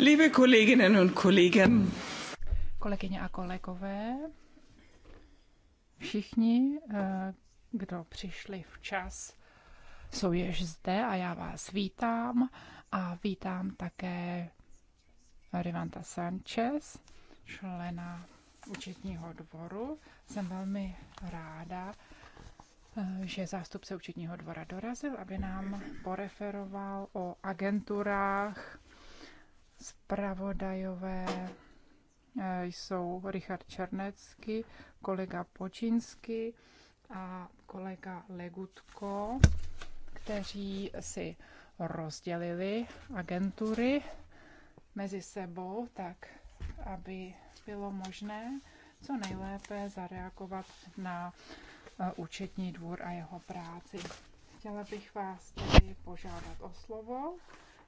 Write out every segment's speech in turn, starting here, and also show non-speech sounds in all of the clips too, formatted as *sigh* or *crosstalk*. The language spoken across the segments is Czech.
Liebe Kolleginnen und Kollegen. Kolegyně a kolegové, všichni, eh, kdo přišli včas, jsou již zde a já vás vítám a vítám také Rivanta Sanchez, člena účetního dvoru. Jsem velmi ráda, eh, že zástupce účetního dvora dorazil, aby nám poreferoval o agenturách Spravodajové eh, jsou Richard Černecký, kolega Počínsky a kolega Legutko, kteří si rozdělili agentury mezi sebou, tak aby bylo možné co nejlépe zareagovat na eh, účetní dvůr a jeho práci. Chtěla bych vás tedy požádat o slovo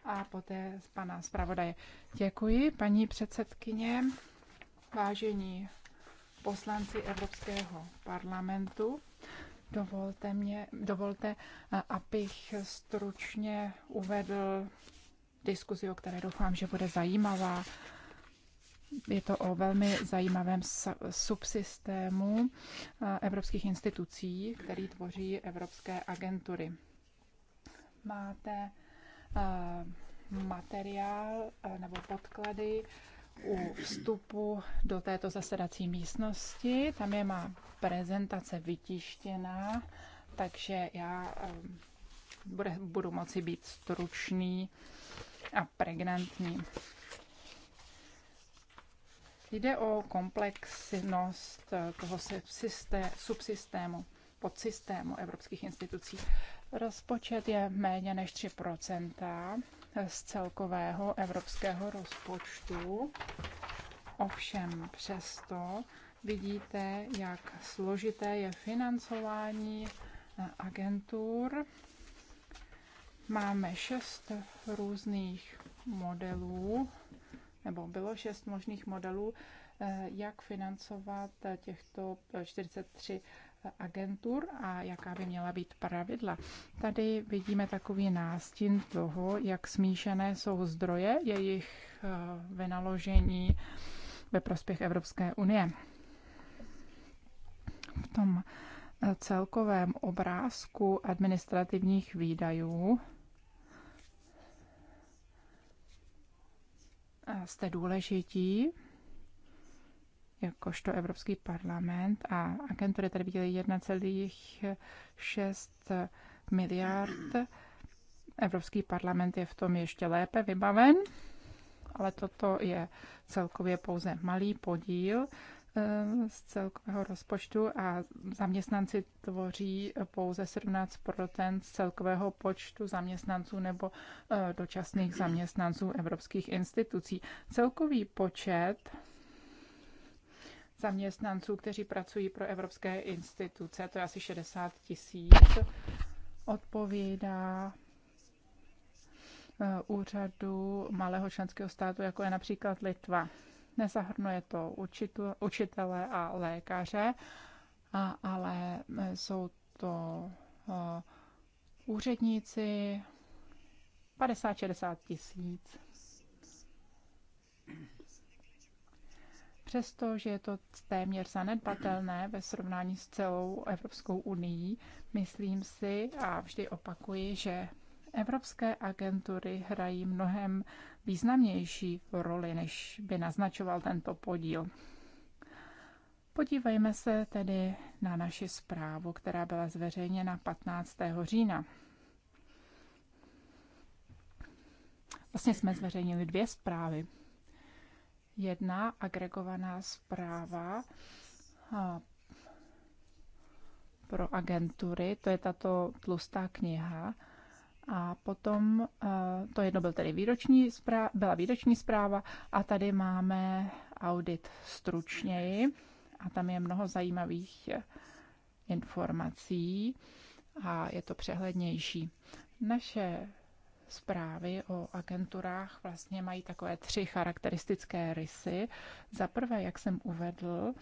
a poté pana zpravodaje. Děkuji, paní předsedkyně, vážení poslanci Evropského parlamentu. Dovolte, mě, dovolte, abych stručně uvedl diskuzi, o které doufám, že bude zajímavá. Je to o velmi zajímavém subsystému evropských institucí, který tvoří evropské agentury. Máte Eh, materiál eh, nebo podklady u vstupu do této zasedací místnosti. Tam je má prezentace vytištěná, takže já eh, bude, budu moci být stručný a pregnantní. Jde o komplexnost toho subsystému podsystému evropských institucí. Rozpočet je méně než 3 z celkového evropského rozpočtu. Ovšem přesto vidíte, jak složité je financování agentur. Máme šest různých modelů, nebo bylo šest možných modelů, eh, jak financovat těchto 43 agentur a jaká by měla být pravidla. Tady vidíme takový nástin toho, jak smíšené jsou zdroje jejich eh, vynaložení ve prospěch Evropské unie. V tom eh, celkovém obrázku administrativních výdajů eh, jste důležití jakožto Evropský parlament a agentury tady viděly 1,6 miliard. Evropský parlament je v tom ještě lépe vybaven, ale toto je celkově pouze malý podíl eh, z celkového rozpočtu a zaměstnanci tvoří pouze 17 z celkového počtu zaměstnanců nebo eh, dočasných zaměstnanců evropských institucí. Celkový počet zaměstnanců, kteří pracují pro evropské instituce, to je asi 60 tisíc, odpovídá eh, úřadu malého členského státu, jako je například Litva. Nezahrnuje to učitu, učitele a lékaře, a, ale eh, jsou to eh, úředníci 50-60 tisíc. Přesto, že je to téměř zanedbatelné ve srovnání s celou Evropskou unii, myslím si a vždy opakuji, že evropské agentury hrají mnohem významnější roli, než by naznačoval tento podíl. Podívejme se tedy na naši zprávu, která byla zveřejněna 15. října. Vlastně jsme zveřejnili dvě zprávy jedna agregovaná zpráva pro agentury, to je tato tlustá kniha. A potom, to jedno byl tedy výroční zpráva, byla výroční zpráva a tady máme audit stručněji a tam je mnoho zajímavých informací a je to přehlednější. Naše zprávy o agenturách vlastně mají takové tři charakteristické rysy. Za prvé, jak jsem uvedl,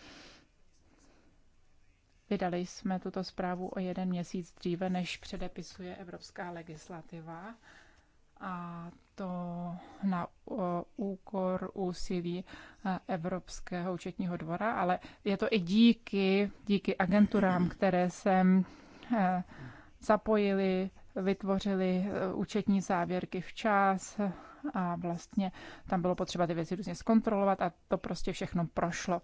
Vydali jsme tuto zprávu o jeden měsíc dříve, než předepisuje evropská legislativa a to na úkor úsilí e, Evropského účetního dvora, ale je to i díky, díky agenturám, které jsem e, zapojili vytvořili eh, účetní závěrky včas a vlastně tam bylo potřeba ty věci různě zkontrolovat a to prostě všechno prošlo.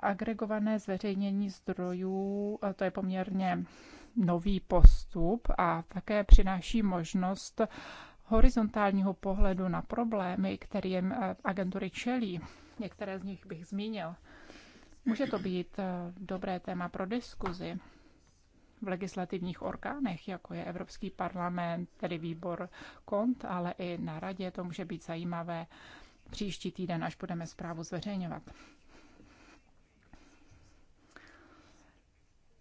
Agregované zveřejnění zdrojů, eh, to je poměrně nový postup a také přináší možnost horizontálního pohledu na problémy, kterým eh, agentury čelí. Některé z nich bych zmínil. Může to být dobré téma pro diskuzi v legislativních orgánech, jako je Evropský parlament, tedy výbor KONT, ale i na radě. To může být zajímavé příští týden, až budeme zprávu zveřejňovat.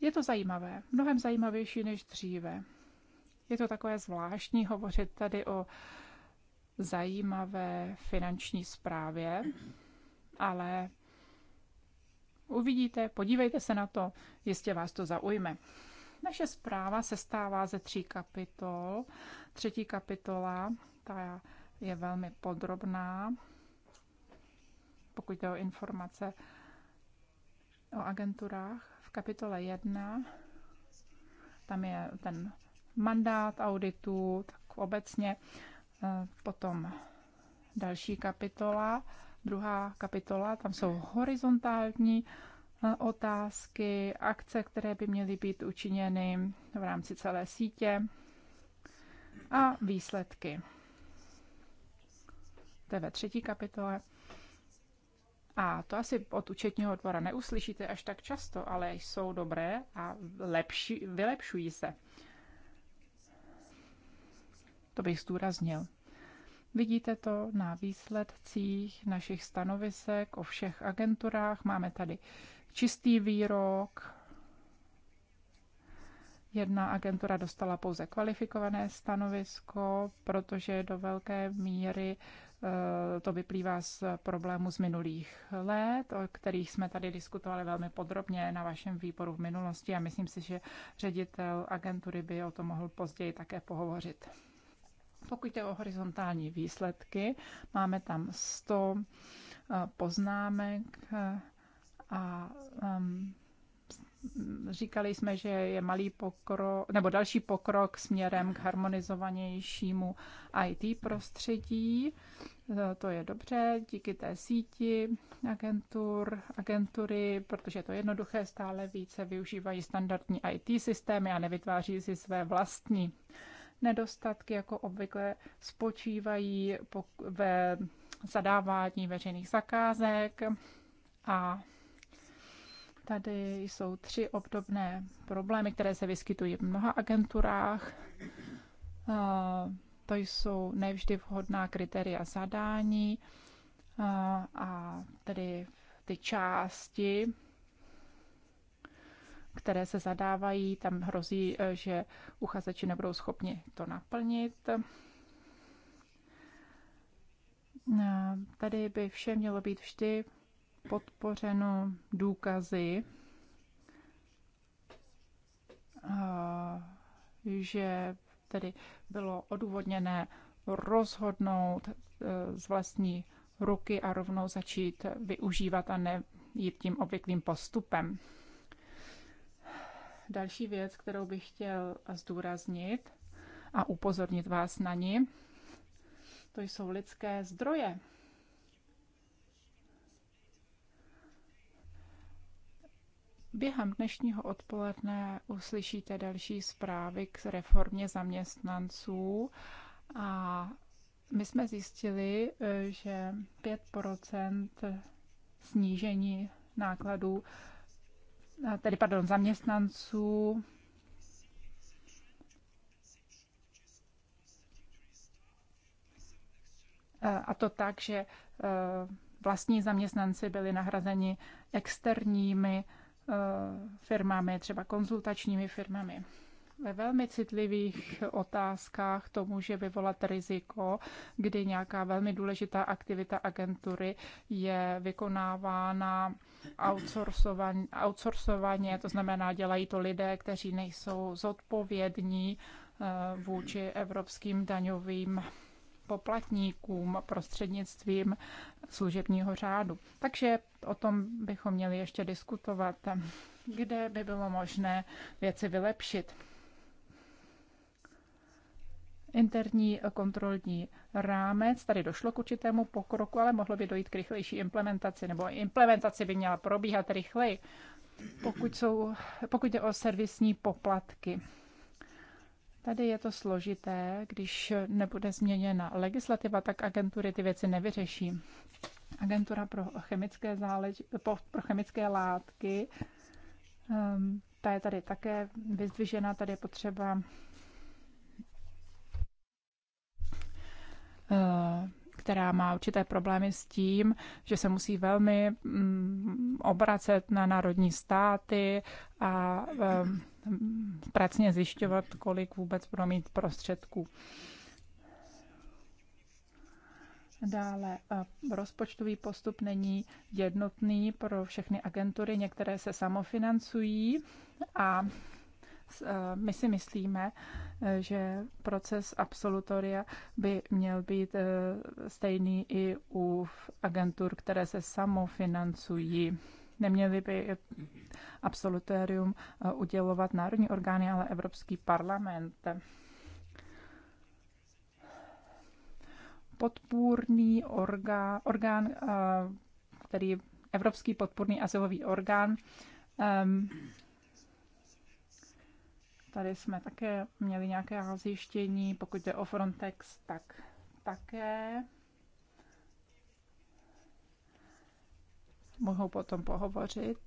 Je to zajímavé, mnohem zajímavější než dříve. Je to takové zvláštní hovořit tady o zajímavé finanční zprávě, ale uvidíte, podívejte se na to, jistě vás to zaujme. Naše zpráva se stává ze tří kapitol. Třetí kapitola, ta je velmi podrobná, pokud jde o informace o agenturách. V kapitole 1 tam je ten mandát auditu, tak obecně e, potom další kapitola, druhá kapitola, tam jsou horizontální otázky, akce, které by měly být učiněny v rámci celé sítě a výsledky. To je ve třetí kapitole. A to asi od účetního dvora neuslyšíte až tak často, ale jsou dobré a lepší, vylepšují se. To bych zdůraznil. Vidíte to na výsledcích našich stanovisek o všech agenturách. Máme tady čistý výrok. Jedna agentura dostala pouze kvalifikované stanovisko, protože do velké míry eh, to vyplývá z problému z minulých let, o kterých jsme tady diskutovali velmi podrobně na vašem výboru v minulosti a myslím si, že ředitel agentury by o tom mohl později také pohovořit. Pokud jde o horizontální výsledky, máme tam 100 eh, poznámek, eh, a um, říkali jsme, že je malý pokrok, nebo další pokrok směrem k harmonizovanějšímu IT prostředí. To je dobře, díky té síti agentur, agentury, protože je to jednoduché, stále více využívají standardní IT systémy a nevytváří si své vlastní. Nedostatky jako obvykle spočívají ve zadávání veřejných zakázek a Tady jsou tři obdobné problémy, které se vyskytují v mnoha agenturách. Eh, to jsou nevždy vhodná kritéria zadání eh, a tedy ty části, které se zadávají, tam hrozí, eh, že uchazeči nebudou schopni to naplnit. Tady by vše mělo být vždy podpořeno důkazy, že tedy bylo odůvodněné rozhodnout e, z vlastní ruky a rovnou začít využívat a ne jít tím obvyklým postupem. Další věc, kterou bych chtěl zdůraznit a upozornit vás na ní, to jsou lidské zdroje. Během dnešního odpoledne uslyšíte další zprávy k reformě zaměstnanců a my jsme zjistili, že 5 snížení nákladů, tedy pardon, zaměstnanců a to tak, že e, vlastní zaměstnanci byli nahrazeni externími Eh, firmami, třeba konzultačními firmami. Ve velmi citlivých otázkách to může vyvolat riziko, kdy nějaká velmi důležitá aktivita agentury je vykonávána outsourcovaně, to znamená, dělají to lidé, kteří nejsou zodpovědní eh, vůči evropským daňovým poplatníkům prostřednictvím služebního řádu. Takže o tom bychom měli ještě diskutovat, kde by bylo možné věci vylepšit. Interní kontrolní rámec, tady došlo k určitému pokroku, ale mohlo by dojít k rychlejší implementaci, nebo implementace by měla probíhat rychleji, pokud, jsou, pokud jde o servisní poplatky. Tady je to složité, když nebude změněna legislativa, tak agentury ty věci nevyřeší. Agentura pro chemické, zálež... pro chemické látky, ehm, ta je tady také vyzdvižena, tady je potřeba eh, která má určité problémy s tím, že se musí velmi mm, obracet na národní státy a ehm, pracně zjišťovat, kolik vůbec budou mít prostředků. Dále rozpočtový postup není jednotný pro všechny agentury, některé se samofinancují a my si myslíme, že proces absolutoria by měl být e, stejný i u agentur, které se samofinancují. Neměli by absolutérium eh, udělovat národní orgány, ale Evropský parlament. Podpůrný orgán, orgán eh, který Evropský podpůrný asilový orgán. Ehm, tady jsme také měli nějaké zjištění, pokud jde o Frontex, tak také. mohou potom pohovořit.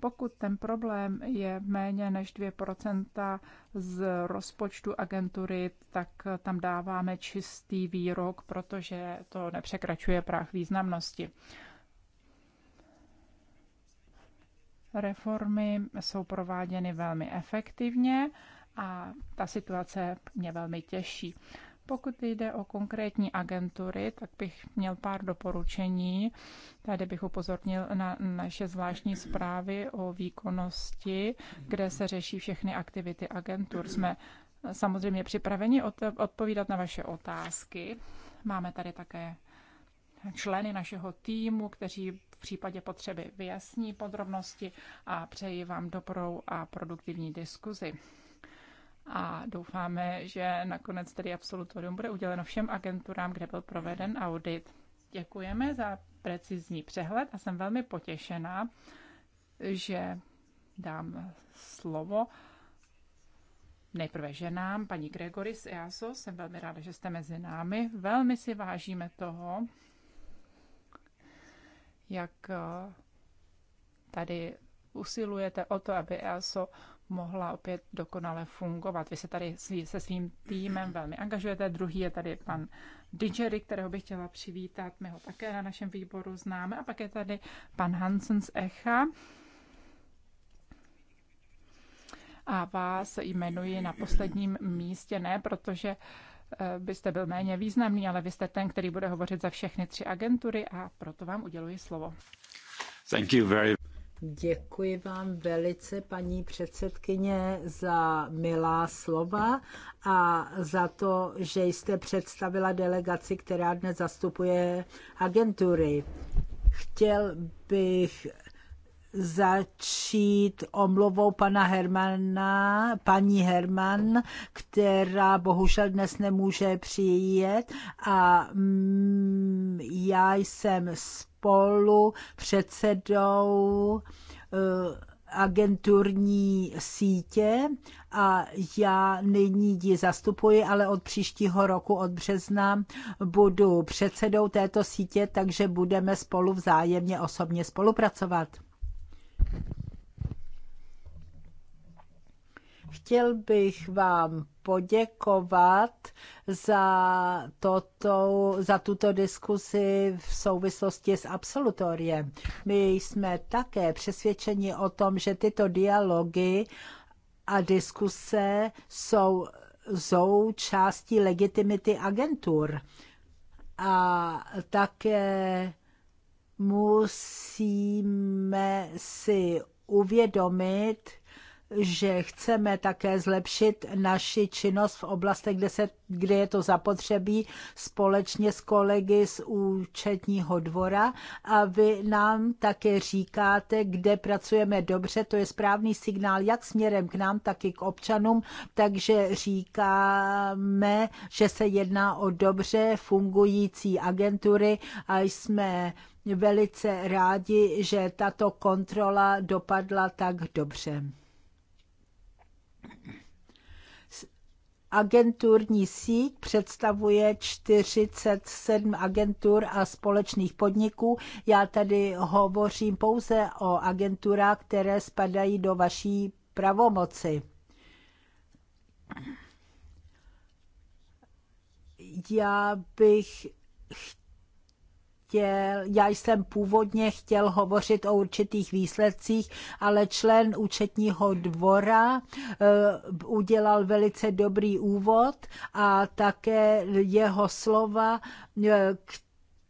Pokud ten problém je méně než 2% z rozpočtu agentury, tak tam dáváme čistý výrok, protože to nepřekračuje práh významnosti. Reformy jsou prováděny velmi efektivně a ta situace mě velmi těší. Pokud jde o konkrétní agentury, tak bych měl pár doporučení. Tady bych upozornil na naše zvláštní zprávy o výkonnosti, kde se řeší všechny aktivity agentur. Jsme eh, samozřejmě připraveni odpovídat na vaše otázky. Máme tady také členy našeho týmu, kteří v případě potřeby vyjasní podrobnosti a přeji vám dobrou a produktivní diskuzi a doufáme, že nakonec tedy absolutorium bude uděleno všem agenturám, kde byl proveden audit. Děkujeme za precizní přehled a jsem velmi potěšená, že dám slovo nejprve ženám, paní Gregoris. EASO. Jsem velmi ráda, že jste mezi námi. Velmi si vážíme toho, jak eh, tady usilujete o to, aby EASO mohla opět dokonale fungovat. Vy se tady se svým týmem velmi angažujete. Druhý je tady pan Didgery, kterého bych chtěla přivítat. My ho také na našem výboru známe. A pak je tady pan Hansen z Echa. A vás jmenuji na posledním místě, ne protože eh, byste byl méně významný, ale vy jste ten, který bude hovořit za všechny tři agentury a proto vám uděluji slovo. Thank you very Děkuji vám velice, paní předsedkyně, za milá slova a za to, že jste představila delegaci, která dnes zastupuje agentury. Chtěl bych začít omluvou pana Hermana, paní Herman, která bohužel dnes nemůže přijet a já jsem s spolu předsedou eh, agenturní sítě a já nyní ji zastupuji, ale od příštího roku, od března, budu předsedou této sítě, takže budeme spolu vzájemně osobně spolupracovat. Chtěl bych vám poděkovat za, toto, za tuto diskusi v souvislosti s absolutoriem. My jsme také přesvědčeni o tom, že tyto dialogy a diskuse jsou součástí legitimity agentur. A také musíme si uvědomit, že chceme také zlepšit naši činnost v oblastech, kde, se, kde je to zapotřebí, společně s kolegy z účetního dvora. A vy nám také říkáte, kde pracujeme dobře, to je správný signál jak směrem k nám, tak i k občanům, takže říkáme, že se jedná o dobře fungující agentury a jsme velice rádi, že tato kontrola dopadla tak dobře. Agenturní síť představuje 47 agentur a společných podniků. Já tady hovořím pouze o agenturách, které spadají do vaší pravomoci. Já bych chtěla chtěl, já jsem původně chtěl hovořit o určitých výsledcích, ale člen účetního dvora eh, udělal velice dobrý úvod a také jeho slova, eh, k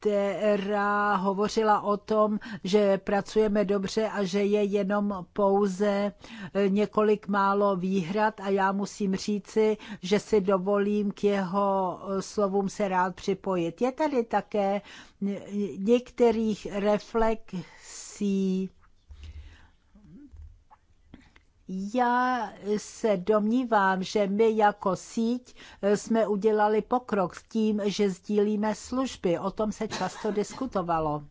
která hovořila o tom, že pracujeme dobře a že je jenom pouze eh, několik málo výhrad a já musím říci, že si dovolím k jeho eh, slovům se rád připojit. Je tady také některých reflexí já se domnívám, že my jako síť eh, jsme udělali pokrok s tím, že sdílíme služby. O tom se často diskutovalo.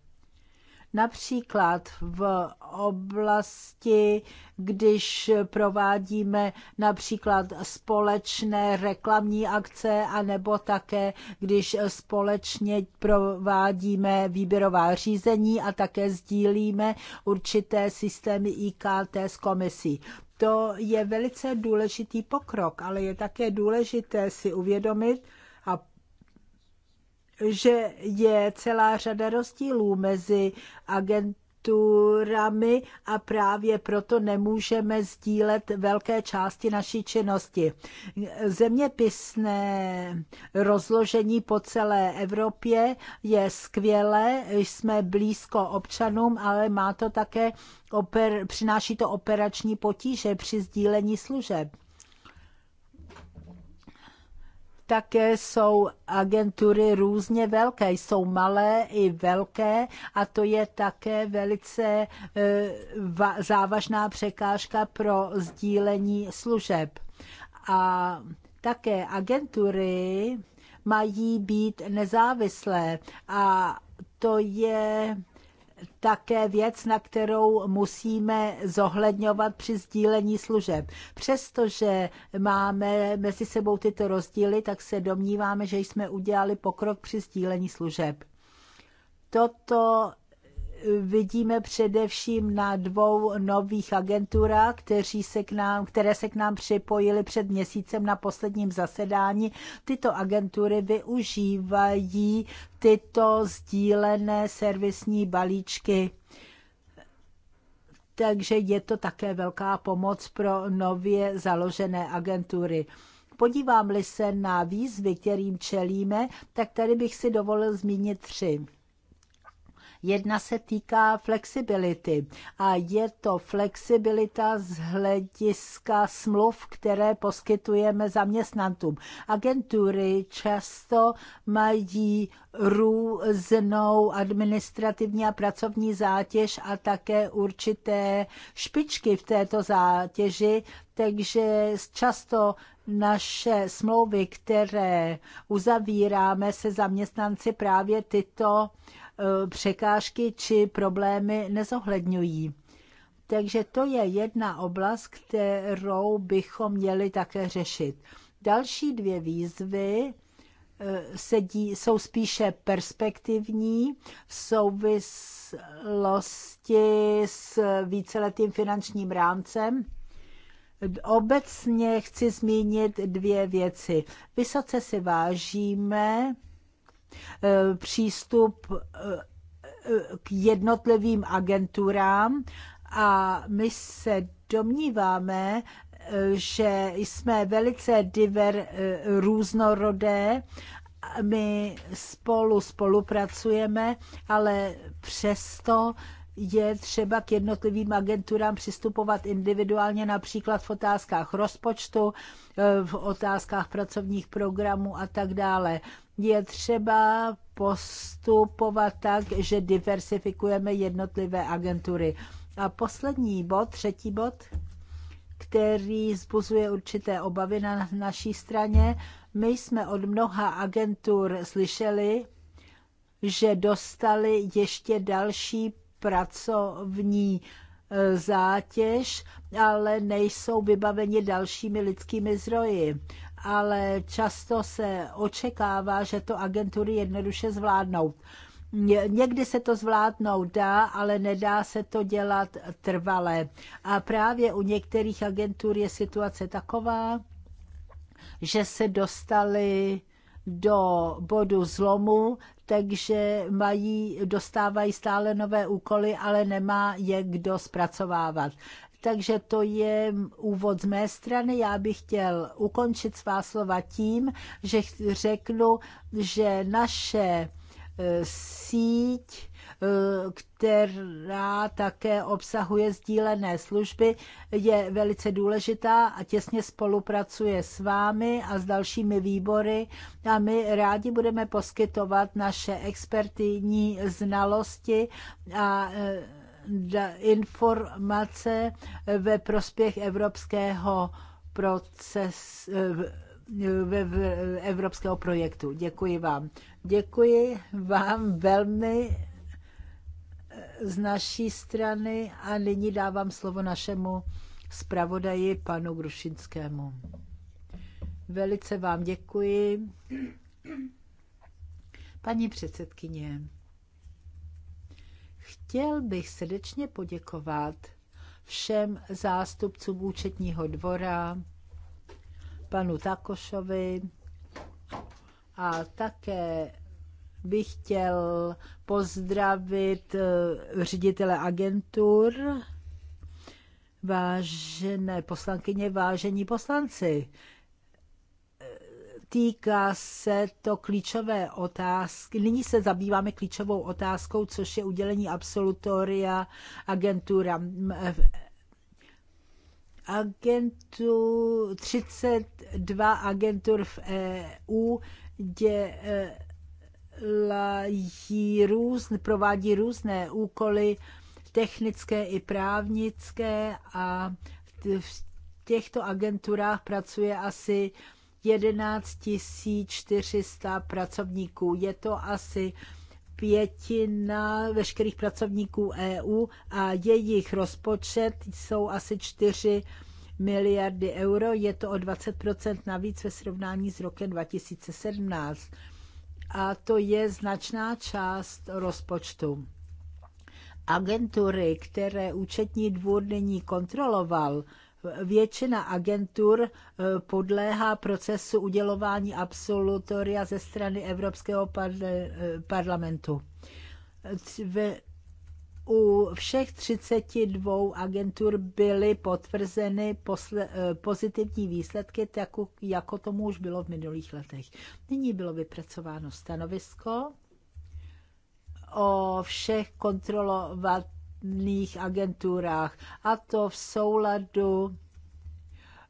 Například v oblasti, když provádíme například společné reklamní akce, anebo také, když společně provádíme výběrová řízení a také sdílíme určité systémy IKT s komisí. To je velice důležitý pokrok, ale je také důležité si uvědomit, že je celá řada rozdílů mezi agenturami a právě proto nemůžeme sdílet velké části naší činnosti. Zeměpisné rozložení po celé Evropě je skvělé, jsme blízko občanům, ale má to také, oper, přináší to operační potíže při sdílení služeb také jsou agentury různě velké, jsou malé i velké a to je také velice e, závažná překážka pro sdílení služeb. A také agentury mají být nezávislé a to je také věc, na kterou musíme zohledňovat při sdílení služeb. Přestože máme mezi sebou tyto rozdíly, tak se domníváme, že jsme udělali pokrok při sdílení služeb. Toto vidíme především na dvou nových agenturách, kteří se k nám, které se k nám připojily před měsícem na posledním zasedání. Tyto agentury využívají tyto sdílené servisní balíčky. Takže je to také velká pomoc pro nově založené agentury. Podívám-li se na výzvy, kterým čelíme, tak tady bych si dovolil zmínit tři. Jedna se týká flexibility a je to flexibilita z hlediska smluv, které poskytujeme zaměstnancům. Agentury často mají různou administrativní a pracovní zátěž a také určité špičky v této zátěži, takže často naše smlouvy, které uzavíráme se zaměstnanci, právě tyto Eh, překážky či problémy nezohledňují. Takže to je jedna oblast, kterou bychom měli také řešit. Další dvě výzvy eh, sedí, jsou spíše perspektivní v souvislosti s víceletým finančním rámcem. Obecně chci zmínit dvě věci. Vysoce si vážíme Eh, přístup eh, k jednotlivým agenturám a my se domníváme, eh, že jsme velice diver, různorodé, my spolu spolupracujeme, ale přesto je třeba k jednotlivým agenturám přistupovat individuálně, například v otázkách rozpočtu, v otázkách pracovních programů a tak dále je třeba postupovat tak, že diversifikujeme jednotlivé agentury. A poslední bod, třetí bod, který zbuzuje určité obavy na naší straně. My jsme od mnoha agentur slyšeli, že dostali ještě další pracovní e, zátěž, ale nejsou vybaveni dalšími lidskými zdroji ale často se očekává, že to agentury jednoduše zvládnou. Někdy se to zvládnout dá, ale nedá se to dělat trvale. A právě u některých agentur je situace taková, že se dostali do bodu zlomu, takže mají, dostávají stále nové úkoly, ale nemá je kdo zpracovávat. Takže to je úvod z mé strany. Já bych chtěl ukončit svá slova tím, že řeknu, že naše eh, síť, eh, která také obsahuje sdílené služby, je velice důležitá a těsně spolupracuje s vámi a s dalšími výbory a my rádi budeme poskytovat naše expertní znalosti a eh, informace ve prospěch evropského proces, eh, ve, evropského projektu. Děkuji vám. Děkuji vám velmi eh, z naší strany a nyní dávám slovo našemu zpravodaji panu Grušinskému. Velice vám děkuji. Paní předsedkyně, Chtěl bych srdečně poděkovat všem zástupcům účetního dvora, panu Takošovi a také bych chtěl pozdravit eh, ředitele agentur, vážené poslankyně, vážení poslanci týká se to klíčové otázky. Nyní se zabýváme klíčovou otázkou, což je udělení absolutoria agentura Agentu, 32 agentur v EU dělají různ, provádí různé úkoly technické i právnické a v těchto agenturách pracuje asi 11 400 pracovníků. Je to asi pětina veškerých pracovníků EU a jejich rozpočet jsou asi 4 miliardy euro. Je to o 20 navíc ve srovnání s rokem 2017. A to je značná část rozpočtu. Agentury, které účetní dvůr nyní kontroloval, Většina agentur eh, podléhá procesu udělování absolutoria ze strany Evropského eh, parlamentu. U všech 32 agentur byly potvrzeny eh, pozitivní výsledky, tak jako tomu už bylo v minulých letech. Nyní bylo vypracováno stanovisko o všech kontrolovat státních agenturách a to v souladu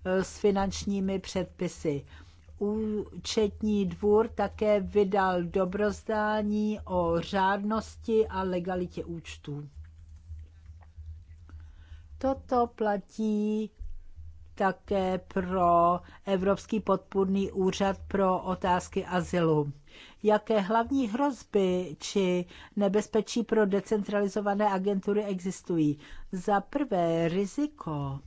e, s finančními předpisy. Účetní dvůr také vydal dobrozdání o řádnosti a legalitě účtů. Toto platí také pro Evropský podpůrný úřad pro otázky azylu jaké hlavní hrozby či nebezpečí pro decentralizované agentury existují. Za prvé riziko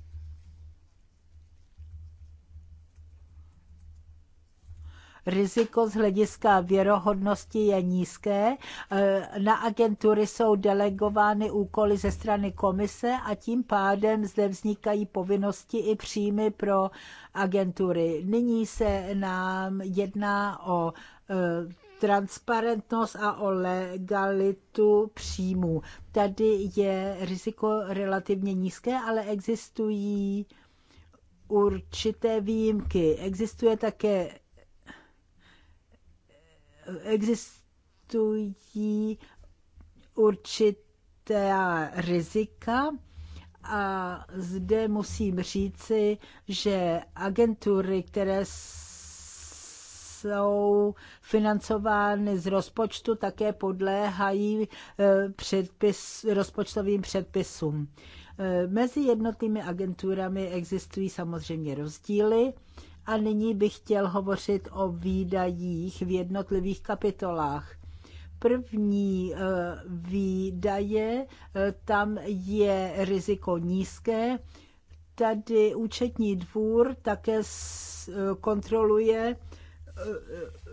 riziko z hlediska věrohodnosti je nízké. Eh, na agentury jsou delegovány úkoly ze strany komise a tím pádem zde vznikají povinnosti i příjmy pro agentury. Nyní se nám jedná o eh, transparentnost a o legalitu příjmů. Tady je riziko relativně nízké, ale existují určité výjimky. Existuje také existují určité rizika a zde musím říci, že agentury, které jsou financovány z rozpočtu, také podléhají e, předpis, rozpočtovým předpisům. E, mezi jednotlivými agenturami existují samozřejmě rozdíly a nyní bych chtěl hovořit o výdajích v jednotlivých kapitolách první e, výdaje, tam je riziko nízké. Tady účetní dvůr také kontroluje Eh,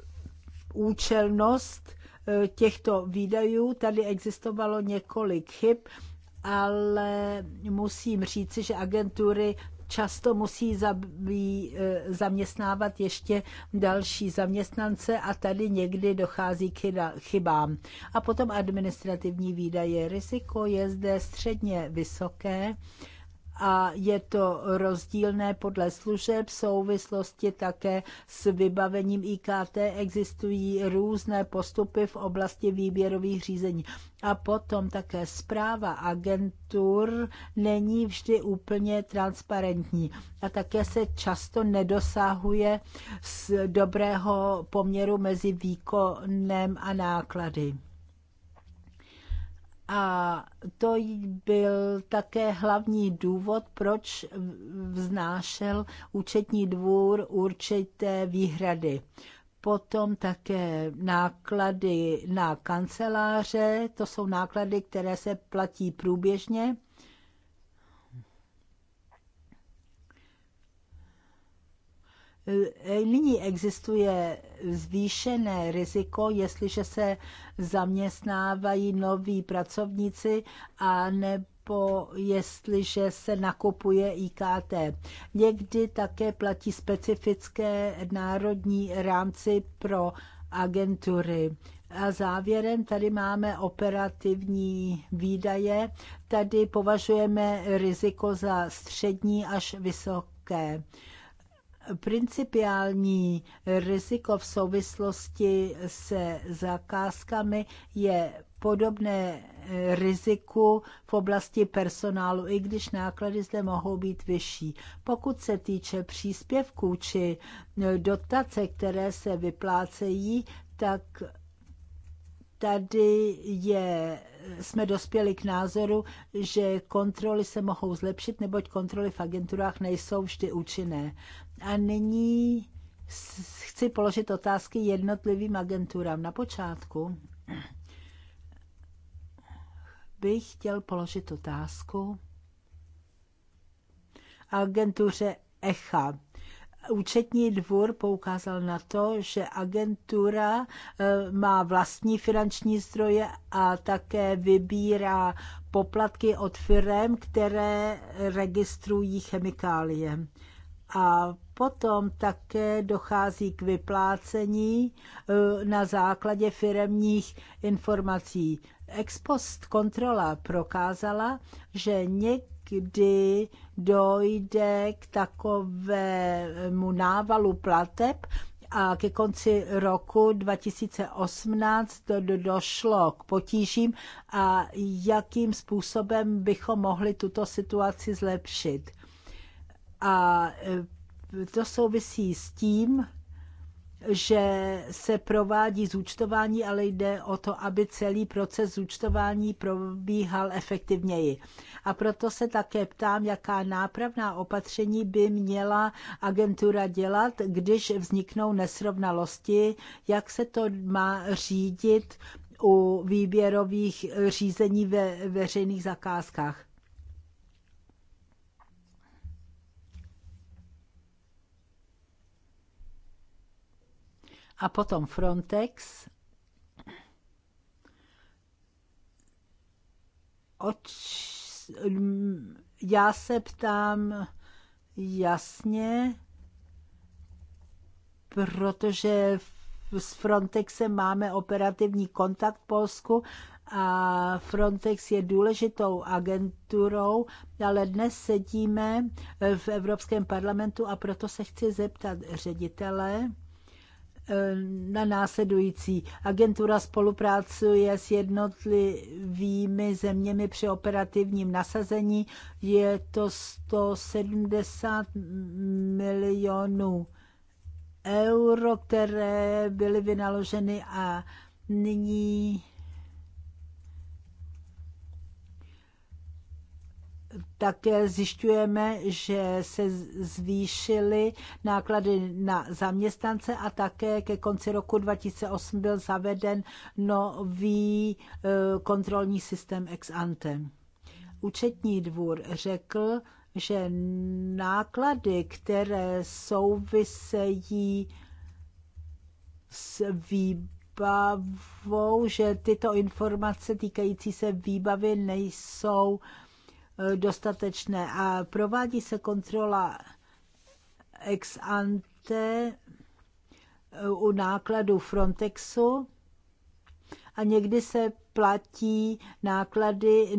účelnost eh, těchto výdajů. Tady existovalo několik chyb, ale musím říci, že agentury často musí eh, zaměstnávat ještě další zaměstnance a tady někdy dochází k chybám. A potom administrativní výdaje. Riziko je zde středně vysoké a je to rozdílné podle služeb v souvislosti také s vybavením IKT. Existují různé postupy v oblasti výběrových řízení. A potom také zpráva agentur není vždy úplně transparentní. A také se často nedosáhuje z dobrého poměru mezi výkonem a náklady. A to byl také hlavní důvod, proč vznášel účetní dvůr určité výhrady. Potom také náklady na kanceláře, to jsou náklady, které se platí průběžně E, nyní existuje zvýšené riziko, jestliže se zaměstnávají noví pracovníci a nebo jestliže se nakupuje IKT. Někdy také platí specifické národní rámci pro agentury. A závěrem tady máme operativní výdaje. Tady považujeme riziko za střední až vysoké. Principiální riziko v souvislosti se zakázkami je podobné riziku v oblasti personálu, i když náklady zde mohou být vyšší. Pokud se týče příspěvků či dotace, které se vyplácejí, tak tady je, jsme dospěli k názoru, že kontroly se mohou zlepšit, neboť kontroly v agenturách nejsou vždy účinné. A nyní chci položit otázky jednotlivým agenturám. Na počátku bych chtěl položit otázku agentuře ECHA. Účetní dvůr poukázal na to, že agentura eh, má vlastní finanční zdroje a také vybírá poplatky od firm, které registrují chemikálie. A potom také dochází k vyplácení eh, na základě firemních informací. Ex post kontrola prokázala, že někdo kdy dojde k takovému návalu plateb a ke konci roku 2018 to došlo k potížím a jakým způsobem bychom mohli tuto situaci zlepšit. A e, to souvisí s tím, že se provádí zúčtování, ale jde o to, aby celý proces zúčtování probíhal efektivněji. A proto se také ptám, jaká nápravná opatření by měla agentura dělat, když vzniknou nesrovnalosti, jak se to má řídit u výběrových řízení ve veřejných zakázkách. A potom Frontex. Oč, já se ptám jasně, protože s Frontexem máme operativní kontakt v Polsku a Frontex je důležitou agenturou, ale dnes sedíme v Evropském parlamentu a proto se chci zeptat ředitele, Eh, na následující. Agentura spolupracuje s jednotlivými zeměmi při operativním nasazení. Je to 170 milionů euro, které byly vynaloženy a nyní také zjišťujeme, že se zvýšily náklady na zaměstnance a také ke konci roku 2008 byl zaveden nový eh, kontrolní systém ex ante. Účetní dvůr řekl, že náklady, které souvisejí s výbavou, že tyto informace týkající se výbavy nejsou uh, dostatečné a provádí se kontrola ex ante eh, u nákladů Frontexu a někdy se platí náklady,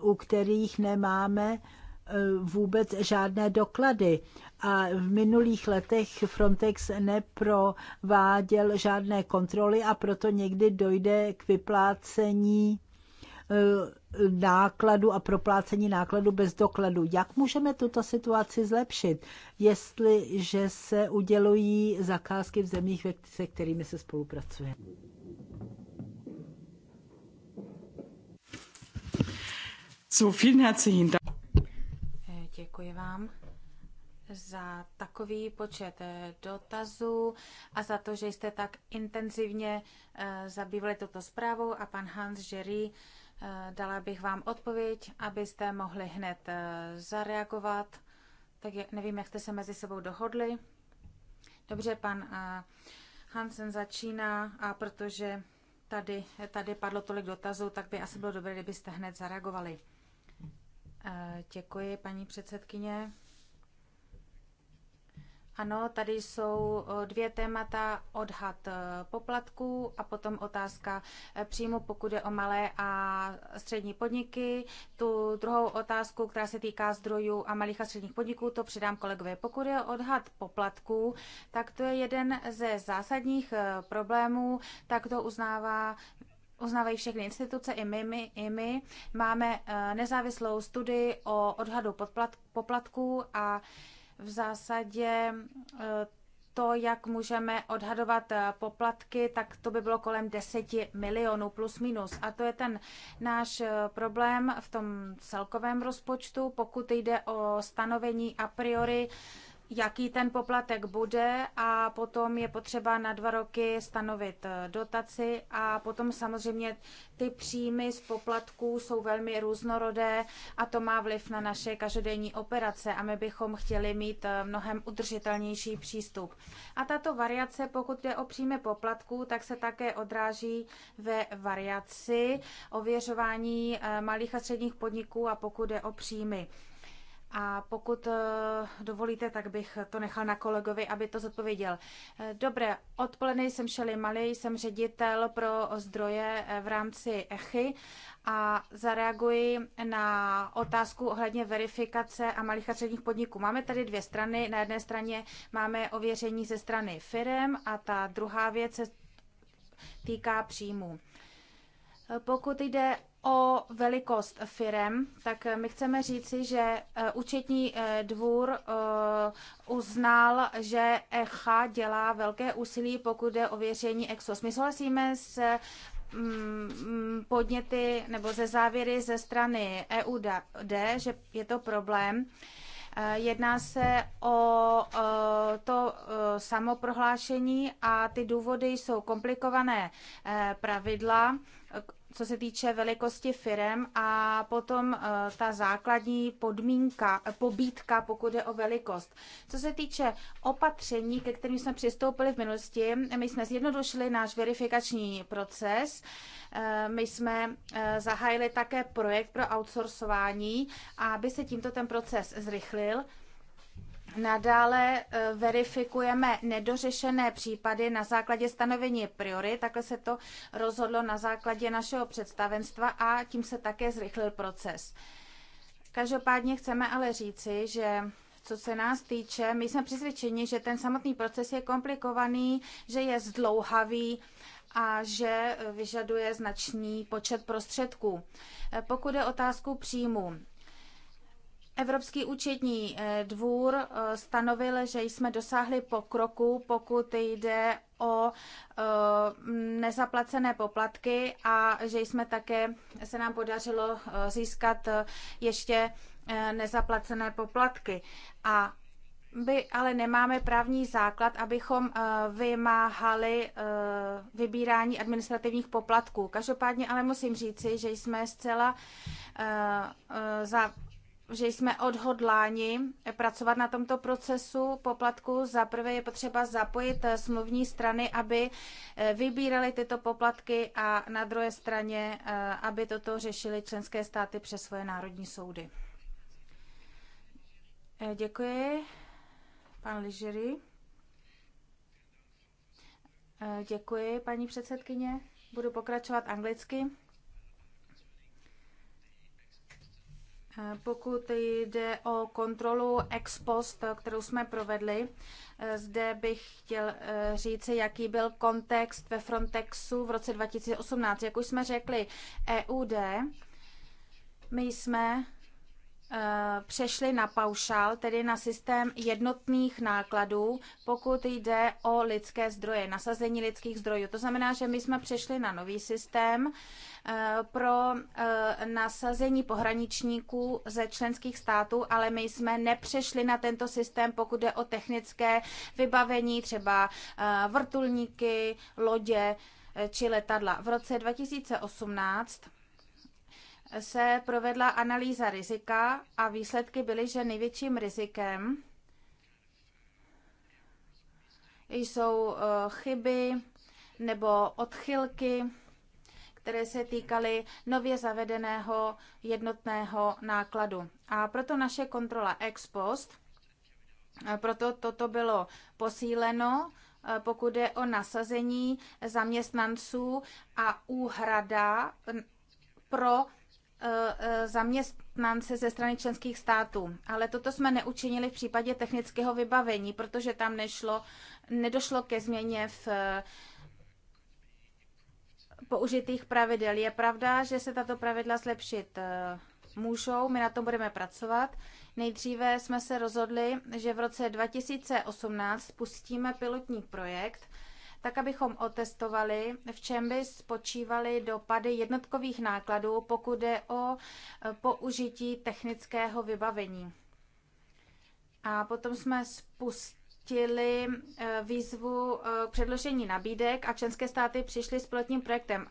u kterých nemáme eh, vůbec žádné doklady. A v minulých letech Frontex neprováděl žádné kontroly a proto někdy dojde k vyplácení Eh, nákladu a proplácení nákladu bez dokladu. Jak můžeme tuto situaci zlepšit, jestliže se udělují zakázky v zemích, se kterými se spolupracuje? So, vielen herzlichen Dank. Eh, děkuji vám za takový počet eh, dotazů a za to, že jste tak intenzivně zabývali tuto zprávu a pan Hans Jerry Eh, dala bych vám odpověď, abyste mohli hned eh, zareagovat. Tak je, nevím, jak jste se mezi sebou dohodli. Dobře, pan eh, Hansen začíná a protože tady, tady padlo tolik dotazů, tak by asi bylo dobré, kdybyste hned zareagovali. Děkuji, paní předsedkyně. Ano, tady jsou e, dvě témata, odhad e, poplatků a potom otázka e, příjmu, pokud je o malé a střední podniky. Tu druhou otázku, která se týká zdrojů a malých a středních podniků, to předám kolegové. Pokud je odhad poplatků, tak to je jeden ze zásadních problémů, tak to uznává uznávají všechny instituce, i my, my, i my. Máme nezávislou studii o odhadu poplatků a v zásadě eh, to, jak můžeme odhadovat eh, poplatky, tak to by bylo kolem 10 milionů plus minus. A to je ten náš eh, problém v tom celkovém rozpočtu, pokud jde o stanovení a priori jaký ten poplatek bude a potom je potřeba na dva roky stanovit eh, dotaci a potom samozřejmě ty příjmy z poplatků jsou velmi různorodé a to má vliv na naše každodenní operace a my bychom chtěli mít eh, mnohem udržitelnější přístup. A tato variace, pokud jde o příjmy poplatků, tak se také odráží ve variaci ověřování eh, malých a středních podniků a pokud jde o příjmy. A pokud eh, dovolíte, tak bych to nechal na kolegovi, aby to zodpověděl. Eh, dobré, odpoledne jsem Šeli Mali, jsem ředitel pro zdroje eh, v rámci ECHY a zareaguji na otázku ohledně verifikace a malých a středních podniků. Máme tady dvě strany. Na jedné straně máme ověření ze strany firm a ta druhá věc se týká příjmů. Pokud jde o velikost firem, tak eh, my chceme říci, že eh, účetní eh, dvůr uznal, že ECHA dělá velké úsilí, pokud je o věření EXOS. My souhlasíme s mm, mm, podněty nebo ze závěry ze strany EUD, že je to problém. Jedná se o to samoprohlášení a ty důvody jsou komplikované pravidla co se týče velikosti firem a potom eh, ta základní podmínka, pobítka, pokud je o velikost. Co se týče opatření, ke kterým jsme přistoupili v minulosti, my jsme zjednodušili náš verifikační proces, eh, my jsme eh, zahájili také projekt pro outsourcování, aby se tímto ten proces zrychlil. Nadále e, verifikujeme nedořešené případy na základě stanovení priory, takhle se to rozhodlo na základě našeho představenstva a tím se také zrychlil proces. Každopádně chceme ale říci, že co se nás týče, my jsme přesvědčeni, že ten samotný proces je komplikovaný, že je zdlouhavý a že e, vyžaduje značný počet prostředků. E, pokud je otázku příjmu, Evropský účetní eh, dvůr eh, stanovil, že jsme dosáhli pokroku, pokud jde o eh, nezaplacené poplatky a že jsme také, se nám podařilo získat ještě nezaplacené poplatky. A by, ale nemáme právní základ, abychom vymáhali vybírání administrativních poplatků. Každopádně ale musím říci, že jsme zcela za, že jsme odhodláni pracovat na tomto procesu poplatku. Za prvé je potřeba zapojit smluvní strany, aby eh, vybírali tyto poplatky a na druhé straně, eh, aby toto řešili členské státy přes svoje národní soudy. Eh, děkuji, pan Ližery. Děkuji, paní předsedkyně. Budu pokračovat anglicky. Pokud jde o kontrolu ex post, kterou jsme provedli, zde bych chtěl eh, říci, jaký byl kontext ve Frontexu v roce 2018. Jak už jsme řekli, EUD, my jsme Eh, přešli na paušál, tedy na systém jednotných nákladů, pokud jde o lidské zdroje, nasazení lidských zdrojů. To znamená, že my jsme přešli na nový systém eh, pro eh, nasazení pohraničníků ze členských států, ale my jsme nepřešli na tento systém, pokud jde o technické vybavení, třeba vrtulníky, lodě či letadla. V roce 2018 se provedla analýza rizika a výsledky byly, že největším rizikem jsou eh, chyby nebo odchylky, které se týkaly nově zavedeného jednotného nákladu. A proto naše kontrola ex post, eh, proto toto bylo posíleno, eh, pokud je o nasazení zaměstnanců a úhrada pro Eh, zaměstnance ze strany členských států. Ale toto jsme neučinili v případě technického vybavení, protože tam nešlo, nedošlo ke změně v eh, použitých pravidel. Je pravda, že se tato pravidla zlepšit eh, můžou, my na tom budeme pracovat. Nejdříve jsme se rozhodli, že v roce 2018 spustíme pilotní projekt, tak abychom otestovali, v čem by spočívaly dopady jednotkových nákladů, pokud jde o eh, použití technického vybavení. A potom jsme spustili eh, výzvu eh, k předložení nabídek a členské státy přišly s pilotním projektem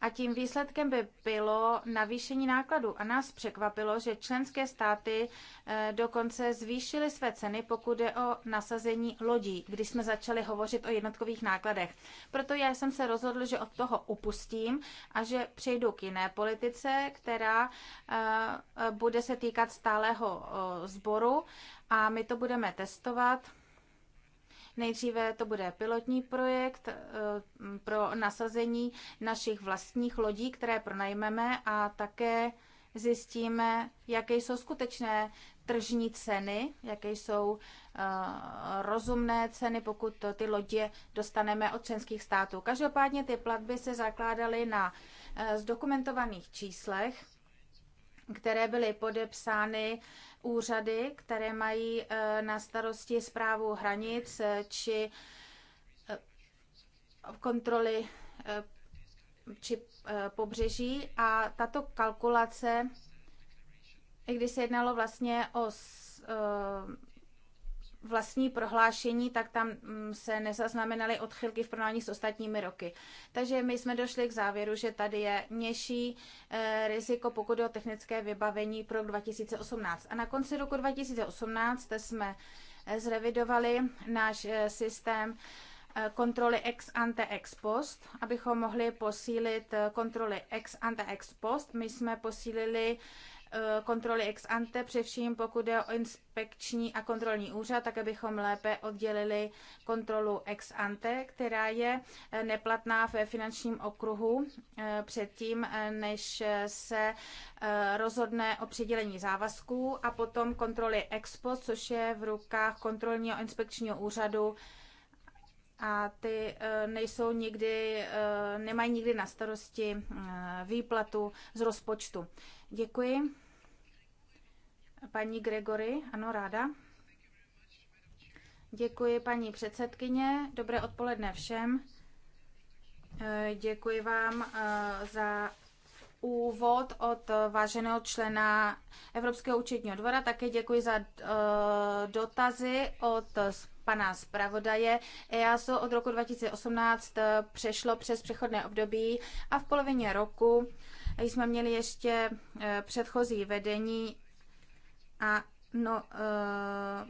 a tím výsledkem by bylo navýšení nákladů. A nás překvapilo, že členské státy eh, dokonce zvýšily své ceny, pokud je o nasazení lodí, když jsme začali hovořit o jednotkových nákladech. Proto já jsem se rozhodl, že od toho upustím a že přejdu k jiné politice, která eh, bude se týkat stálého eh, sboru a my to budeme testovat Nejdříve to bude pilotní projekt eh, pro nasazení našich vlastních lodí, které pronajmeme a také zjistíme, jaké jsou skutečné tržní ceny, jaké jsou eh, rozumné ceny, pokud ty lodě dostaneme od členských států. Každopádně ty platby se zakládaly na eh, zdokumentovaných číslech které byly podepsány úřady, které mají eh, na starosti zprávu hranic eh, či eh, kontroly či pobřeží. A tato kalkulace, když se jednalo vlastně o vlastní prohlášení, tak tam mm, se nezaznamenaly odchylky v porovnání s ostatními roky. Takže my jsme došli k závěru, že tady je nižší eh, riziko, pokud je o technické vybavení pro 2018. A na konci roku 2018 jsme eh, zrevidovali náš eh, systém kontroly ex ante ex post, abychom mohli posílit kontroly ex ante ex post. My jsme posílili Eh, kontroly ex ante, převším pokud je o inspekční a kontrolní úřad, tak abychom lépe oddělili kontrolu ex ante, která je eh, neplatná ve finančním okruhu eh, předtím, než se rozhodne o přidělení závazků a potom kontroly ex post, což je v rukách kontrolního inspekčního úřadu a ty nejsou nikdy, nemají nikdy na starosti výplatu z rozpočtu. Děkuji. Paní Gregory, ano, ráda. Děkuji, paní předsedkyně. Dobré odpoledne všem. Eh, děkuji vám eh, za úvod od váženého člena Evropského účetního dvora. Také děkuji za eh, dotazy od pana zpravodaje. EASO od roku 2018 přešlo přes přechodné období a v polovině roku jsme měli ještě eh, předchozí vedení a no, eh,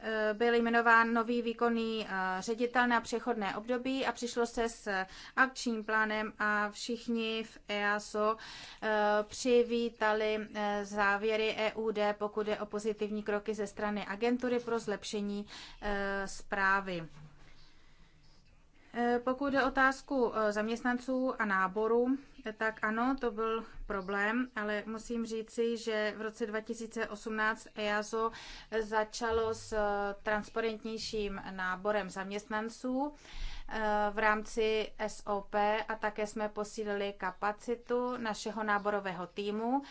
eh, byl jmenován nový výkonný ředitel na přechodné období a přišlo se s akčním plánem a všichni v EASO přivítali závěry EUD, pokud je o pozitivní kroky ze strany agentury pro zlepšení zprávy. Eh, pokud jde otázku eh, zaměstnanců a náboru, eh, tak ano, to byl problém, ale musím říci, že v roce 2018 EASO začalo s transparentnějším náborem zaměstnanců v rámci SOP a také jsme posílili kapacitu našeho náborového týmu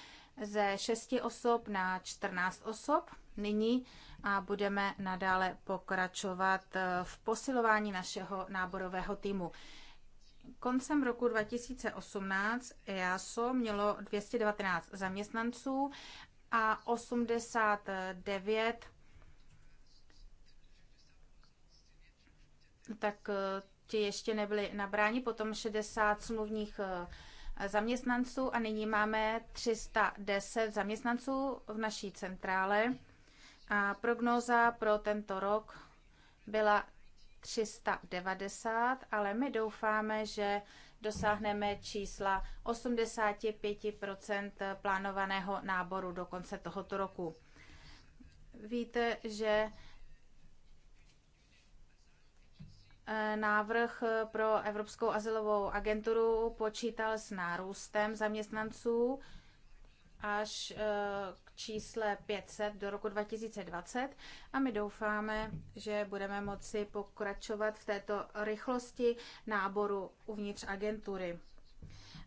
ze 6 osob na 14 osob nyní a budeme nadále pokračovat eh, v posilování našeho náborového týmu. Koncem roku 2018 EASO mělo 219 zaměstnanců a 89 tak eh, ti ještě nebyli nabráni, potom 60 smluvních eh, zaměstnanců a nyní máme 310 zaměstnanců v naší centrále. A prognóza pro tento rok byla 390, ale my doufáme, že dosáhneme čísla 85 plánovaného náboru do konce tohoto roku. Víte, že e, návrh pro Evropskou asilovou agenturu počítal s nárůstem zaměstnanců až e, čísle 500 do roku 2020 a my doufáme, že budeme moci pokračovat v této rychlosti náboru uvnitř agentury.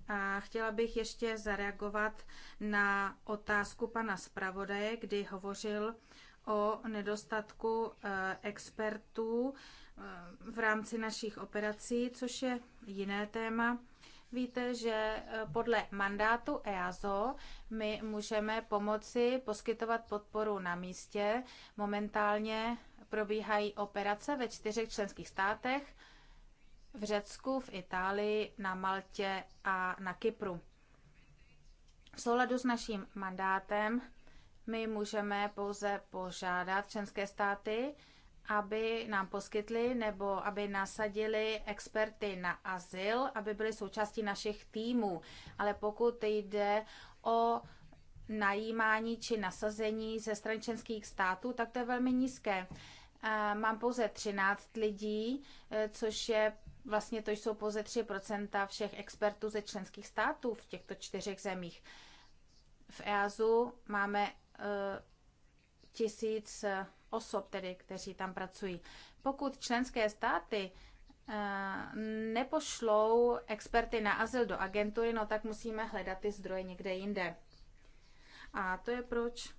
A chtěla bych ještě zareagovat na otázku pana zpravodaje, kdy hovořil o nedostatku eh, expertů eh, v rámci našich operací, což je jiné téma. Víte, že e, podle mandátu EASO my můžeme pomoci poskytovat podporu na místě. Momentálně probíhají operace ve čtyřech členských státech, v Řecku, v Itálii, na Maltě a na Kypru. V souladu s naším mandátem my můžeme pouze požádat členské státy, aby nám poskytli nebo aby nasadili experty na azyl, aby byli součástí našich týmů. Ale pokud jde o najímání či nasazení ze strany členských států, tak to je velmi nízké. Mám pouze 13 lidí, e, což je vlastně to jsou pouze 3% všech expertů ze členských států v těchto čtyřech zemích. V EASu máme 1000 e, osob, tedy, kteří tam pracují. Pokud členské státy eh, nepošlou experty na azyl do agentury, no tak musíme hledat ty zdroje někde jinde. A to je proč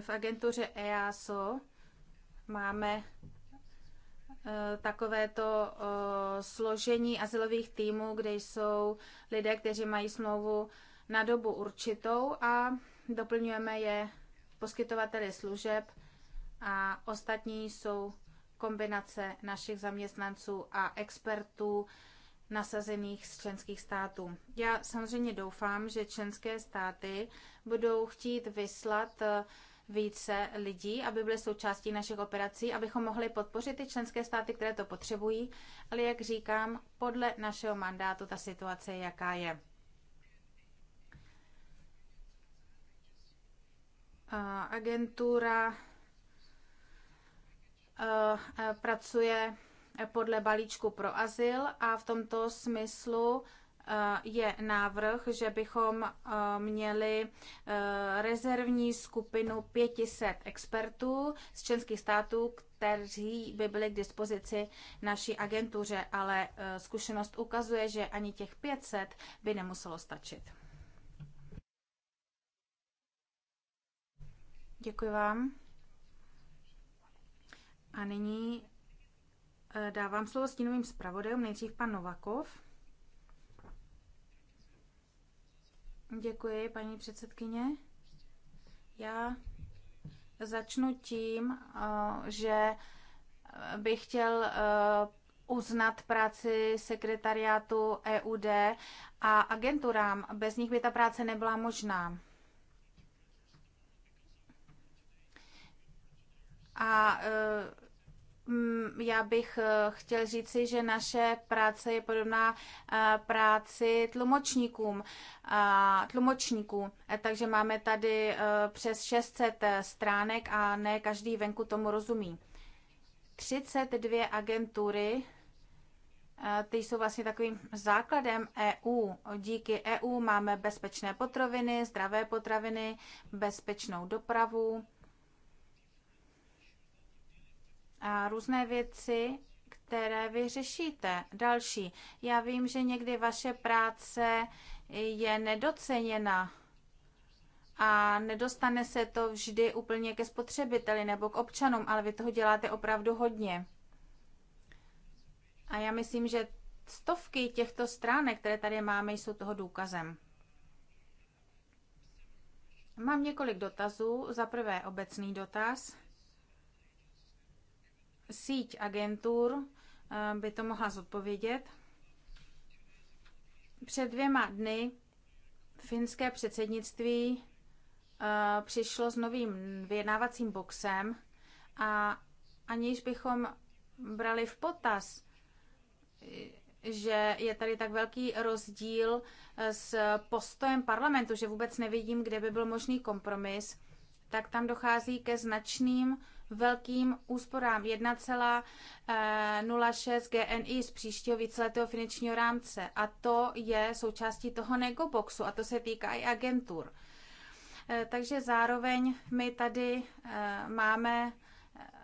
v agentuře EASO máme eh, takovéto eh, složení azylových týmů, kde jsou lidé, kteří mají smlouvu na dobu určitou a doplňujeme je poskytovateli služeb a ostatní jsou kombinace našich zaměstnanců a expertů nasazených z členských států. Já samozřejmě doufám, že členské státy budou chtít vyslat eh, více lidí, aby byly součástí našich operací, abychom mohli podpořit ty členské státy, které to potřebují, ale jak říkám, podle našeho mandátu ta situace je, jaká je. Agentura eh, pracuje podle balíčku pro azyl a v tomto smyslu eh, je návrh, že bychom eh, měli rezervní skupinu 500 expertů z členských států, kteří by byli k dispozici naší agentuře, ale zkušenost ukazuje, že ani těch 500 by nemuselo stačit. Děkuji vám. A nyní eh, dávám slovo stínovým zpravodajům, nejdřív pan Novakov. Děkuji, paní předsedkyně. Já začnu tím, eh, že eh, bych chtěl uznat práci sekretariátu EUD a agenturám. Bez nich by ta práce nebyla možná. A eh, mm, já bych eh, chtěl říci, že naše práce je podobná eh, práci tlumočníkům, tlumočníků. Takže máme tady přes 600 stránek a ne každý venku tomu rozumí. 32 agentury, ty jsou vlastně takovým základem EU. Díky EU máme bezpečné potraviny, zdravé potraviny, bezpečnou dopravu, různé věci, které vy řešíte. Další. Já vím, že někdy vaše práce je nedoceněna a nedostane se to vždy úplně ke spotřebiteli nebo k občanům, ale vy toho děláte opravdu hodně. A já myslím, že stovky těchto stránek, které tady máme, jsou toho důkazem. Mám několik dotazů. Za prvé obecný dotaz síť agentur eh, by to mohla zodpovědět. Před dvěma dny finské předsednictví eh, přišlo s novým vyjednávacím boxem a aniž bychom brali v potaz, že je tady tak velký rozdíl eh, s postojem parlamentu, že vůbec nevidím, kde by byl možný kompromis, tak tam dochází ke značným velkým úsporám 1,06 eh, GNI z příštího víceletého finančního rámce. A to je součástí toho negoboxu a to se týká i agentur. Eh, takže zároveň my tady eh, máme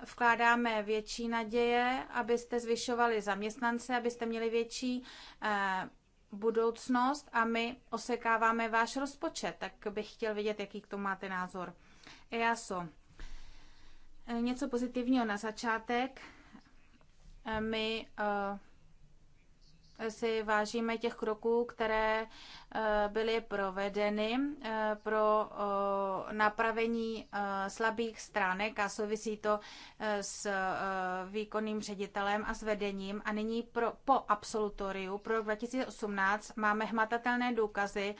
vkládáme větší naděje, abyste zvyšovali zaměstnance, abyste měli větší budoucnost a my osekáváme váš rozpočet, tak bych chtěl vidět, jaký k tomu máte názor. EASO. Eh, něco pozitivního na začátek. Eh, my eh, si vážíme těch kroků, které byly provedeny pro napravení slabých stránek a souvisí to s výkonným ředitelem a s vedením. A nyní pro, po absolutoriu pro 2018 máme hmatatelné důkazy,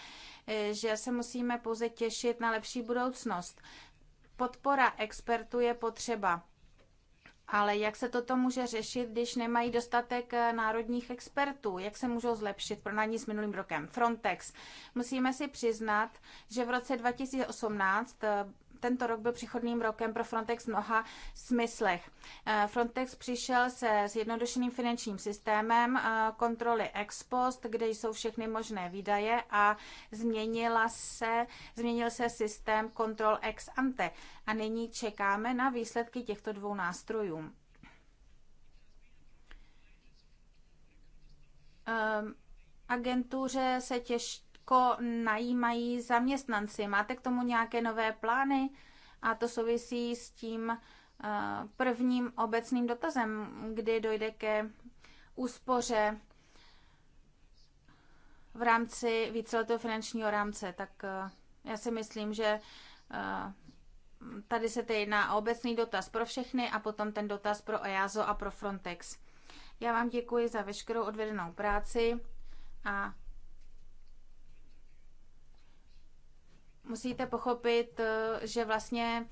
že se musíme pouze těšit na lepší budoucnost. Podpora expertů je potřeba. Ale jak se toto může řešit, když nemají dostatek eh, národních expertů? Jak se můžou zlepšit pro s minulým rokem? Frontex. Musíme si přiznat, že v roce 2018 tento rok byl přechodným rokem pro Frontex v mnoha smyslech. Eh, Frontex přišel se zjednodušeným finančním systémem eh, kontroly ex post, kde jsou všechny možné výdaje a změnila se, změnil se systém kontrol ex ante. A nyní čekáme na výsledky těchto dvou nástrojů. Ehm, agentuře se těší jako najímají zaměstnanci. Máte k tomu nějaké nové plány? A to souvisí s tím eh, prvním obecným dotazem, kdy dojde ke úspoře v rámci víceletého finančního rámce. Tak eh, já si myslím, že eh, tady se teď na obecný dotaz pro všechny a potom ten dotaz pro EASO a pro Frontex. Já vám děkuji za veškerou odvedenou práci a musíte pochopit, eh, že vlastně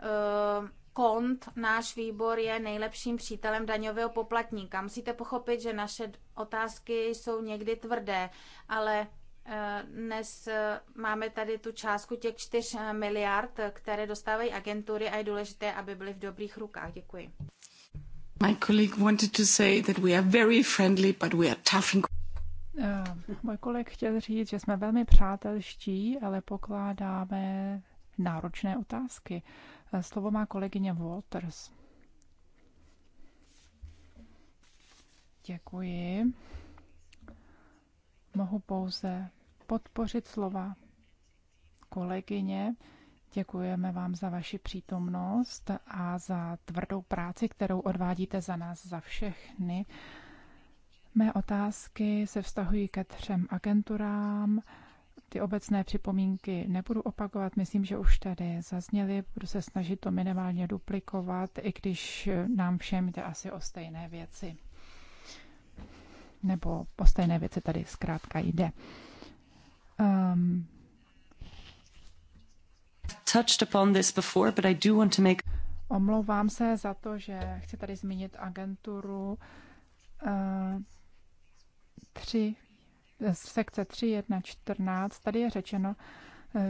eh, kont, náš výbor je nejlepším přítelem daňového poplatníka. Musíte pochopit, že naše otázky jsou někdy tvrdé, ale eh, dnes máme tady tu částku těch 4 miliard, které dostávají agentury a je důležité, aby byly v dobrých rukách. Děkuji. My colleague wanted to say that we are very friendly, but we are tough and Eh, můj kolik chtěl říct, že jsme velmi přátelští, ale pokládáme náročné otázky. Eh, slovo má kolegyně Waters. Děkuji. Mohu pouze podpořit slova kolegyně. Děkujeme vám za vaši přítomnost a za tvrdou práci, kterou odvádíte za nás, za všechny. Mé otázky se vztahují ke třem agenturám. Ty obecné připomínky nebudu opakovat, myslím, že už tady zazněly. Budu se snažit to minimálně duplikovat, i když nám všem jde asi o stejné věci. Nebo o stejné věci tady zkrátka jde. Um, touched upon this before, but I do want to make... Omlouvám se za to, že chci tady zmínit agenturu. Uh, 3, sekce 3, 1, 14, tady je řečeno,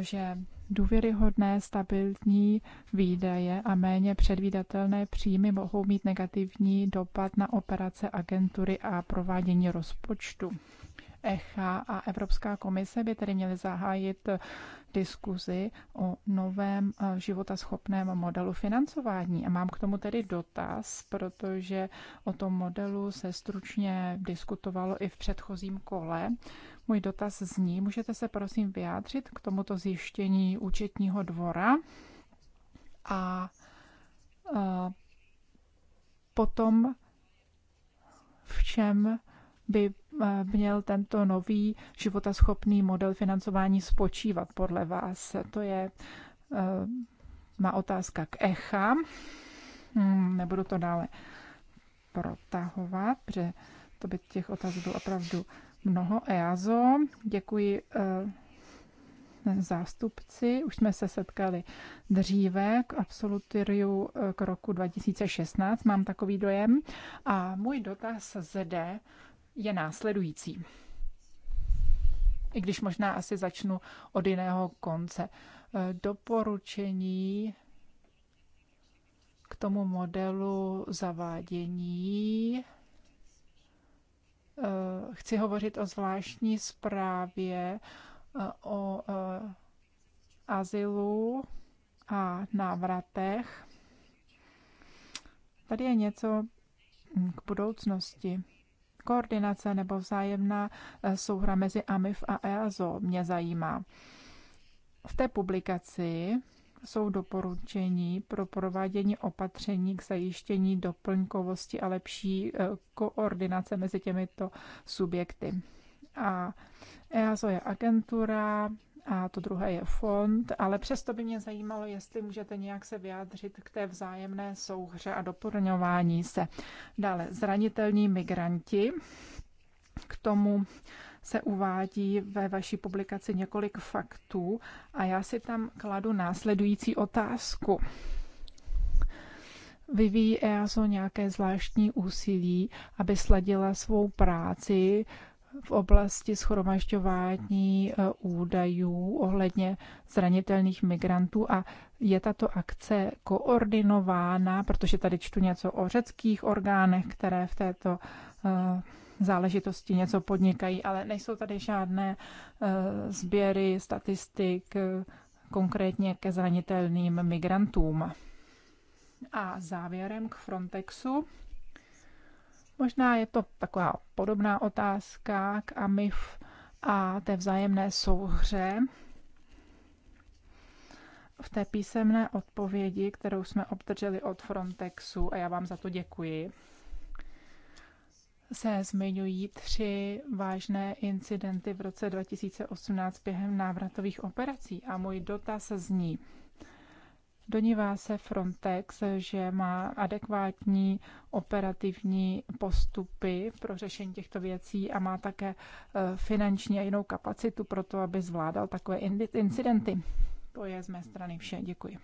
že důvěryhodné, stabilní výdaje a méně předvídatelné příjmy mohou mít negativní dopad na operace agentury a provádění rozpočtu. ECHA a Evropská komise by tedy měly zahájit diskuzi o novém eh, životaschopném modelu financování. A mám k tomu tedy dotaz, protože o tom modelu se stručně diskutovalo i v předchozím kole. Můj dotaz zní, můžete se prosím vyjádřit k tomuto zjištění účetního dvora a, a eh, potom v čem by Eh, měl tento nový životaschopný model financování spočívat podle vás? To je eh, má otázka k ECHA. Hmm, nebudu to dále protahovat, protože to by těch otázek bylo opravdu mnoho. EASO, děkuji eh, zástupci. Už jsme se setkali dříve k absolutoriu k roku 2016, mám takový dojem. A můj dotaz zde je následující. I když možná asi začnu od jiného konce. Doporučení k tomu modelu zavádění eh, chci hovořit o zvláštní zprávě eh, o eh, azylu a návratech. Tady je něco k budoucnosti koordinace nebo vzájemná eh, souhra mezi AMIF a EASO mě zajímá. V té publikaci jsou doporučení pro provádění opatření k zajištění doplňkovosti a lepší eh, koordinace mezi těmito subjekty. A EASO je agentura, a to druhé je fond, ale přesto by mě zajímalo, jestli můžete nějak se vyjádřit k té vzájemné souhře a doplňování se. Dále zranitelní migranti. K tomu se uvádí ve vaší publikaci několik faktů a já si tam kladu následující otázku. Vyvíjí EASO nějaké zvláštní úsilí, aby sladila svou práci v oblasti schromažďování eh, údajů ohledně zranitelných migrantů a je tato akce koordinována, protože tady čtu něco o řeckých orgánech, které v této eh, záležitosti něco podnikají, ale nejsou tady žádné eh, sběry statistik konkrétně ke zranitelným migrantům. A závěrem k Frontexu. Možná je to taková podobná otázka k AMIF a té vzájemné souhře. V té písemné odpovědi, kterou jsme obdrželi od Frontexu, a já vám za to děkuji, se zmiňují tři vážné incidenty v roce 2018 během návratových operací. A můj dotaz zní, Donívá se Frontex, že má adekvátní operativní postupy pro řešení těchto věcí a má také eh, finanční a jinou kapacitu pro to, aby zvládal takové incidenty. To je z mé strany vše. Děkuji.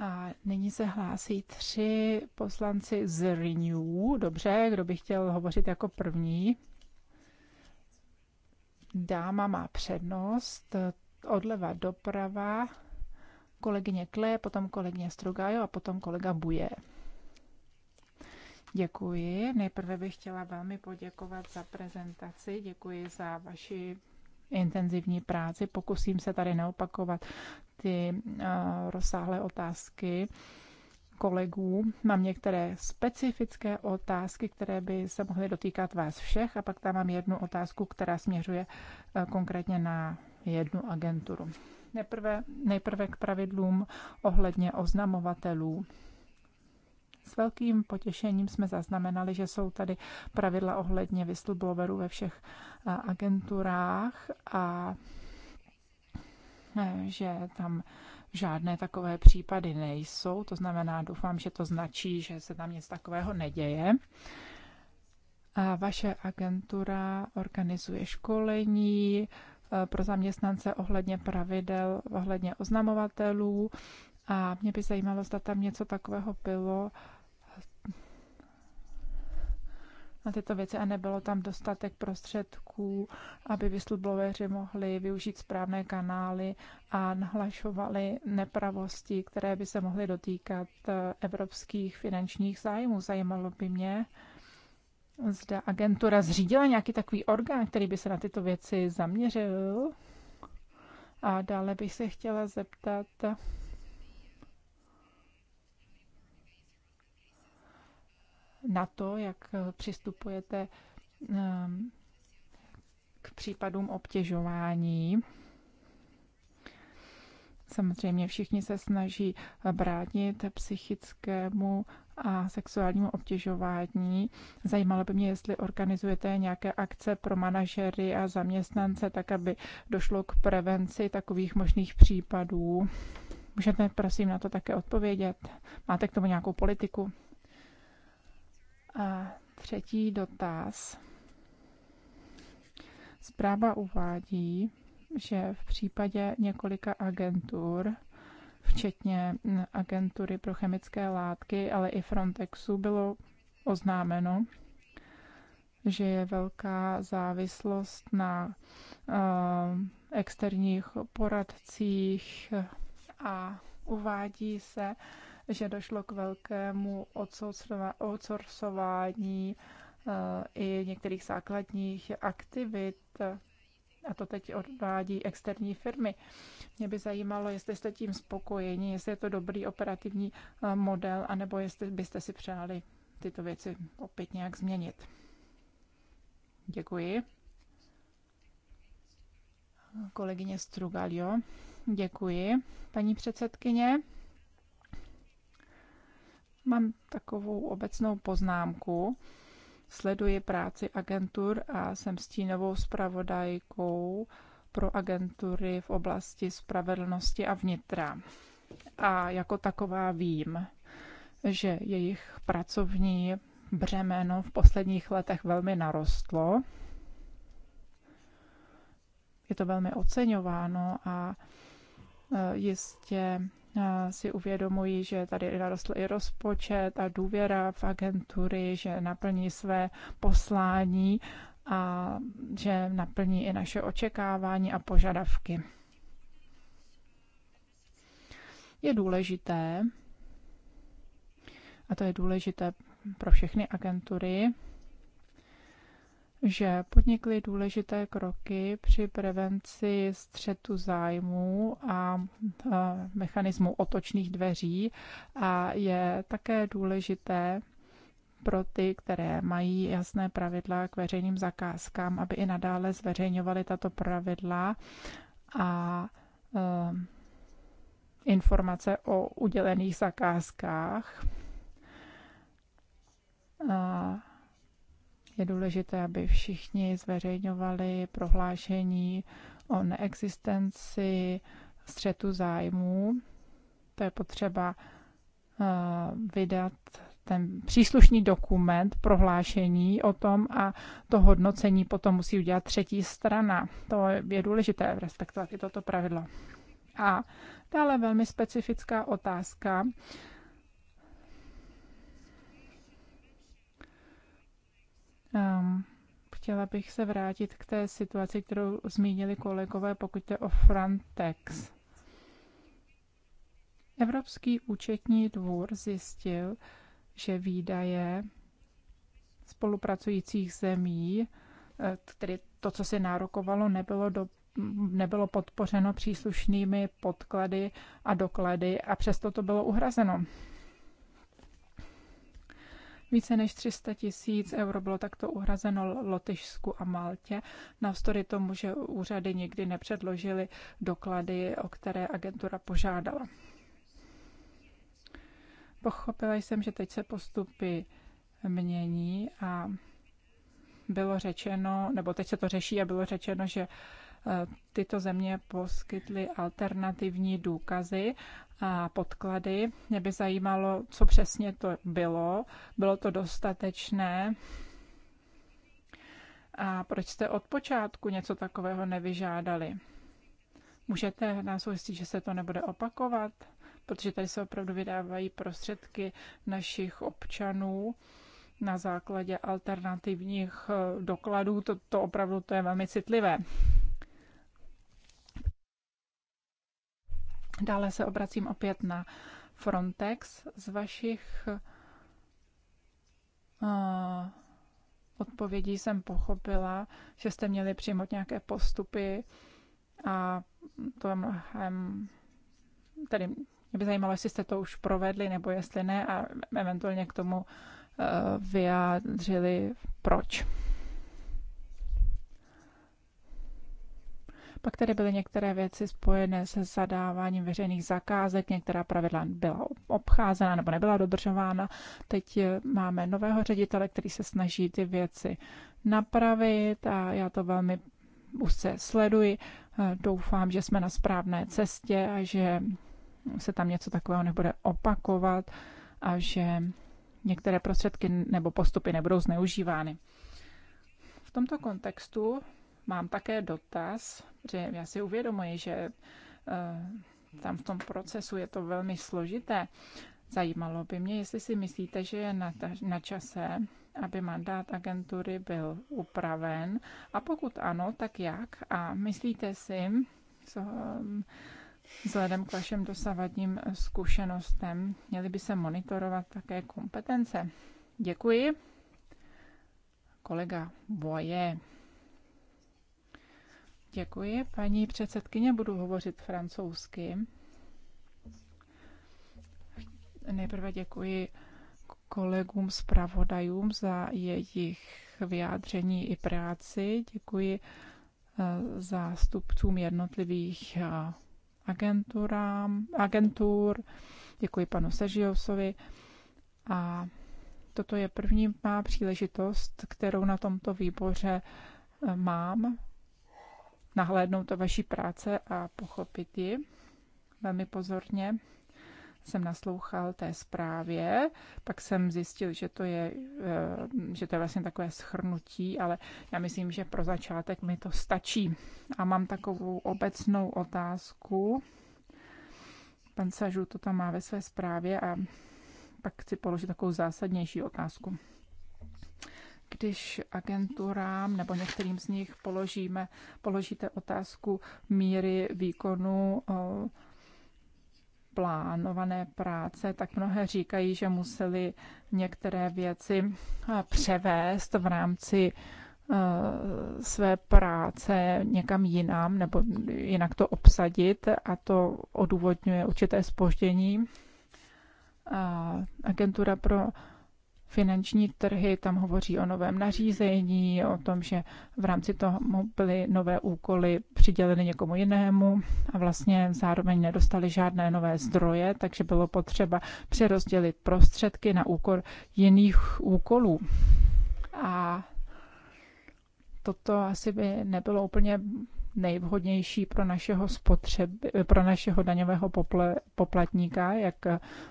A nyní se hlásí tři poslanci z Renew. Dobře, kdo by chtěl hovořit jako první? dáma má přednost, eh, odleva doprava, kolegyně Kle, potom kolegyně Strugajo a potom kolega Buje. Děkuji. Nejprve bych chtěla velmi poděkovat za prezentaci. Děkuji za vaši intenzivní práci. Pokusím se tady neopakovat ty uh, rozsáhlé otázky. Uh, kolegů mám některé specifické otázky, které by se mohly dotýkat vás všech a pak tam mám jednu otázku, která směřuje eh, konkrétně na jednu agenturu. Nejprve, nejprve k pravidlům ohledně oznamovatelů. S velkým potěšením jsme zaznamenali, že jsou tady pravidla ohledně whistleblowerů ve všech eh, agenturách a eh, že tam Žádné takové případy nejsou, to znamená, doufám, že to značí, že se tam nic takového neděje. A vaše agentura organizuje školení eh, pro zaměstnance ohledně pravidel, ohledně oznamovatelů. A mě by zajímalo, zda tam něco takového bylo na tyto věci a nebylo tam dostatek prostředků, aby whistlebloweri mohli využít správné kanály a nahlašovali nepravosti, které by se mohly dotýkat eh, evropských finančních zájmů. Zajímalo by mě, zda agentura zřídila nějaký takový orgán, který by se na tyto věci zaměřil. A dále bych se chtěla zeptat, na to, jak eh, přistupujete ehm, k případům obtěžování. Samozřejmě všichni se snaží eh, bránit psychickému a sexuálnímu obtěžování. Zajímalo by mě, jestli organizujete nějaké akce pro manažery a zaměstnance, tak aby došlo k prevenci takových možných případů. Můžete prosím na to také odpovědět? Máte k tomu nějakou politiku? A třetí dotaz. Zpráva uvádí, že v případě několika agentur, včetně agentury pro chemické látky, ale i Frontexu, bylo oznámeno, že je velká závislost na eh, externích poradcích a uvádí se, že došlo k velkému outsourcování eh, i některých základních aktivit a to teď odvádí externí firmy. Mě by zajímalo, jestli jste tím spokojeni, jestli je to dobrý operativní eh, model, anebo jestli byste si přáli tyto věci opět nějak změnit. Děkuji. Kolegyně Strugalio, děkuji, paní předsedkyně. Mám takovou obecnou poznámku. Sleduji práci agentur a jsem stínovou zpravodajkou pro agentury v oblasti spravedlnosti a vnitra. A jako taková vím, že jejich pracovní břemeno v posledních letech velmi narostlo. Je to velmi oceňováno a e, jistě si uvědomují, že tady narostl i rozpočet a důvěra v agentury, že naplní své poslání a že naplní i naše očekávání a požadavky. Je důležité, a to je důležité pro všechny agentury, že podnikly důležité kroky při prevenci střetu zájmů a mechanismu otočných dveří a je také důležité pro ty, které mají jasné pravidla k veřejným zakázkám, aby i nadále zveřejňovali tato pravidla a e, informace o udělených zakázkách. Je důležité, aby všichni zveřejňovali prohlášení o neexistenci střetu zájmů. To je potřeba eh, vydat ten příslušný dokument, prohlášení o tom a to hodnocení potom musí udělat třetí strana. To je důležité respektovat i toto pravidlo. A dále velmi specifická otázka Um, chtěla bych se vrátit k té situaci, kterou zmínili kolegové, pokud jde o Frontex. Evropský účetní dvůr zjistil, že výdaje spolupracujících zemí, eh, tedy to, co se nárokovalo, nebylo do nebylo podpořeno příslušnými podklady a doklady a přesto to bylo uhrazeno. Více než 300 tisíc euro bylo takto uhrazeno Lotyšsku a Maltě, navzdory tomu, že úřady nikdy nepředložily doklady, o které agentura požádala. Pochopila jsem, že teď se postupy mění a bylo řečeno, nebo teď se to řeší a bylo řečeno, že Eh, tyto země poskytly alternativní důkazy a podklady. Mě by zajímalo, co přesně to bylo. Bylo to dostatečné? A proč jste od počátku něco takového nevyžádali? Můžete nás ujistit, že se to nebude opakovat? Protože tady se opravdu vydávají prostředky našich občanů na základě alternativních eh, dokladů. To, to opravdu to je velmi citlivé. Dále se obracím opět na Frontex. Z vašich uh, odpovědí jsem pochopila, že jste měli přijmout nějaké postupy a to je mnohem, tedy mě by zajímalo, jestli jste to už provedli nebo jestli ne a eventuálně k tomu uh, vyjádřili proč. Pak tady byly některé věci spojené se zadáváním veřejných zakázek, některá pravidla byla obcházena nebo nebyla dodržována. Teď eh, máme nového ředitele, který se snaží ty věci napravit a já to velmi se sleduji. Eh, doufám, že jsme na správné cestě a že se tam něco takového nebude opakovat a že některé prostředky nebo postupy nebudou zneužívány. V tomto kontextu Mám také dotaz, že já si uvědomuji, že eh, tam v tom procesu je to velmi složité. Zajímalo by mě, jestli si myslíte, že je na, na čase, aby mandát agentury byl upraven a pokud ano, tak jak? A myslíte si, co, hm, vzhledem k vašim dosavadním zkušenostem, měly by se monitorovat také kompetence? Děkuji. Kolega Boje. Děkuji, paní předsedkyně, budu hovořit francouzsky. Nejprve děkuji kolegům zpravodajům za jejich vyjádření i práci. Děkuji eh, zástupcům jednotlivých eh, agenturám, agentur. Děkuji panu Sežiosovi. A toto je první má příležitost, kterou na tomto výboře eh, mám nahlédnout do vaší práce a pochopit ji velmi pozorně. Jsem naslouchal té zprávě, pak jsem zjistil, že to je, eh, že to je vlastně takové schrnutí, ale já myslím, že pro začátek mi to stačí. A mám takovou obecnou otázku. Pan Sažu to tam má ve své zprávě a pak chci položit takovou zásadnější otázku když agenturám nebo některým z nich položíme, položíte otázku míry výkonu eh, plánované práce, tak mnohé říkají, že museli některé věci eh, převést v rámci eh, své práce někam jinam nebo jinak to obsadit a to odůvodňuje určité spoždění. Agentura pro finanční trhy, tam hovoří o novém nařízení, o tom, že v rámci toho byly nové úkoly přiděleny někomu jinému a vlastně zároveň nedostali žádné nové zdroje, takže bylo potřeba přerozdělit prostředky na úkor jiných úkolů. A toto asi by nebylo úplně nejvhodnější pro našeho, spotřeb, pro našeho daňového pople, poplatníka, jak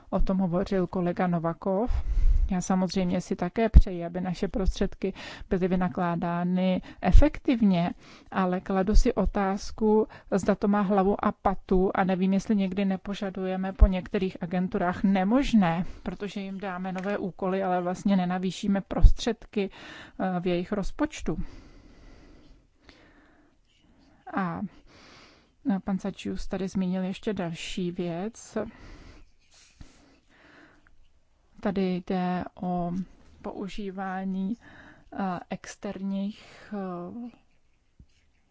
o tom hovořil kolega Novakov. Já samozřejmě si také přeji, aby naše prostředky byly vynakládány efektivně, ale kladu si otázku, zda to má hlavu a patu a nevím, jestli někdy nepožadujeme po některých agenturách nemožné, protože jim dáme nové úkoly, ale vlastně nenavýšíme prostředky eh, v jejich rozpočtu. A pan Sačius tady zmínil ještě další věc. Tady jde o používání externích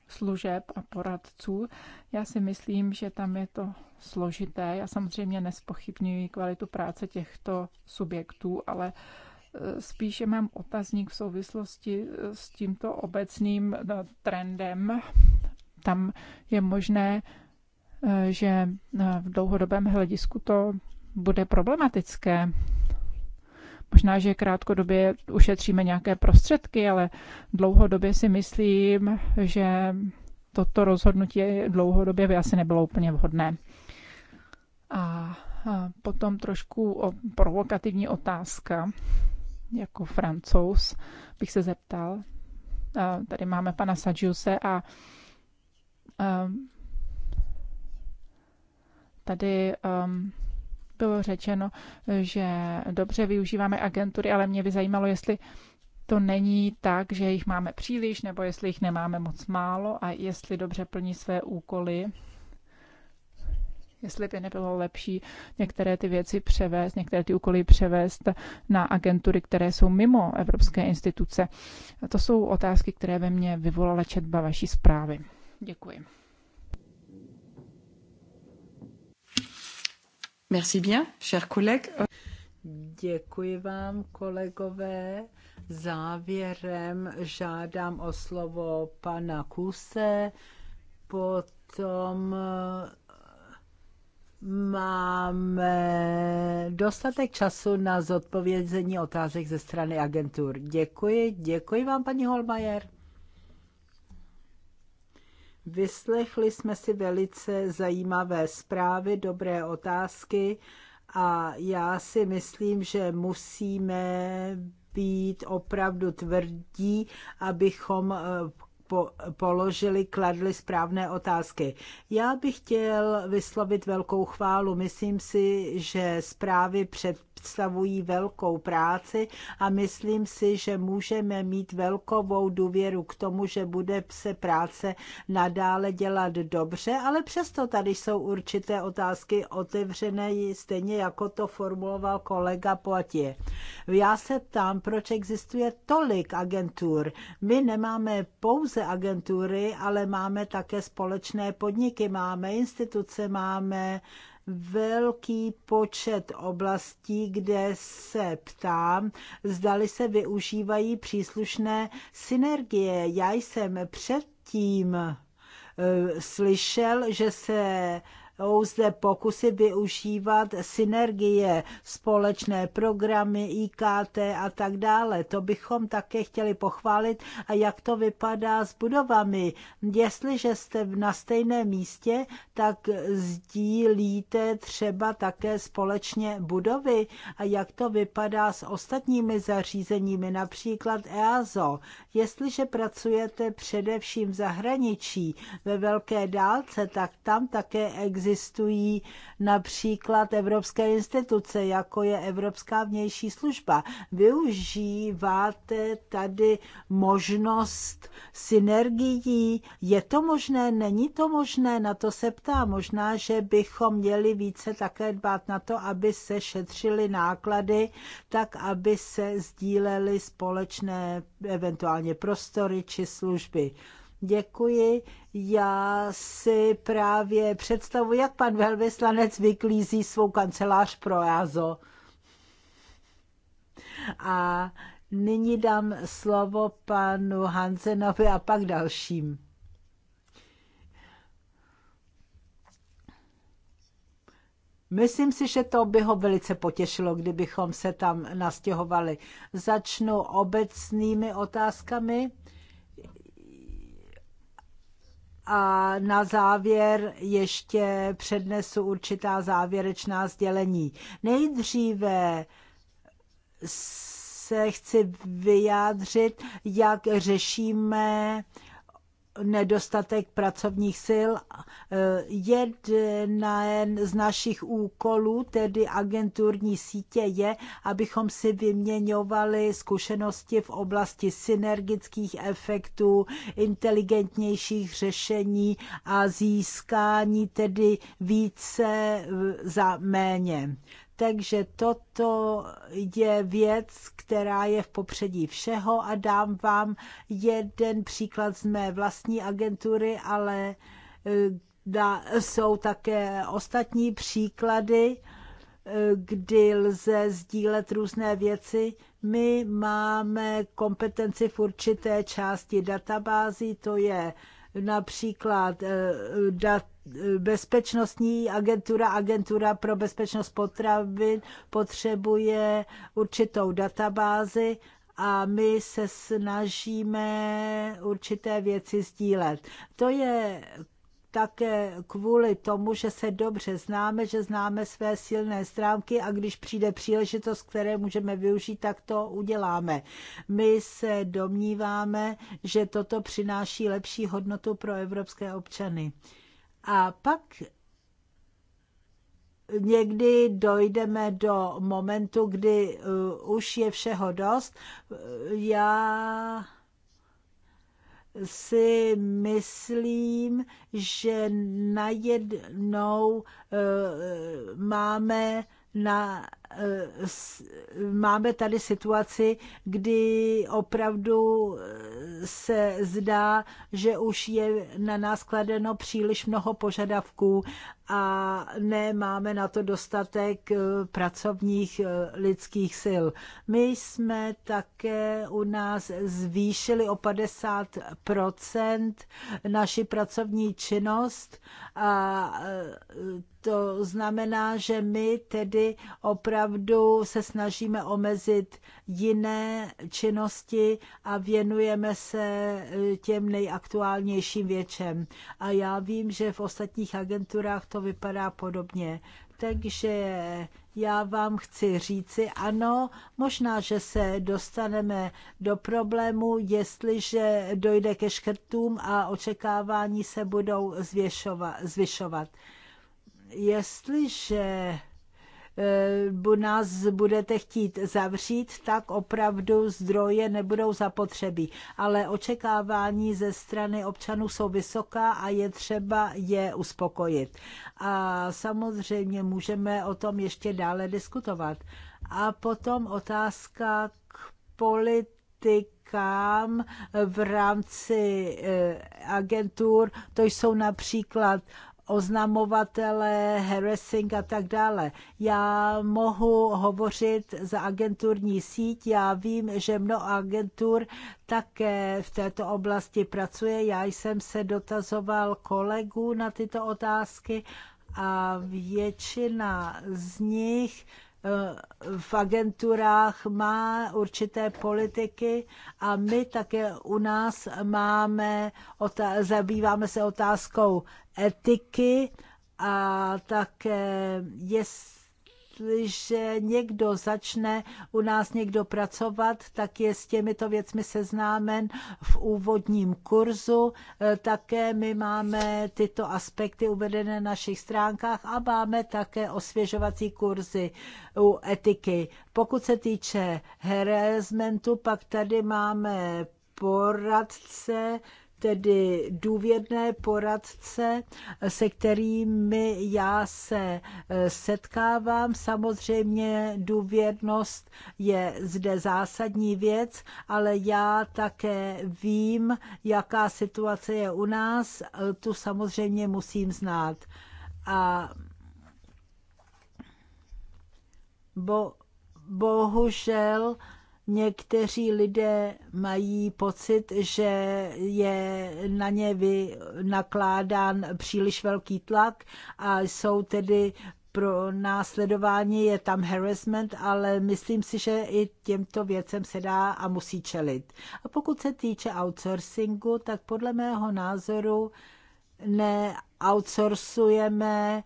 služeb a poradců. Já si myslím, že tam je to složité. Já samozřejmě nespochybňuji kvalitu práce těchto subjektů, ale e, spíše mám otazník v souvislosti e, s tímto obecným e, trendem tam je možné, eh, že eh, v dlouhodobém hledisku to bude problematické. Možná, že krátkodobě ušetříme nějaké prostředky, ale dlouhodobě si myslím, že toto rozhodnutí dlouhodobě by asi nebylo úplně vhodné. A potom trošku o provokativní otázka. Jako francouz bych se zeptal. Tady máme pana Sadžuse a Ehm, tady ehm, bylo řečeno, že dobře využíváme agentury, ale mě by zajímalo, jestli to není tak, že jich máme příliš, nebo jestli jich nemáme moc málo a jestli dobře plní své úkoly. Jestli by nebylo lepší některé ty věci převést, některé ty úkoly převést na agentury, které jsou mimo evropské instituce. A to jsou otázky, které ve mně vyvolala četba vaší zprávy. Děkuji. Merci bien, cher collègue. Děkuji vám, kolegové. Závěrem žádám o slovo pana Kuse, potom eh, máme dostatek času na zodpovězení otázek ze strany agentur. Děkuji, děkuji vám, paní Holmajer. Vyslechli jsme si velice zajímavé zprávy, dobré otázky a já si myslím, že musíme být opravdu tvrdí, abychom eh, po, položili, kladli správné otázky. Já bych chtěl vyslovit velkou chválu. Myslím si, že zprávy představují velkou práci a myslím si, že můžeme mít velkou důvěru k tomu, že bude se práce nadále dělat dobře, ale přesto tady jsou určité otázky otevřené, stejně jako to formuloval kolega Poatě. Já se ptám, proč existuje tolik agentur. My nemáme pouze pouze agentury, ale máme také společné podniky, máme instituce, máme velký počet oblastí, kde se ptám, zdali se využívají příslušné synergie. Já jsem předtím eh, slyšel, že se lze pokusy využívat synergie, společné programy, IKT a tak dále. To bychom také chtěli pochválit a jak to vypadá s budovami. Jestliže jste na stejném místě, tak sdílíte třeba také společně budovy a jak to vypadá s ostatními zařízeními, například EASO. Jestliže pracujete především v zahraničí ve velké dálce, tak tam také existuje existují například evropské instituce, jako je Evropská vnější služba. Využíváte tady možnost synergií? Je to možné? Není to možné? Na to se ptá. Možná, že bychom měli více také dbát na to, aby se šetřily náklady, tak aby se sdílely společné eventuálně prostory či služby. Děkuji. Já si právě představu, jak pan velvyslanec vyklízí svou kancelář pro Jazo. E a nyní dám slovo panu Hansenovi a pak dalším. Myslím si, že to by ho velice potěšilo, kdybychom se tam nastěhovali. Začnu obecnými otázkami a na závěr ještě přednesu určitá závěrečná sdělení. Nejdříve se chci vyjádřit, jak řešíme nedostatek pracovních sil. Jeden z našich úkolů, tedy agenturní sítě, je, abychom si vyměňovali zkušenosti v oblasti synergických efektů, inteligentnějších řešení a získání tedy více za méně. Takže toto je věc, která je v popředí všeho a dám vám jeden příklad z mé vlastní agentury, ale eh, jsou také ostatní příklady, eh, kdy lze sdílet různé věci. My máme kompetenci v určité části databází, to je například eh, dat bezpečnostní agentura, agentura pro bezpečnost potravin potřebuje určitou databázi a my se snažíme určité věci sdílet. To je také kvůli tomu, že se dobře známe, že známe své silné stránky a když přijde příležitost, které můžeme využít, tak to uděláme. My se domníváme, že toto přináší lepší hodnotu pro evropské občany. A pak někdy dojdeme do momentu, kdy uh, už je všeho dost. Já si myslím, že najednou uh, máme na máme tady situaci, kdy opravdu eh, se zdá, že už je na nás kladeno příliš mnoho požadavků a nemáme na to dostatek eh, pracovních eh, lidských sil. My jsme také u nás zvýšili o 50 naši pracovní činnost a to znamená, že my tedy opravdu opravdu se snažíme omezit jiné činnosti a věnujeme se eh, těm nejaktuálnějším věčem. A já vím, že v ostatních agenturách to vypadá podobně. Takže já vám chci říci, ano, možná, že se dostaneme do problému, jestliže dojde ke škrtům a očekávání se budou zvyšovat. Jestliže Eh, nás budete chtít zavřít, tak opravdu zdroje nebudou zapotřebí. Ale očekávání ze strany občanů jsou vysoká a je třeba je uspokojit. A samozřejmě můžeme o tom ještě dále diskutovat. A potom otázka k politik kam v rámci eh, agentur, to jsou například oznamovatele, harassing a tak dále. Já mohu hovořit za agenturní síť, já vím, že mnoho agentur také v této oblasti pracuje. Já jsem se dotazoval kolegů na tyto otázky a většina z nich Eh, v agenturách má určité politiky a my také u nás máme, zabýváme se otázkou etiky a také jest jestliže někdo začne u nás někdo pracovat, tak je s těmito věcmi seznámen v úvodním kurzu. E, také my máme tyto aspekty uvedené na našich stránkách a máme také osvěžovací kurzy u etiky. Pokud se týče harassmentu, pak tady máme poradce, tedy důvěrné poradce, se kterými já se eh, setkávám. Samozřejmě důvěrnost je zde zásadní věc, ale já také vím, jaká situace je u nás, eh, tu samozřejmě musím znát. A bo, bohužel, někteří lidé mají pocit, že je na ně vy, nakládán příliš velký tlak a jsou tedy pro následování, je tam harassment, ale myslím si, že i těmto věcem se dá a musí čelit. A pokud se týče outsourcingu, tak podle mého názoru ne outsourcujeme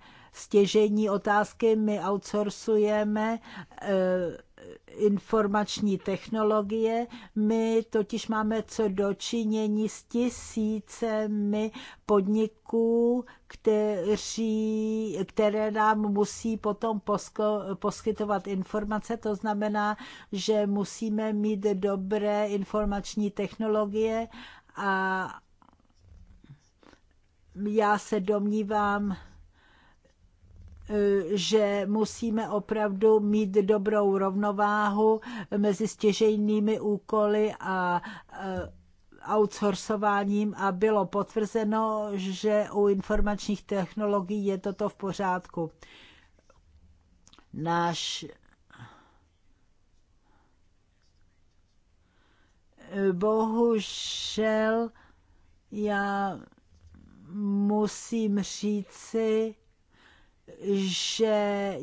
otázky, my outsourcujeme uh, informační technologie. My totiž máme co dočinění s tisícemi podniků, kteří, které nám musí potom posko, poskytovat informace. To znamená, že musíme mít dobré informační technologie a já se domnívám, že musíme opravdu mít dobrou rovnováhu mezi stěžejnými úkoly a eh, outsourcováním a bylo potvrzeno, že u informačních technologií je toto v pořádku. Náš eh, bohužel já musím říci, že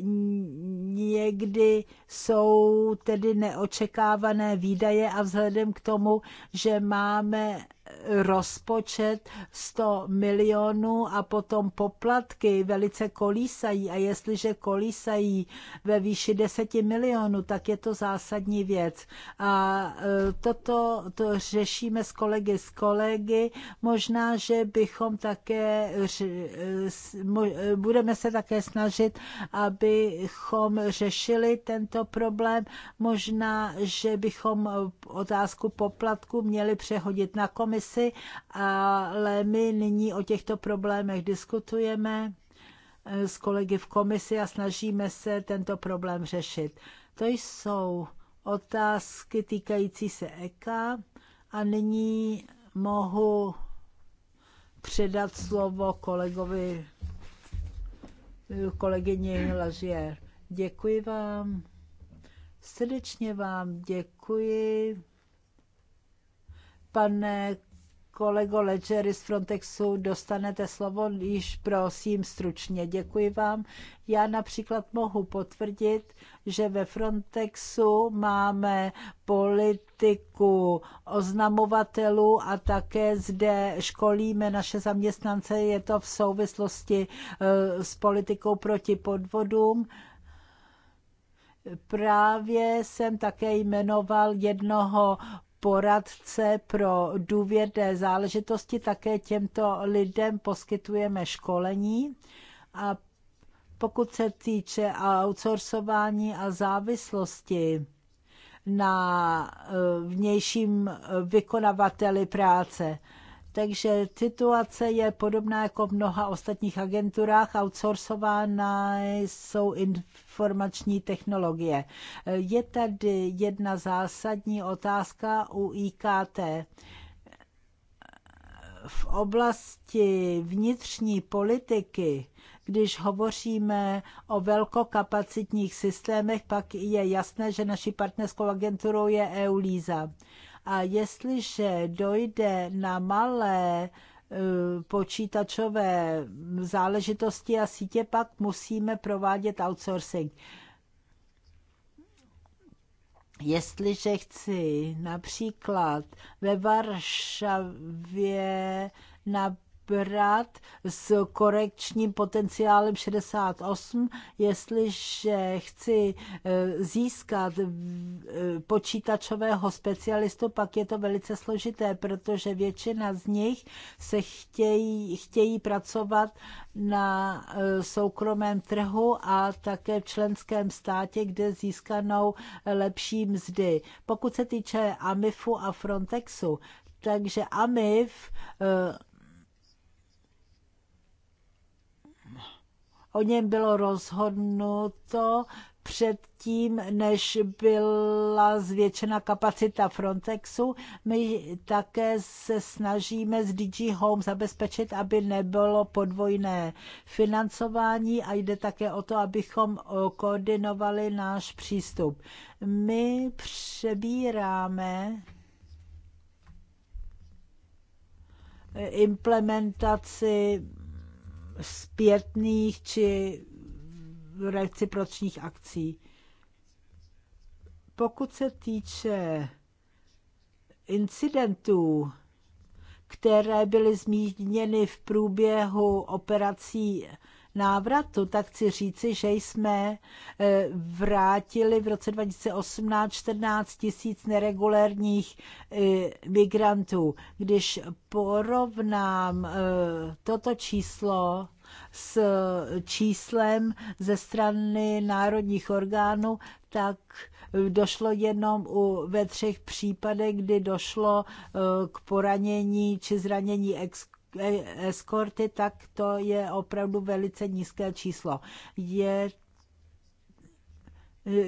někdy jsou tedy neočekávané výdaje a vzhledem k tomu, že máme rozpočet 100 milionů a potom poplatky velice kolísají a jestliže kolísají ve výši 10 milionů, tak je to zásadní věc. A e, toto to řešíme s kolegy s kolegy. Možná, že bychom také e, e, budeme se také snažit, abychom řešili tento problém. Možná, že bychom otázku poplatku měli přehodit na komisi komisi, ale my nyní o těchto problémech diskutujeme eh, s kolegy v komisi a snažíme se tento problém řešit. To jsou otázky týkající se EKA a nyní mohu předat slovo kolegovi, kolegyni Lažier. Děkuji vám. Srdečně vám děkuji, pane kolego Ledgery z Frontexu, dostanete slovo již prosím stručně. Děkuji vám. Já například mohu potvrdit, že ve Frontexu máme politiku oznamovatelů a také zde školíme naše zaměstnance. Je to v souvislosti e, s politikou proti podvodům právě jsem také jmenoval jednoho poradce pro důvěrné záležitosti, také těmto lidem poskytujeme školení a pokud se týče outsourcování a závislosti na eh, vnějším eh, vykonavateli práce. Takže situace je podobná jako v mnoha ostatních agenturách. Outsourcována jsou informační technologie. Je tady jedna zásadní otázka u IKT. V oblasti vnitřní politiky když hovoříme o velkokapacitních systémech, pak je jasné, že naší partnerskou agenturou je EULISA. A jestliže dojde na malé eh, počítačové záležitosti a sítě, pak musíme provádět outsourcing. Jestliže chci například ve Varšavě na brat s korekčním potenciálem 68, jestliže chci e, získat e, počítačového specialistu, pak je to velice složité, protože většina z nich se chtějí, chtějí pracovat na e, soukromém trhu a také v členském státě, kde získanou lepší mzdy. Pokud se týče AMIFu a Frontexu, takže AMIF o něm bylo rozhodnuto předtím, než byla zvětšena kapacita Frontexu. My také se snažíme s DG Home zabezpečit, aby nebylo podvojné financování a jde také o to, abychom koordinovali náš přístup. My přebíráme implementaci zpětných či recipročních akcí. Pokud se týče incidentů, které byly zmíněny v průběhu operací návratu, tak chci říci, že jsme eh, vrátili v roce 2018 14 tisíc neregulérních eh, migrantů. Když porovnám eh, toto číslo s číslem ze strany národních orgánů, tak došlo jenom u, ve třech případech, kdy došlo k poranění či zranění ex eskorty, tak to je opravdu velice nízké číslo. Je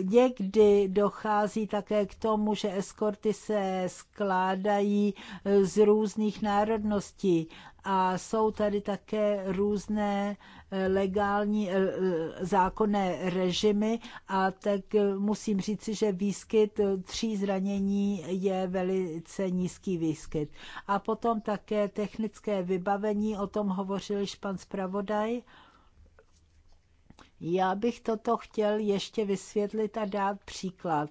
Někdy dochází také k tomu, že eskorty se skládají z různých národností a jsou tady také různé eh, legální eh, eh, zákonné režimy a tak musím říci, že výskyt tří zranění je velice nízký výskyt. A potom také technické vybavení, o tom hovořil již pan zpravodaj. Já bych toto chtěl ještě vysvětlit a dát příklad.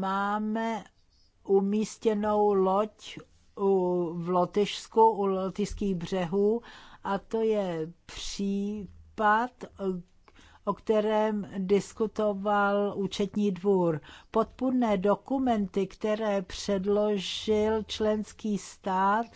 Máme umístěnou loď u, v Lotyšsku, u lotyšských břehů a to je případ, o kterém diskutoval účetní dvůr. Podpůrné dokumenty, které předložil členský stát e,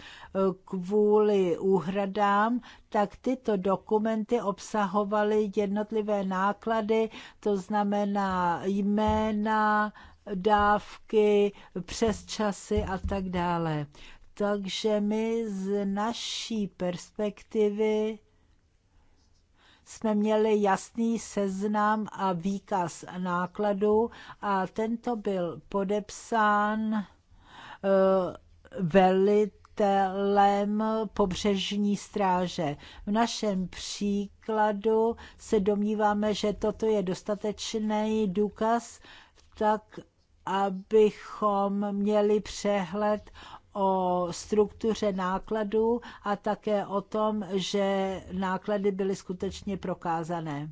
kvůli úhradám, tak tyto dokumenty obsahovaly jednotlivé náklady, to znamená jména, dávky, přes časy a tak dále. Takže my z naší perspektivy jsme měli jasný seznam a výkaz nákladů a tento byl podepsán eh, velitelem pobřežní stráže. V našem příkladu se domníváme, že toto je dostatečný důkaz, tak abychom měli přehled o struktuře nákladů a také o tom, že náklady byly skutečně prokázané.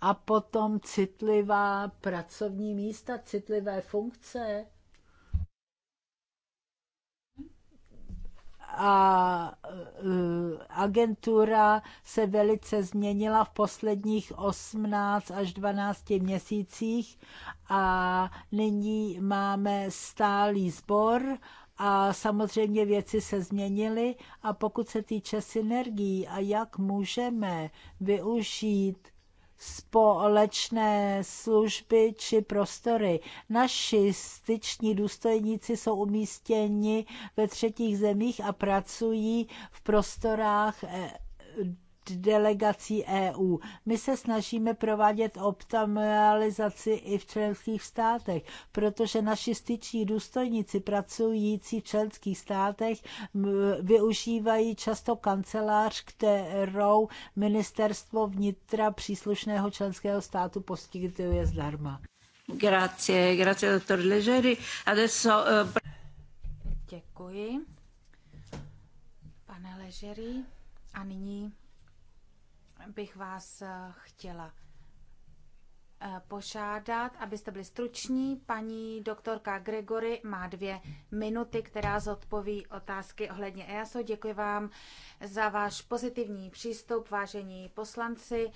A potom citlivá pracovní místa, citlivé funkce. a e, agentura se velice změnila v posledních 18 až 12 měsících a nyní máme stálý sbor a samozřejmě věci se změnily a pokud se týče synergií a jak můžeme využít společné služby či prostory. Naši styční důstojníci jsou umístěni ve třetích zemích a pracují v prostorách eh, delegací EU. My se snažíme provádět optimalizaci i v členských státech, protože naši styční důstojníci pracující v členských státech využívají často kancelář, kterou ministerstvo vnitra příslušného členského státu poskytuje zdarma. Grazie, grazie dottor Leggeri. Adesso... Uh... Děkuji, pane Ležery. A nyní bych vás eh, chtěla eh, požádat, abyste byli struční. Paní doktorka Gregory má dvě minuty, která zodpoví otázky ohledně EASO. Děkuji vám za váš pozitivní přístup, vážení poslanci.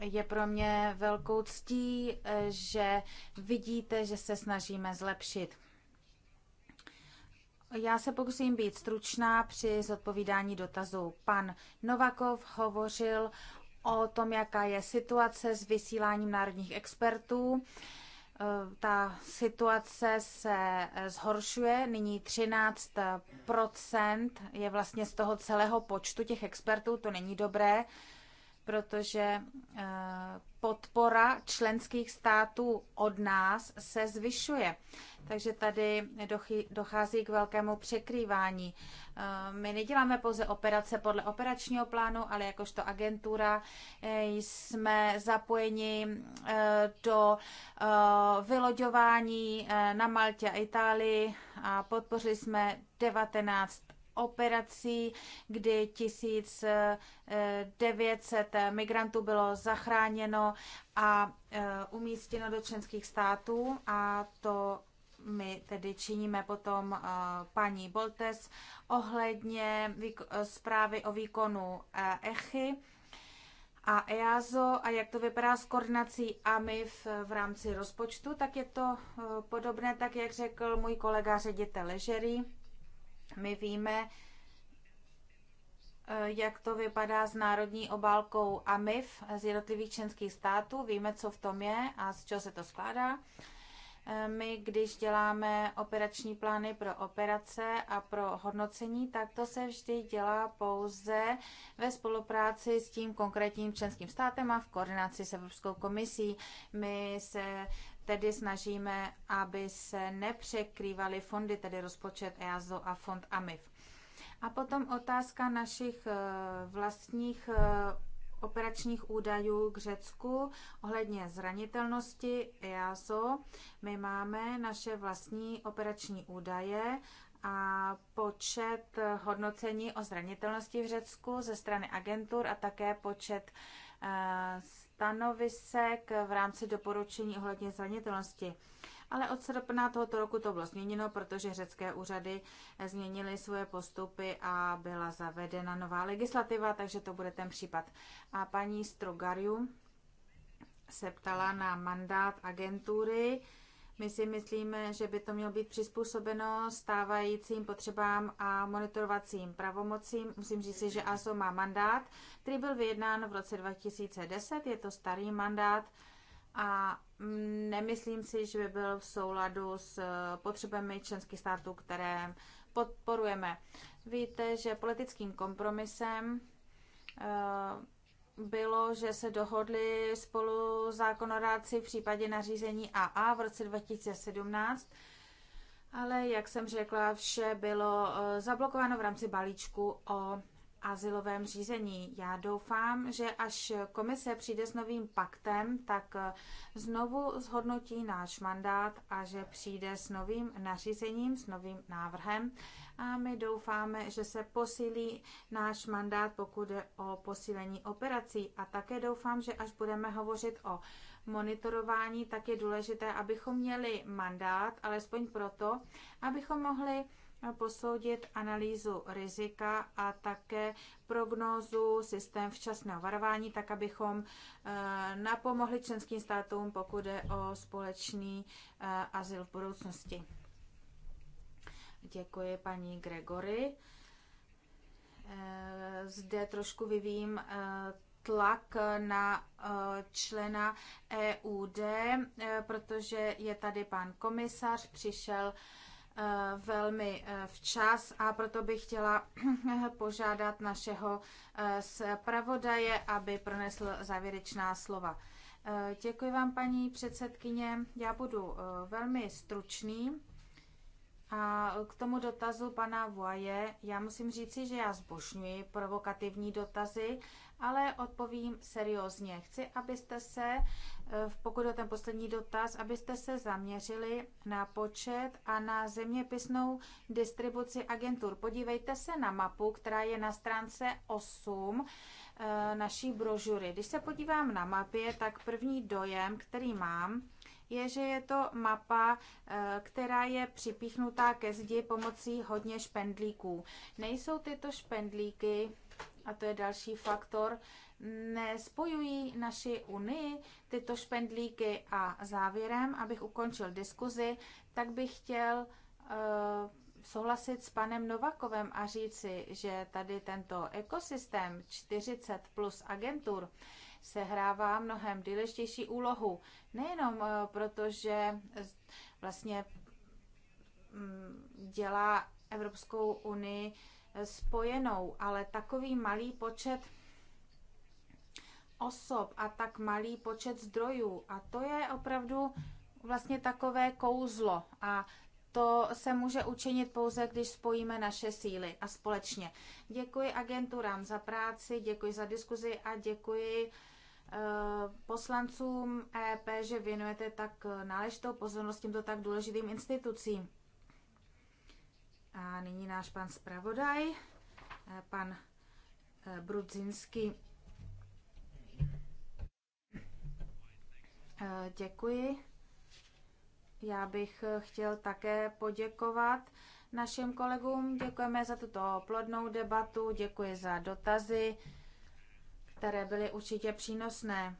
Je pro mě velkou ctí, eh, že vidíte, že se snažíme zlepšit. Já se pokusím být stručná při zodpovídání dotazů. Pan Novakov hovořil o tom, jaká je situace s vysíláním národních expertů. E, ta situace se zhoršuje, nyní 13 je vlastně z toho celého počtu těch expertů, to není dobré protože eh, podpora členských států od nás se zvyšuje. Takže tady dochází k velkému překrývání. Eh, my neděláme pouze operace podle operačního plánu, ale jakožto agentura eh, jsme zapojeni do vyloďování na Maltě a Itálii a podpořili jsme 19 operací, kdy 1900 migrantů bylo zachráněno a e, umístěno do členských států a to my tedy činíme potom e, paní Boltes ohledně zprávy o výkonu e, ECHY a EASO a jak to vypadá s koordinací AMIF v rámci rozpočtu, tak je to podobné, tak jak řekl můj kolega ředitel Ležery my víme, eh, jak to vypadá s národní obálkou AMIF z jednotlivých členských států. Víme, co v tom je a z čeho se to skládá. Eh, my, když děláme operační plány pro operace a pro hodnocení, tak to se vždy dělá pouze ve spolupráci s tím konkrétním členským státem a v koordinaci s Evropskou komisí. My se tedy snažíme, aby se nepřekrývaly fondy, tedy rozpočet EASO a fond AMIF. A potom otázka našich eh, vlastních eh, operačních údajů k Řecku ohledně zranitelnosti EASO. My máme naše vlastní operační údaje a počet hodnocení o zranitelnosti v Řecku ze strany agentur a také počet eh, stanovisek v rámci doporučení ohledně zranitelnosti. Ale od srpna tohoto roku to bylo změněno, protože řecké úřady změnily svoje postupy a byla zavedena nová legislativa, takže to bude ten případ. A paní Strogariu se ptala na mandát agentury, my si myslíme, že by to mělo být přizpůsobeno stávajícím potřebám a monitorovacím pravomocím. Musím říct, že ASO má mandát, který byl vyjednán v roce 2010, je to starý mandát a nemyslím si, že by byl v souladu s eh, potřebami členských států, které podporujeme. Víte, že politickým kompromisem eh, bylo, že se dohodli spolu zákonodáci v případě nařízení AA v roce 2017, ale jak jsem řekla, vše bylo eh, zablokováno v rámci balíčku o azylovém řízení. Já doufám, že až komise přijde s novým paktem, tak eh, znovu zhodnotí náš mandát a že přijde s novým nařízením, s novým návrhem. A my doufáme, že se posílí náš mandát, pokud je o posílení operací. A také doufám, že až budeme hovořit o monitorování, tak je důležité, abychom měli mandát, alespoň proto, abychom mohli posoudit analýzu rizika a také prognózu, systém včasného varování, tak abychom eh, napomohli členským státům, pokud jde o společný eh, azyl v budoucnosti. Děkuji paní Gregory. Eh, zde trošku vyvím tlak na člena EUD, protože je tady pan komisař, přišel Eh, velmi eh, včas a proto bych chtěla *clears throat* požádat našeho eh, zpravodaje, aby pronesl závěrečná slova. Děkuji vám, paní předsedkyně. Já budu velmi stručný. A k tomu dotazu pana Voaje, já musím říci, že já zbožňuji provokativní dotazy ale odpovím seriózně. Chci, abyste se, eh, pokud je ten poslední dotaz, abyste se zaměřili na počet a na zeměpisnou distribuci agentur. Podívejte se na mapu, která je na stránce 8 eh, naší brožury. Když se podívám na mapě, tak první dojem, který mám, je, že je to mapa, eh, která je připíchnutá ke zdi pomocí hodně špendlíků. Nejsou tyto špendlíky a to je další faktor, nespojují naši unii tyto špendlíky a závěrem, abych ukončil diskuzi, tak bych chtěl uh, souhlasit s panem Novakovem a říci, že tady tento ekosystém 40 plus agentur sehrává mnohem důležitější úlohu. Nejenom uh, protože vlastně um, dělá Evropskou unii uh, spojenou, ale takový malý počet osob a tak malý počet zdrojů. A to je opravdu vlastně takové kouzlo. A to se může učinit pouze, když spojíme naše síly a společně. Děkuji agenturám za práci, děkuji za diskuzi a děkuji eh, poslancům EP, že věnujete tak náležitou pozornost těmto tak důležitým institucím. A nyní náš pan zpravodaj, eh, pan eh, Brudzinský. Eh, děkuji. Já bych chtěl také poděkovat našim kolegům. Děkujeme za tuto plodnou debatu, děkuji za dotazy, které byly určitě přínosné.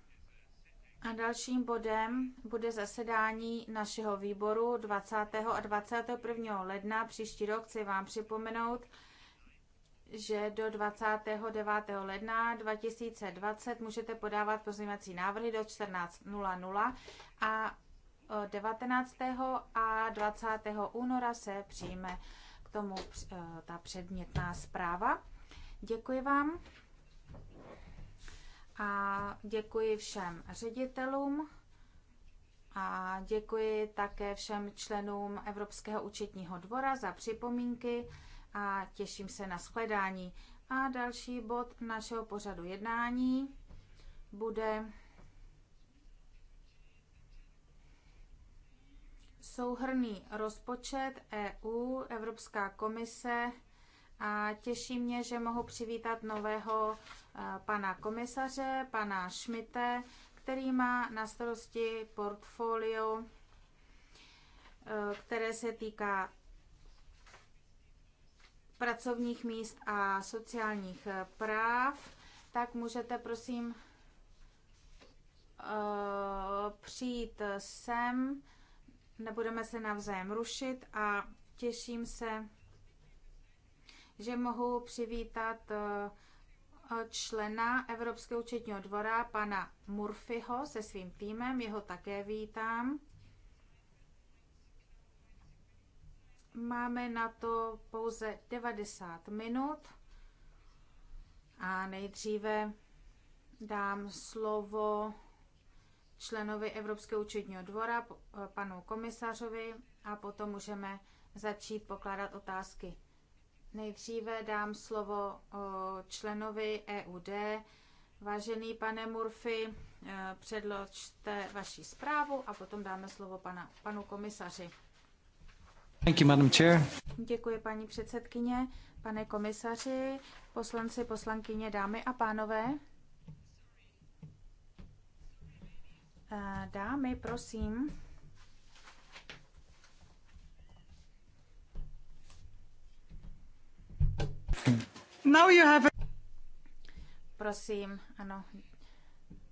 A dalším bodem bude zasedání našeho výboru 20. a 21. ledna příští rok. Chci vám připomenout, že do 29. ledna 2020 můžete podávat pozměňovací návrhy do 14.00 a 19. a 20. února se přijme k tomu eh, ta předmětná zpráva. Děkuji vám a děkuji všem ředitelům a děkuji také všem členům Evropského účetního dvora za připomínky a těším se na shledání. A další bod našeho pořadu jednání bude souhrný rozpočet EU, Evropská komise a těší mě, že mohu přivítat nového pana komisaře, pana Šmite, který má na starosti portfolio, e, které se týká pracovních míst a sociálních e, práv, tak můžete prosím e, přijít sem, nebudeme se navzájem rušit a těším se, že mohu přivítat člena Evropského účetního dvora, pana Murphyho, se svým týmem. Jeho také vítám. Máme na to pouze 90 minut a nejdříve dám slovo členovi Evropského účetního dvora, panu komisařovi, a potom můžeme začít pokládat otázky. Nejdříve dám slovo členovi EUD. Vážený pane Murphy, e, předložte vaši zprávu a potom dáme slovo pana, panu komisaři. Thank you, Madam Chair. Děkuji, paní předsedkyně, pane komisaři, poslanci, poslankyně, dámy a pánové. E, dámy, prosím. Now you have a... Prosím, ano.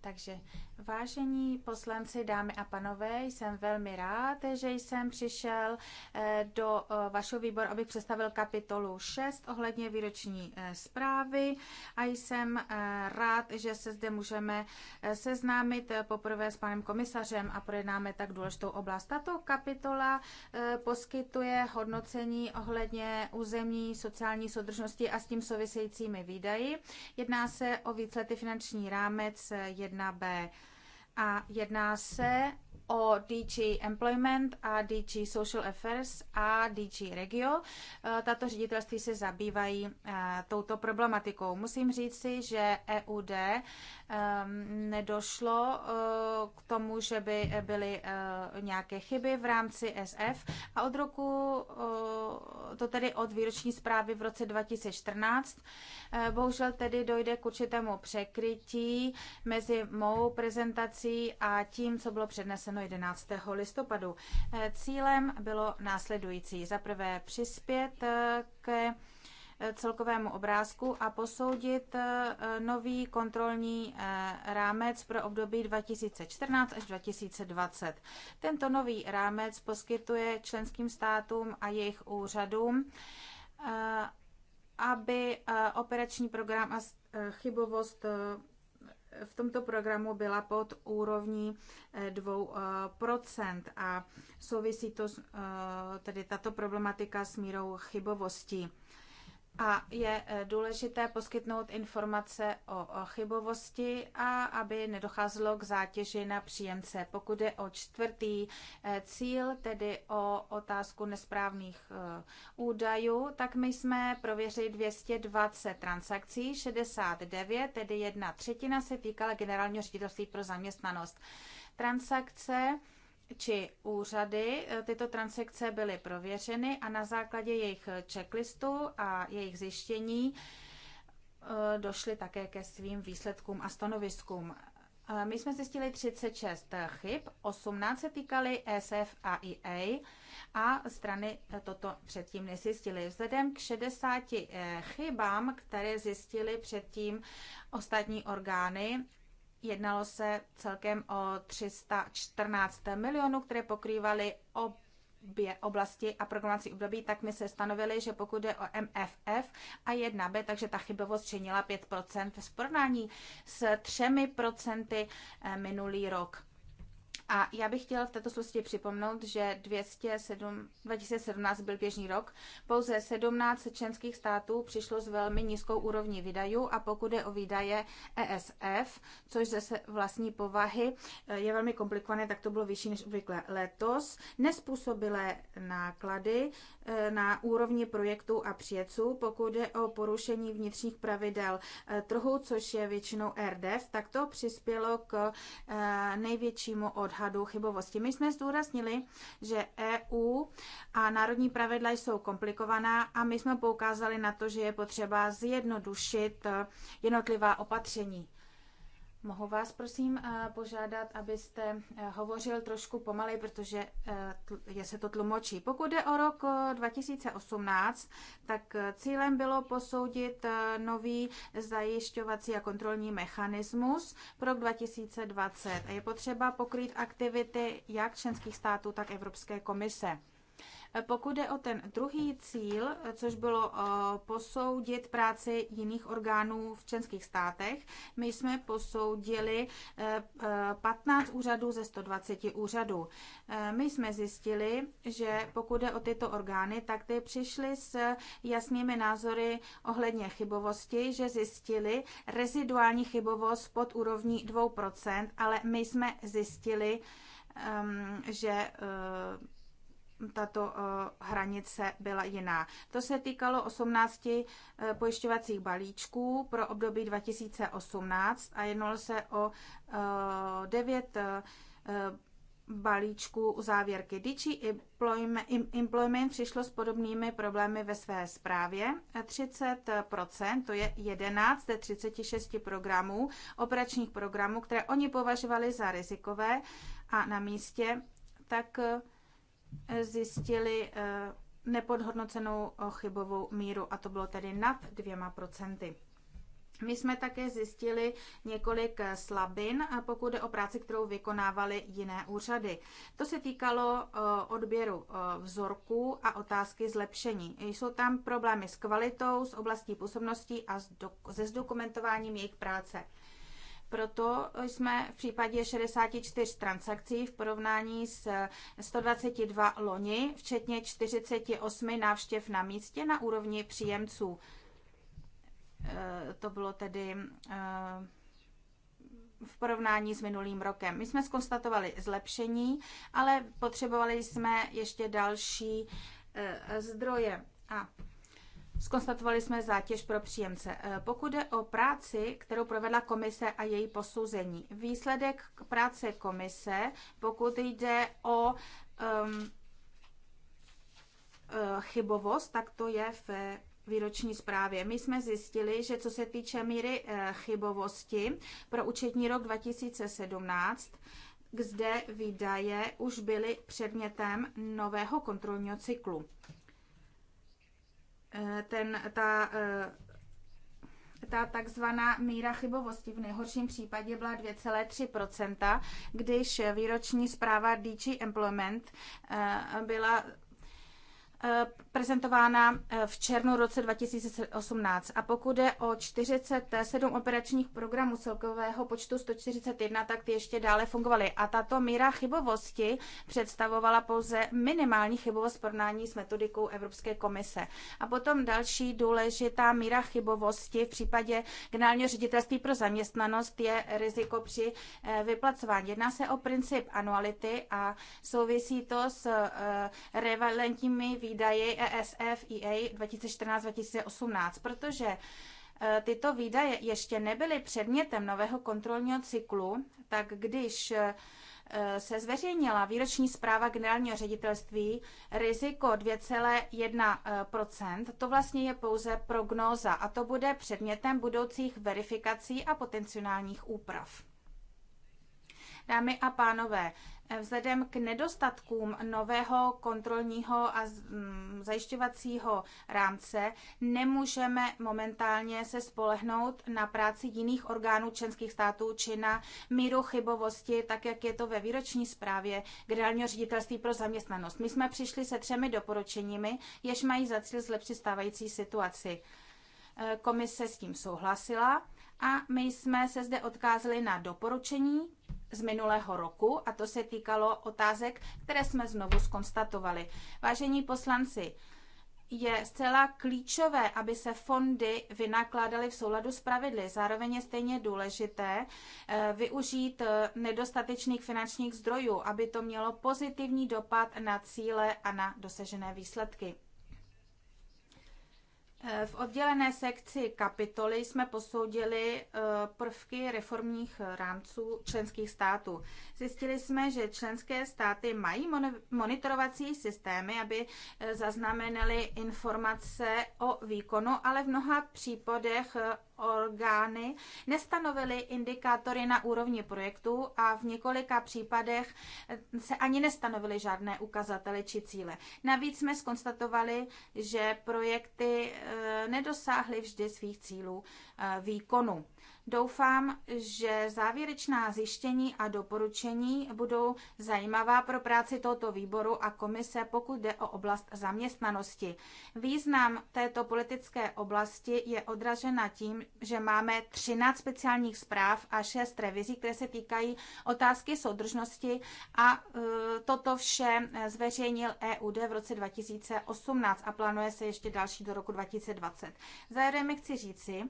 Takže Vážení poslanci, dámy a panové, jsem velmi rád, že jsem přišel eh, do eh, vašeho výboru, abych představil kapitolu 6 ohledně výroční eh, zprávy a jsem rád, že se zde můžeme seznámit poprvé s panem komisařem a projednáme tak důležitou oblast. Tato kapitola poskytuje hodnocení ohledně územní sociální soudržnosti a s tím souvisejícími výdaji. Jedná se o výsledky finanční rámec 1b a jedná se o DG Employment a DG Social Affairs a DG Regio. E, tato ředitelství se zabývají e, touto problematikou. Musím říct si, že EUD e, nedošlo k tomu, že by byly nějaké chyby v rámci SF a od roku, to tedy od výroční zprávy v roce 2014, Eh, bohužel tedy dojde k určitému překrytí mezi mou prezentací a tím, co bylo předneseno 11. listopadu. Eh, cílem bylo následující. Za prvé přispět eh, ke celkovému obrázku a posoudit nový kontrolní rámec pro období 2014 až 2020. Tento nový rámec poskytuje členským státům a jejich úřadům aby eh, operační program a eh, chybovost eh, v tomto programu byla pod úrovní 2% a souvisí to tedy tato problematika s mírou chybovosti a je eh, důležité poskytnout informace o chybovosti a aby nedocházelo k zátěži na příjemce. Pokud je o čtvrtý eh, cíl, tedy o otázku nesprávných eh, údajů, tak my jsme prověřili 220 transakcí, 69, tedy jedna třetina se týkala generálního ředitelství pro zaměstnanost. Transakce či úřady eh, tyto transakce byly prověřeny a na základě jejich checklistu a jejich zjištění eh, došly také ke svým výsledkům a stanoviskům. Eh, my jsme zjistili 36 chyb, 18 se týkaly SF a EA a strany toto předtím nezjistily. Vzhledem k 60 chybám, které zjistily předtím ostatní orgány, Jednalo se celkem o 314 milionů, které pokrývaly obě oblasti a programovací období, tak my se stanovili, že pokud je o MFF a 1B, takže ta chybovost činila 5% v porovnání s 3% eh, minulý rok. A já bych chtěla v této souvislosti připomnout, že 207, 2017 byl běžný rok. Pouze 17 členských států přišlo s velmi nízkou úrovní výdajů a pokud je o výdaje ESF, což ze vlastní povahy eh, je velmi komplikované, tak to bylo vyšší než obvykle letos. Nespůsobilé náklady eh, na úrovni projektů a přijeců, pokud je o porušení vnitřních pravidel eh, trhu, což je většinou RDF, e tak to přispělo k největšímu od odhadu chybovosti. My jsme zdůraznili, že EU a národní pravidla jsou komplikovaná a my jsme poukázali na to, že je potřeba zjednodušit eh, jednotlivá opatření. Mohu vás prosím eh, požádat, abyste eh, hovořil trošku pomalej, protože eh, je se to tlumočí. Pokud jde o rok 2018, tak cílem bylo posoudit nový zajišťovací a kontrolní mechanismus pro rok 2020. Je potřeba pokrýt aktivity jak členských států, tak Evropské komise. Pokud jde o ten druhý cíl, což bylo eh, posoudit práci jiných orgánů v členských státech, my jsme posoudili 15 eh, eh, úřadů ze 120 úřadů. My jsme zjistili, že pokud jde o tyto orgány, tak ty přišly s jasnými názory ohledně chybovosti, že zjistili reziduální chybovost pod úrovní 2%, ale my jsme zjistili, ehm, že tato eh, hranice byla jiná. To se týkalo 18 eh, pojišťovacích balíčků pro období 2018 a jednalo se o 9 eh, balíčku závěrky Digi Employment přišlo s podobnými problémy ve své zprávě. 30%, to je 11 ze 36 programů, operačních programů, které oni považovali za rizikové a na místě, tak zjistili eh, nepodhodnocenou chybovou míru a to bylo tedy nad dvěma procenty. My jsme také zjistili několik eh, slabin, pokud jde o práci, kterou vykonávaly jiné úřady. To se týkalo eh, odběru vzorků a otázky zlepšení. Jsou tam problémy s kvalitou, s oblastí působností a se zdokumentováním jejich práce. Proto jsme v případě 64 transakcí v porovnání s 122 loni, včetně 48 návštěv na místě na úrovni příjemců. E, to bylo tedy e, v porovnání s minulým rokem. My jsme skonstatovali zlepšení, ale potřebovali jsme ještě další e, zdroje. A Skonstatovali jsme zátěž pro příjemce. Eh, pokud jde o práci, kterou provedla komise a její posouzení, výsledek práce komise, pokud jde o um, chybovost, tak to je v výroční zprávě. My jsme zjistili, že co se týče míry eh, chybovosti pro účetní rok 2017, kde výdaje už byly předmětem nového kontrolního cyklu. Eh, ten, ta, eh, ta takzvaná míra chybovosti v nejhorším případě byla 2,3%, když výroční zpráva DG Employment eh, byla prezentována eh, v červnu roce 2018. A pokud je o 47 operačních programů celkového počtu 141, tak ty ještě dále fungovaly. A tato míra chybovosti představovala pouze minimální chybovost porovnání s metodikou Evropské komise. A potom další důležitá míra chybovosti v případě generálního ředitelství pro zaměstnanost je riziko při eh, vyplacování. Jedná se o princip anuality a souvisí to s eh, revalentními výdaji ESF EA 2014-2018, protože eh, tyto výdaje ještě nebyly předmětem nového kontrolního cyklu, tak když eh, se zveřejnila výroční zpráva generálního ředitelství riziko 2,1%. To vlastně je pouze prognóza a to bude předmětem budoucích verifikací a potenciálních úprav. Dámy a pánové, vzhledem k nedostatkům nového kontrolního a mm, zajišťovacího rámce nemůžeme momentálně se spolehnout na práci jiných orgánů členských států či na míru chybovosti, tak jak je to ve výroční zprávě Generálního ředitelství pro zaměstnanost. My jsme přišli se třemi doporučeními, jež mají za cíl zlepšit stávající situaci. E, komise s tím souhlasila a my jsme se zde odkázali na doporučení z minulého roku a to se týkalo otázek, které jsme znovu skonstatovali. Vážení poslanci, je zcela klíčové, aby se fondy vynakládaly v souladu s pravidly. Zároveň je stejně důležité eh, využít eh, nedostatečných finančních zdrojů, aby to mělo pozitivní dopad na cíle a na dosažené výsledky. V oddělené sekci kapitoly jsme posoudili eh, prvky reformních rámců členských států. Zjistili jsme, že členské státy mají monitorovací systémy, aby eh, zaznamenaly informace o výkonu, ale v mnoha případech eh, orgány nestanovily indikátory na úrovni projektu a v několika případech se ani nestanovily žádné ukazatele či cíle. Navíc jsme skonstatovali, že projekty eh, nedosáhly vždy svých cílů eh, výkonu. Doufám, že závěrečná zjištění a doporučení budou zajímavá pro práci tohoto výboru a komise, pokud jde o oblast zaměstnanosti. Význam této politické oblasti je odražena tím, že máme 13 speciálních zpráv a 6 revizí, které se týkají otázky soudržnosti a e, toto vše e, zveřejnil EUD v roce 2018 a plánuje se ještě další do roku 2020. Zároveň chci říci,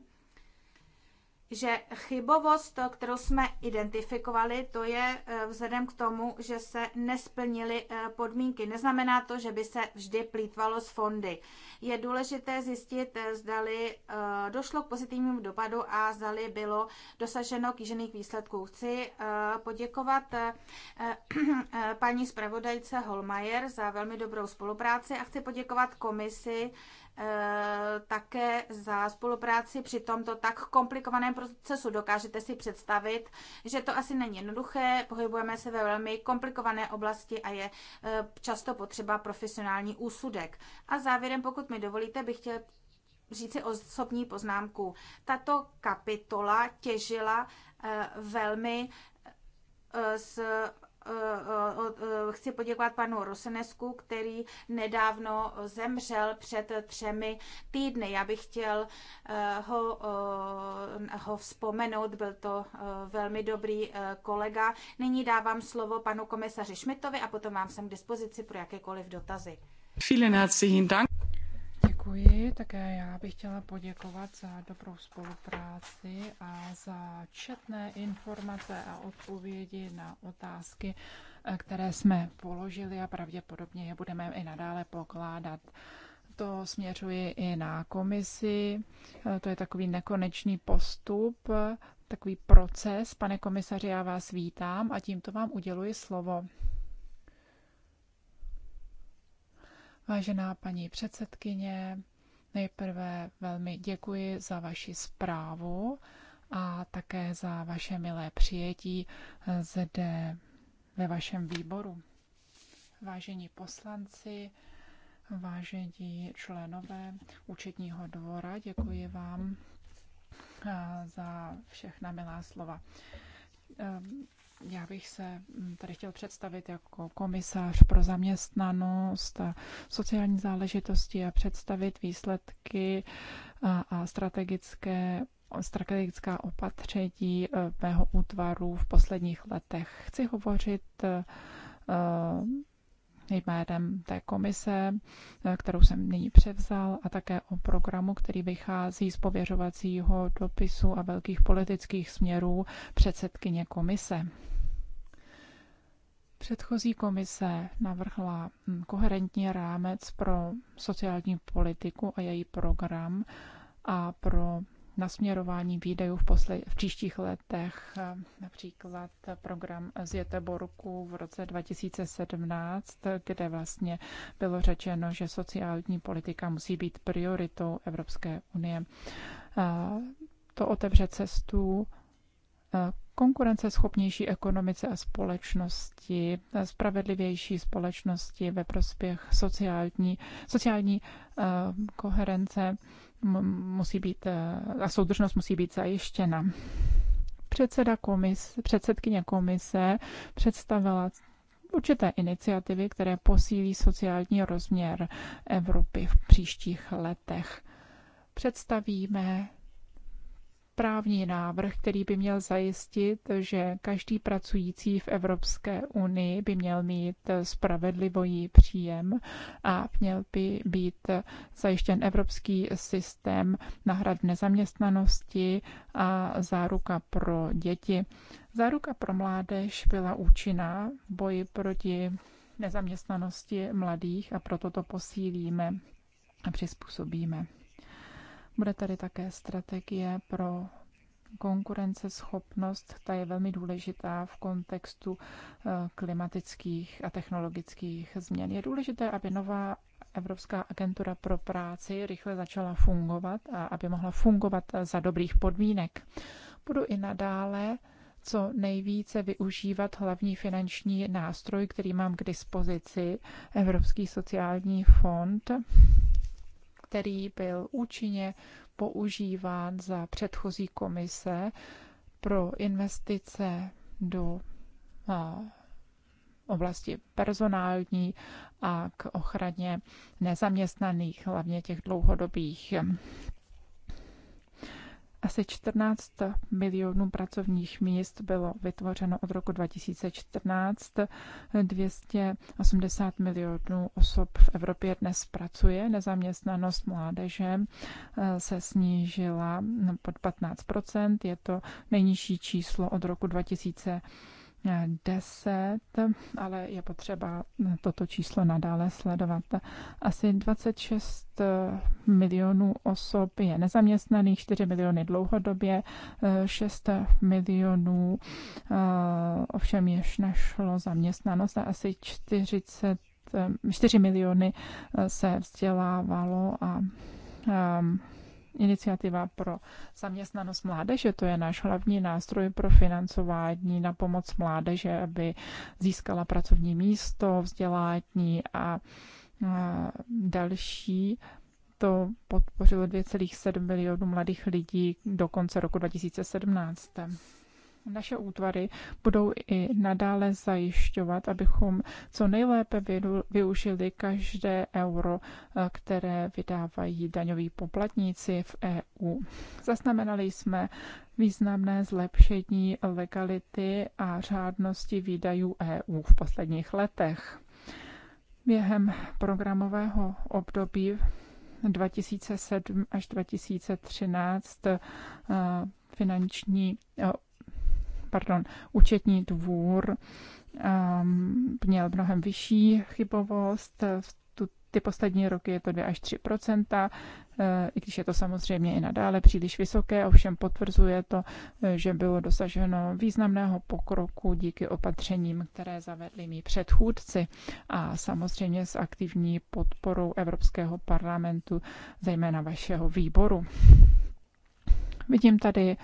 že chybovost, kterou jsme identifikovali, to je eh, vzhledem k tomu, že se nesplnily eh, podmínky. Neznamená to, že by se vždy plítvalo z fondy. Je důležité zjistit, eh, zdali došlo k pozitivnímu dopadu a zdali bylo dosaženo kýžených výsledků. Chci poděkovat *clears throat* paní zpravodajce Holmajer za velmi dobrou spolupráci a chci poděkovat komisi Eh, také za spolupráci při tomto tak komplikovaném procesu. Dokážete si představit, že to asi není jednoduché, pohybujeme se ve velmi komplikované oblasti a je eh, často potřeba profesionální úsudek. A závěrem, pokud mi dovolíte, bych chtěl říci osobní poznámku. Tato kapitola těžila eh, velmi z Eh, eh, chci poděkovat panu Rosenesku, který nedávno zemřel před třemi týdny. Já bych chtěl eh, ho, ho vzpomenout, byl to velmi dobrý kolega. Nyní dávám slovo panu komisaři Šmitovi a potom vám jsem k dispozici pro jakékoliv dotazy. Vielen herzlichen Dank. Děkuji. Také já bych chtěla poděkovat za dobrou spolupráci a za četné informace a odpovědi na otázky, eh, které jsme položili a pravděpodobně je budeme i nadále pokládat. To směřuji i na komisi. Eh, to je takový nekonečný postup, takový proces. Pane komisaři, já vás vítám a tímto vám uděluji slovo. Vážená paní předsedkyně, nejprve velmi děkuji za vaši zprávu a také za vaše milé přijetí zde ve vašem výboru. Vážení poslanci, vážení členové účetního dvora, děkuji vám eh, za všechna milá slova. Já bych se mm, tady chtěl představit jako komisář pro zaměstnanost a sociální záležitosti a představit výsledky a, a strategické strategická opatření e, mého útvaru v posledních letech. Chci hovořit e, e, jménem té komise, kterou jsem nyní převzal, a také o programu, který vychází z pověřovacího dopisu a velkých politických směrů předsedkyně komise. Předchozí komise navrhla hm, koherentní rámec pro sociální politiku a její program a pro nasměrování výdajů v, posled, v příštích letech, hm, například program z Jeteborku v roce 2017, kde vlastně bylo řečeno, že sociální politika musí být prioritou Evropské unie. To otevře cestu hm, konkurenceschopnější ekonomice a společnosti, spravedlivější společnosti ve prospěch sociální, sociální eh, koherence musí být, eh, a soudržnost musí být zajištěna. Předseda komis, předsedkyně komise představila určité iniciativy, které posílí sociální rozměr Evropy v příštích letech. Představíme právní návrh, který by měl zajistit, že každý pracující v Evropské unii by měl mít spravedlivý příjem a měl by být zajištěn evropský systém nahrad nezaměstnanosti a záruka pro děti. Záruka pro mládež byla účinná v boji proti nezaměstnanosti mladých a proto to posílíme a přizpůsobíme. Bude tady také strategie pro konkurenceschopnost, ta je velmi důležitá v kontextu eh, klimatických a technologických změn. Je důležité, aby nová Evropská agentura pro práci rychle začala fungovat a aby mohla fungovat eh, za dobrých podmínek. Budu i nadále co nejvíce využívat hlavní finanční nástroj, který mám k dispozici, Evropský sociální fond který byl účinně používán za předchozí komise pro investice do oblasti personální a k ochraně nezaměstnaných, hlavně těch dlouhodobých. Asi 14 milionů pracovních míst bylo vytvořeno od roku 2014. 280 milionů osob v Evropě dnes pracuje. Nezaměstnanost mládeže eh, se snížila pod 15 Je to nejnižší číslo od roku 2000. 10, ale je potřeba toto číslo nadále sledovat. Asi 26 milionů osob je nezaměstnaných, 4 miliony dlouhodobě, 6 milionů eh, ovšem již našlo zaměstnanost a asi 40, 4 eh, miliony se vzdělávalo a eh, iniciativa pro zaměstnanost mládeže, to je náš hlavní nástroj pro financování na pomoc mládeže, aby získala pracovní místo, vzdělání a, další. To podpořilo 2,7 milionů mladých lidí do konce roku 2017. Naše útvary budou i nadále zajišťovat, abychom co nejlépe využili každé euro, eh, které vydávají daňoví poplatníci v EU. Zaznamenali jsme významné zlepšení legality a řádnosti výdajů EU v posledních letech. Během programového období 2007 až 2013 eh, finanční eh, pardon, účetní dvůr um, měl mnohem vyšší chybovost. Tu, ty poslední roky je to 2 až 3 eh, i když je to samozřejmě i nadále příliš vysoké, ovšem potvrzuje to, eh, že bylo dosaženo významného pokroku díky opatřením, které zavedli mý předchůdci a samozřejmě s aktivní podporou Evropského parlamentu, zejména vašeho výboru. Vidím tady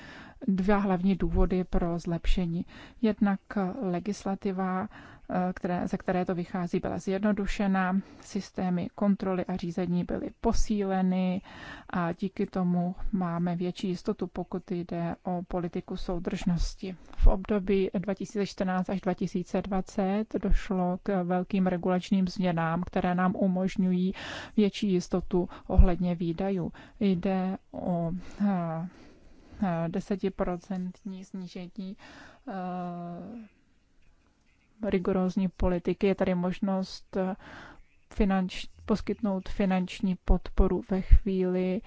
dva hlavní důvody pro zlepšení. Jednak legislativa, eh, které, ze které to vychází, byla zjednodušena, systémy kontroly a řízení byly posíleny a díky tomu máme větší jistotu, pokud jde o politiku soudržnosti. V období 2014 až 2020 došlo k velkým regulačním změnám, které nám umožňují větší jistotu ohledně výdajů. Jde o eh, desetiprocentní snížení eh, rigorózní politiky. Je tady možnost eh, finanč, poskytnout finanční podporu ve chvíli,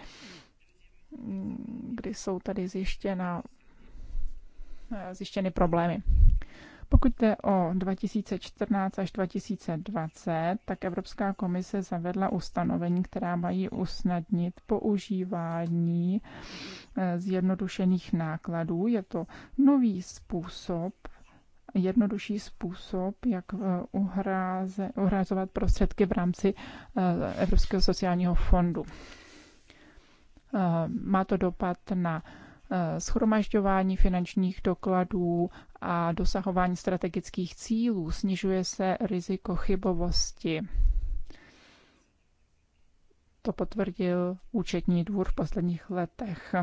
mm, kdy jsou tady zjištěna, eh, zjištěny problémy. Pokud jde o 2014 až 2020, tak Evropská komise zavedla ustanovení, která mají usnadnit používání eh, zjednodušených nákladů. Je to nový způsob, jednodušší způsob, jak eh, uhráze, uhrázovat prostředky v rámci eh, Evropského sociálního fondu. Má to dopad na schromažďování finančních dokladů a dosahování strategických cílů, snižuje se riziko chybovosti. To potvrdil účetní dvůr v posledních letech.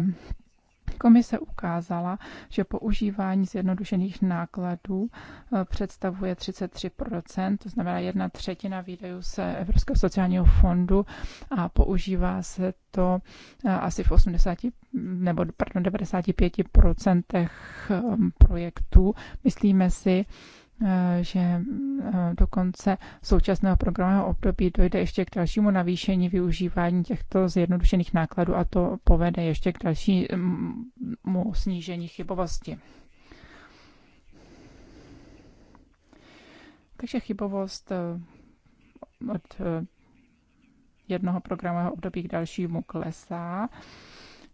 Komise ukázala, že používání zjednodušených nákladů eh, představuje 33%, to znamená jedna třetina výdajů se Evropského sociálního fondu a používá se to eh, asi v 80 nebo pardon, 95% eh, projektů. Myslíme si, Eh, že eh, do konce současného programového období dojde ještě k dalšímu navýšení využívání těchto zjednodušených nákladů a to povede ještě k dalšímu mm, snížení chybovosti. Takže chybovost eh, od jednoho programového období k dalšímu klesá.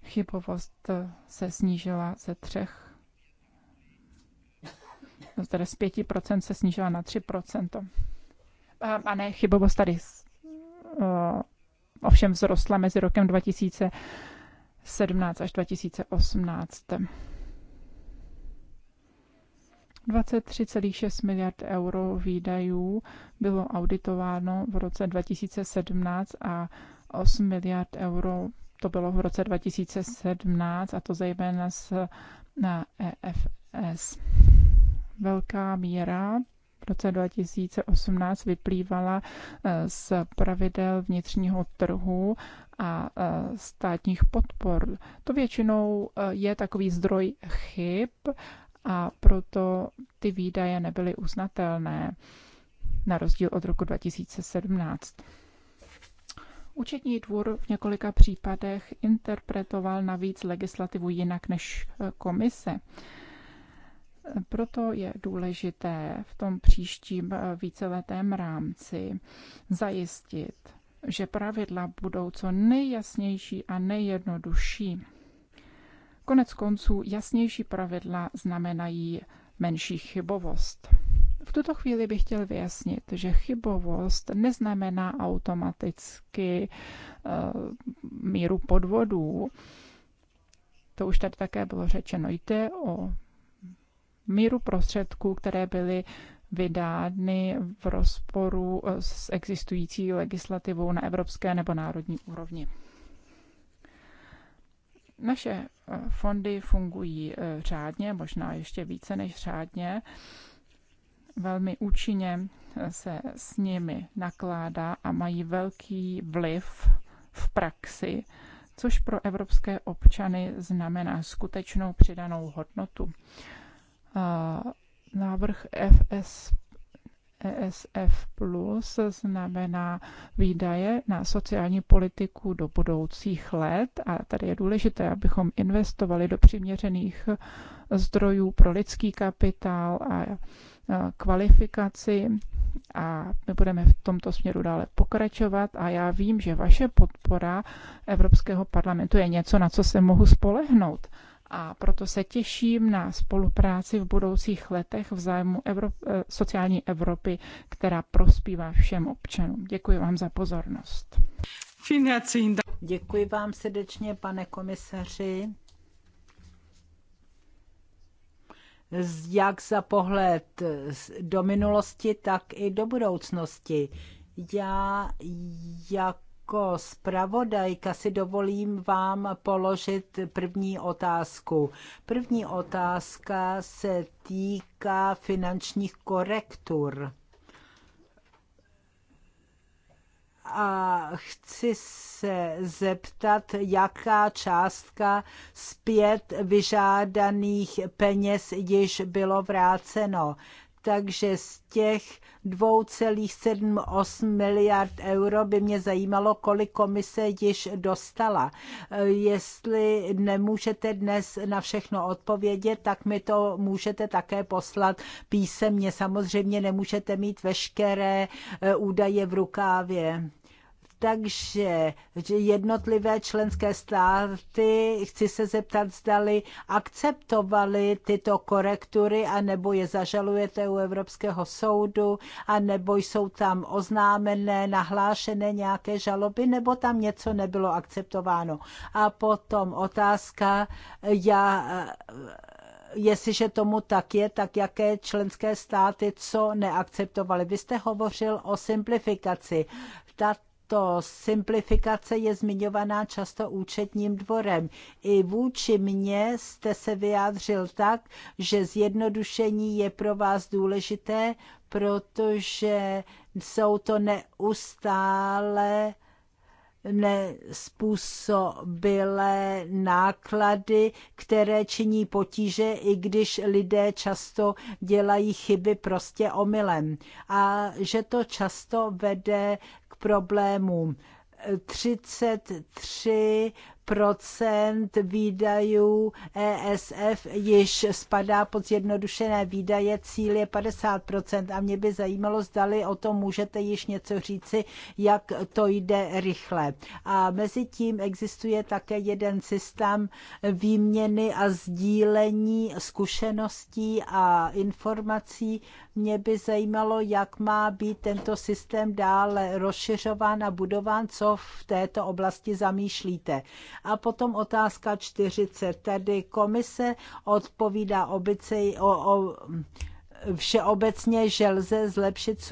Chybovost se snížila ze třech teda z 5% se snížila na 3%. A, a ne, chybovost tady uh, ovšem vzrostla mezi rokem 2017 až 2018. 23,6 miliard euro výdajů bylo auditováno v roce 2017 a 8 miliard euro to bylo v roce 2017 a to zejména z na EFS velká míra v roce 2018 vyplývala eh, z pravidel vnitřního trhu a eh, státních podpor. To většinou eh, je takový zdroj chyb a proto ty výdaje nebyly uznatelné, na rozdíl od roku 2017. Účetní dvůr v několika případech interpretoval navíc legislativu jinak než komise. Proto je důležité v tom příštím eh, víceletém rámci zajistit, že pravidla budou co nejjasnější a nejjednodušší. Konec konců jasnější pravidla znamenají menší chybovost. V tuto chvíli bych chtěl vyjasnit, že chybovost neznamená automaticky eh, míru podvodů. To už tady také bylo řečeno. Jde o míru prostředků, které byly vydány v rozporu eh, s existující legislativou na evropské nebo národní úrovni. Naše eh, fondy fungují eh, řádně, možná ještě více než řádně. Velmi účinně se s nimi nakládá a mají velký vliv v praxi, což pro evropské občany znamená skutečnou přidanou hodnotu návrh FS ESF plus znamená výdaje na sociální politiku do budoucích let a tady je důležité, abychom investovali do přiměřených zdrojů pro lidský kapitál a kvalifikaci a my budeme v tomto směru dále pokračovat a já vím, že vaše podpora Evropského parlamentu je něco, na co se mohu spolehnout a proto se těším na spolupráci v budoucích letech v zájmu Evrop- eh, sociální Evropy, která prospívá všem občanům. Děkuji vám za pozornost. Děkuji vám srdečně, pane komisaři. Jak za pohled do minulosti, tak i do budoucnosti. Já jak jako zpravodajka si dovolím vám položit první otázku. První otázka se týká finančních korektur. a chci se zeptat, jaká částka zpět vyžádaných peněz již bylo vráceno. Takže z těch 2,78 miliard euro by mě zajímalo, kolik komise již dostala. Jestli nemůžete dnes na všechno odpovědět, tak mi to můžete také poslat písemně. Samozřejmě nemůžete mít veškeré eh, údaje v rukávě. Takže jednotlivé členské státy, chci se zeptat, zdali akceptovali tyto korektury, anebo je zažalujete u Evropského soudu, anebo jsou tam oznámené, nahlášené nějaké žaloby, nebo tam něco nebylo akceptováno. A potom otázka, já jestliže tomu tak je, tak jaké členské státy co neakceptovaly. Vy jste hovořil o simplifikaci. Ta tato simplifikace je zmiňovaná často účetním dvorem. I vůči mně jste se vyjádřil tak, že zjednodušení je pro vás důležité, protože jsou to neustále nespůsobilé náklady, které činí potíže, i když lidé často dělají chyby prostě omylem. A že to často vede problémům. 33 výdajů ESF již spadá pod zjednodušené výdaje, cíl je 50 a mě by zajímalo, zdali o tom můžete již něco říci, jak to jde rychle. A mezi tím existuje také jeden systém výměny a sdílení zkušeností a informací mě by zajímalo, jak má být tento systém dále rozšiřován a budován, co v této oblasti zamýšlíte. A potom otázka 40. Tady komise odpovídá obice, o, o, všeobecně, že lze zlepšit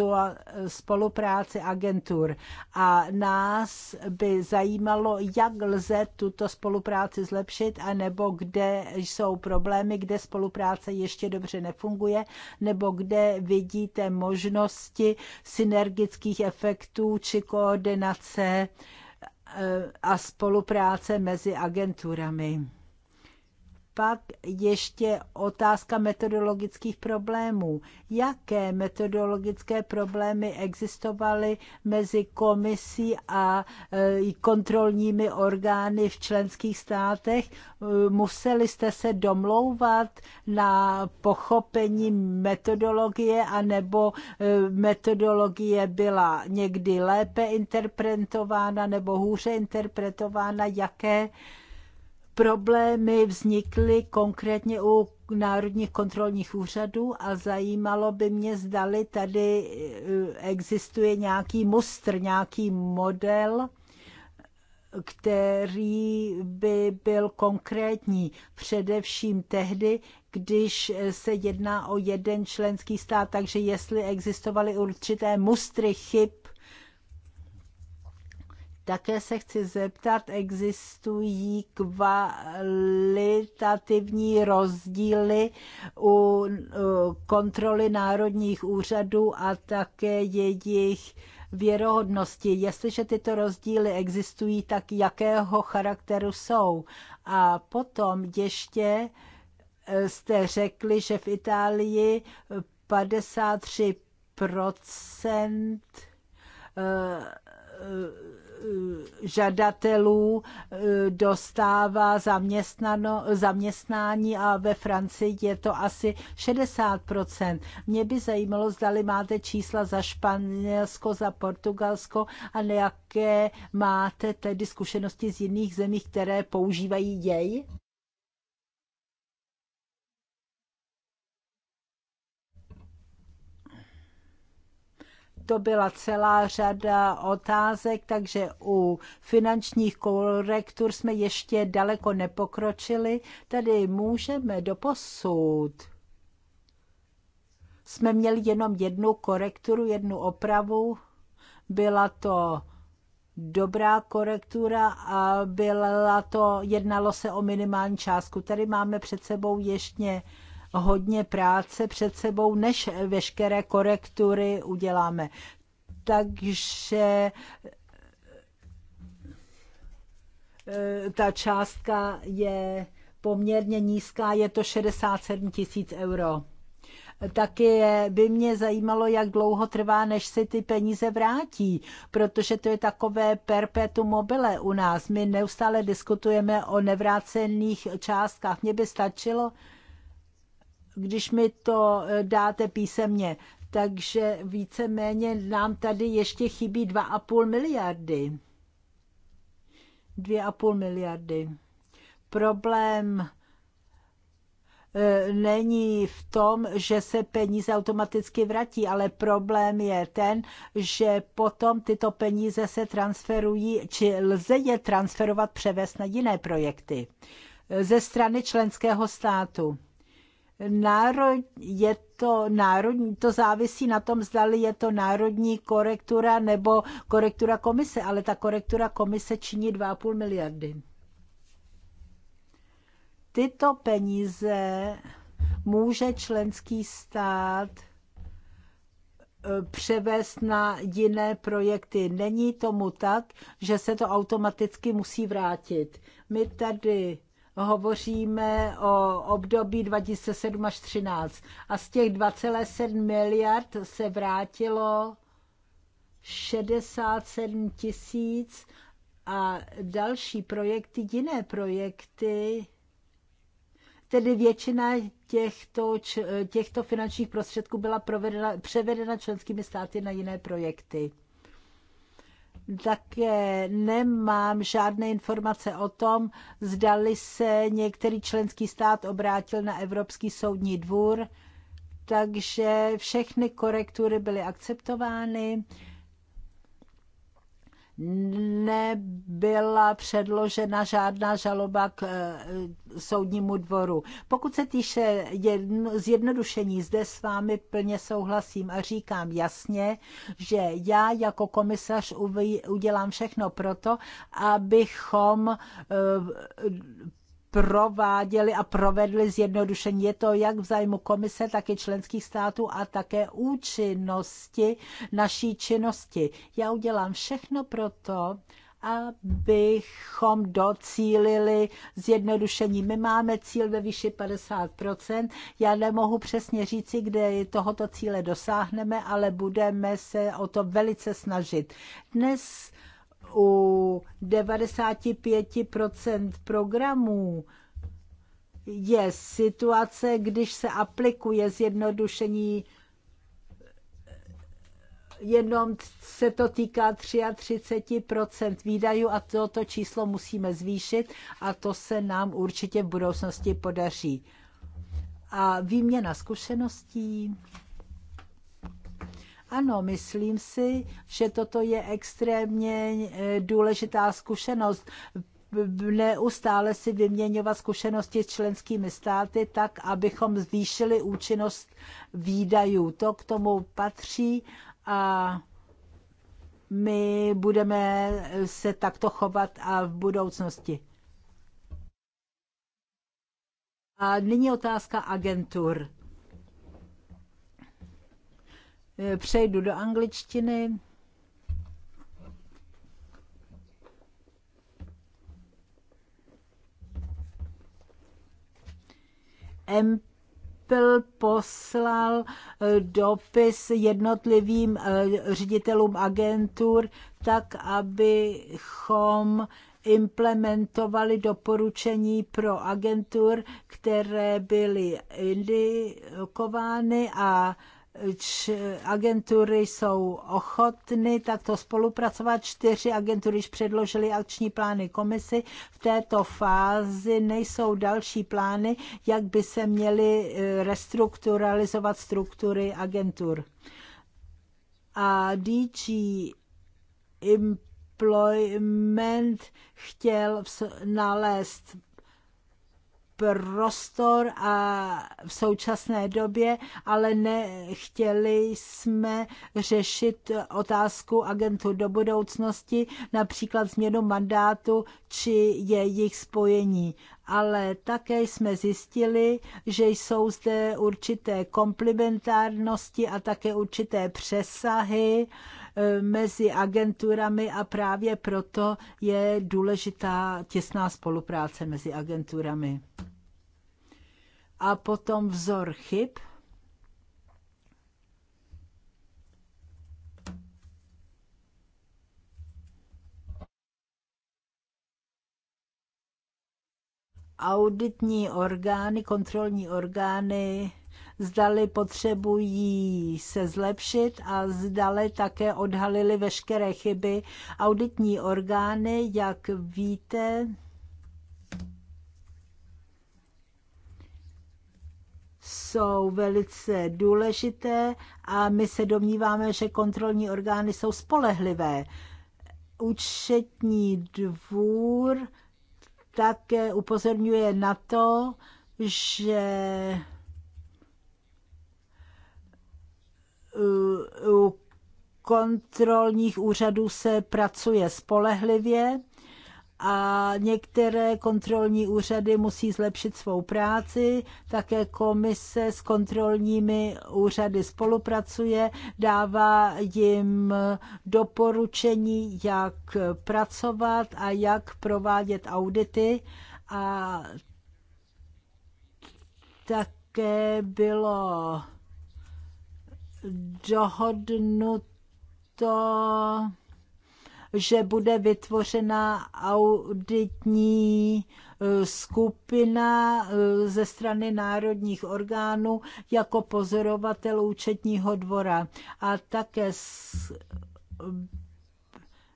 spolupráci agentur. A nás by zajímalo, jak lze tuto spolupráci zlepšit, anebo kde jsou problémy, kde spolupráce ještě dobře nefunguje, nebo kde vidíte možnosti synergických efektů či koordinace e, a spolupráce mezi agenturami pak ještě otázka metodologických problémů. Jaké metodologické problémy existovaly mezi komisí a e, kontrolními orgány v členských státech? E, museli jste se domlouvat na pochopení metodologie anebo e, metodologie byla někdy lépe interpretována nebo hůře interpretována? Jaké problémy vznikly konkrétně u národních kontrolních úřadů a zajímalo by mě, zdali tady eh, existuje nějaký mustr, nějaký model, který by byl konkrétní, především tehdy, když se jedná o jeden členský stát, takže jestli existovaly určité mustry chyb také se chci zeptat, existují kvalitativní rozdíly u kontroly národních úřadů a také jejich věrohodnosti. Jestliže tyto rozdíly existují, tak jakého charakteru jsou? A potom ještě eh, jste řekli, že v Itálii 53 procent eh, eh, Eh, žadatelů eh, dostává zaměstnání a ve Francii je to asi 60%. Mě by zajímalo, zdali máte čísla za Španělsko, za Portugalsko a nejaké máte tedy zkušenosti z jiných zemí, které používají jej? to byla celá řada otázek, takže u finančních korektur jsme ještě daleko nepokročili. Tady můžeme do posud. Jsme měli jenom jednu korekturu, jednu opravu. Byla to dobrá korektura a byla to, jednalo se o minimální částku. Tady máme před sebou ještě hodně práce před sebou, než veškeré korektury uděláme. Takže eh, ta částka je poměrně nízká, je to 67 tisíc euro. Taky by mě zajímalo, jak dlouho trvá, než si ty peníze vrátí, protože to je takové perpetuum mobile u nás. My neustále diskutujeme o nevrácených částkách. Mně by stačilo, když mi to eh, dáte písemně. Takže víceméně nám tady ještě chybí 2,5 miliardy. 2,5 miliardy. Problém eh, není v tom, že se peníze automaticky vrátí, ale problém je ten, že potom tyto peníze se transferují, či lze je transferovat, převést na jiné projekty eh, ze strany členského státu. Národ, je to národní, to závisí na tom, zda je to národní korektura nebo korektura komise, ale ta korektura komise činí 2,5 miliardy. Tyto peníze může členský stát eh, převést na jiné projekty. Není tomu tak, že se to automaticky musí vrátit. My tady hovoříme o období 2007 až 2013. A z těch 2,7 miliard se vrátilo 67 tisíc a další projekty, jiné projekty, tedy většina těchto, těchto finančních prostředků byla provedena, převedena členskými státy na jiné projekty také nemám žádné informace o tom, zdali se některý členský stát obrátil na Evropský soudní dvůr, takže všechny korektury byly akceptovány nebyla předložena žádná žaloba k eh, soudnímu dvoru. Pokud se týče zjednodušení, zde s vámi plně souhlasím a říkám jasně, že já jako komisař udělám všechno proto, abychom eh, prováděli a provedli zjednodušení. Je to jak v zájmu komise, tak i členských států a také účinnosti naší činnosti. Já udělám všechno pro to, abychom docílili zjednodušení. My máme cíl ve výši 50%. Já nemohu přesně říci, kde tohoto cíle dosáhneme, ale budeme se o to velice snažit. Dnes u 95% programů je situace, když se aplikuje zjednodušení jenom se to týká 33% výdajů a toto číslo musíme zvýšit a to se nám určitě v budoucnosti podaří. A výměna zkušeností. Ano, myslím si, že toto je extrémně eh, důležitá zkušenost neustále si vyměňovat zkušenosti s členskými státy tak, abychom zvýšili účinnost výdajů. To k tomu patří a my budeme se takto chovat a v budoucnosti. A nyní otázka agentur. Eh, přejdu do angličtiny. Empel poslal eh, dopis jednotlivým eh, ředitelům agentur, tak abychom implementovali doporučení pro agentur, které byly indikovány a agentury jsou ochotny takto spolupracovat. Čtyři agentury již předložily akční plány komisi. V této fázi nejsou další plány, jak by se měly e, restrukturalizovat struktury agentur. A DG Employment chtěl nalézt prostor a v současné době, ale nechtěli jsme řešit otázku agentů do budoucnosti, například změnu mandátu či jejich spojení. Ale také jsme zjistili, že jsou zde určité komplementárnosti a také určité přesahy eh, mezi agenturami a právě proto je důležitá těsná spolupráce mezi agenturami a potom vzor chyb. Auditní orgány, kontrolní orgány zdali potřebují se zlepšit a zdali také odhalili veškeré chyby. Auditní orgány, jak víte, jsou velice důležité a my se domníváme, že kontrolní orgány jsou spolehlivé. Účetní dvůr také upozorňuje na to, že eh, u kontrolních úřadů se pracuje spolehlivě a některé kontrolní úřady musí zlepšit svou práci, také komise s kontrolními úřady spolupracuje, dává jim doporučení, jak pracovat a jak provádět audity a také bylo dohodnuto, že bude vytvořena auditní e, skupina e, ze strany národních orgánů jako pozorovatelů účetního dvora. A také e,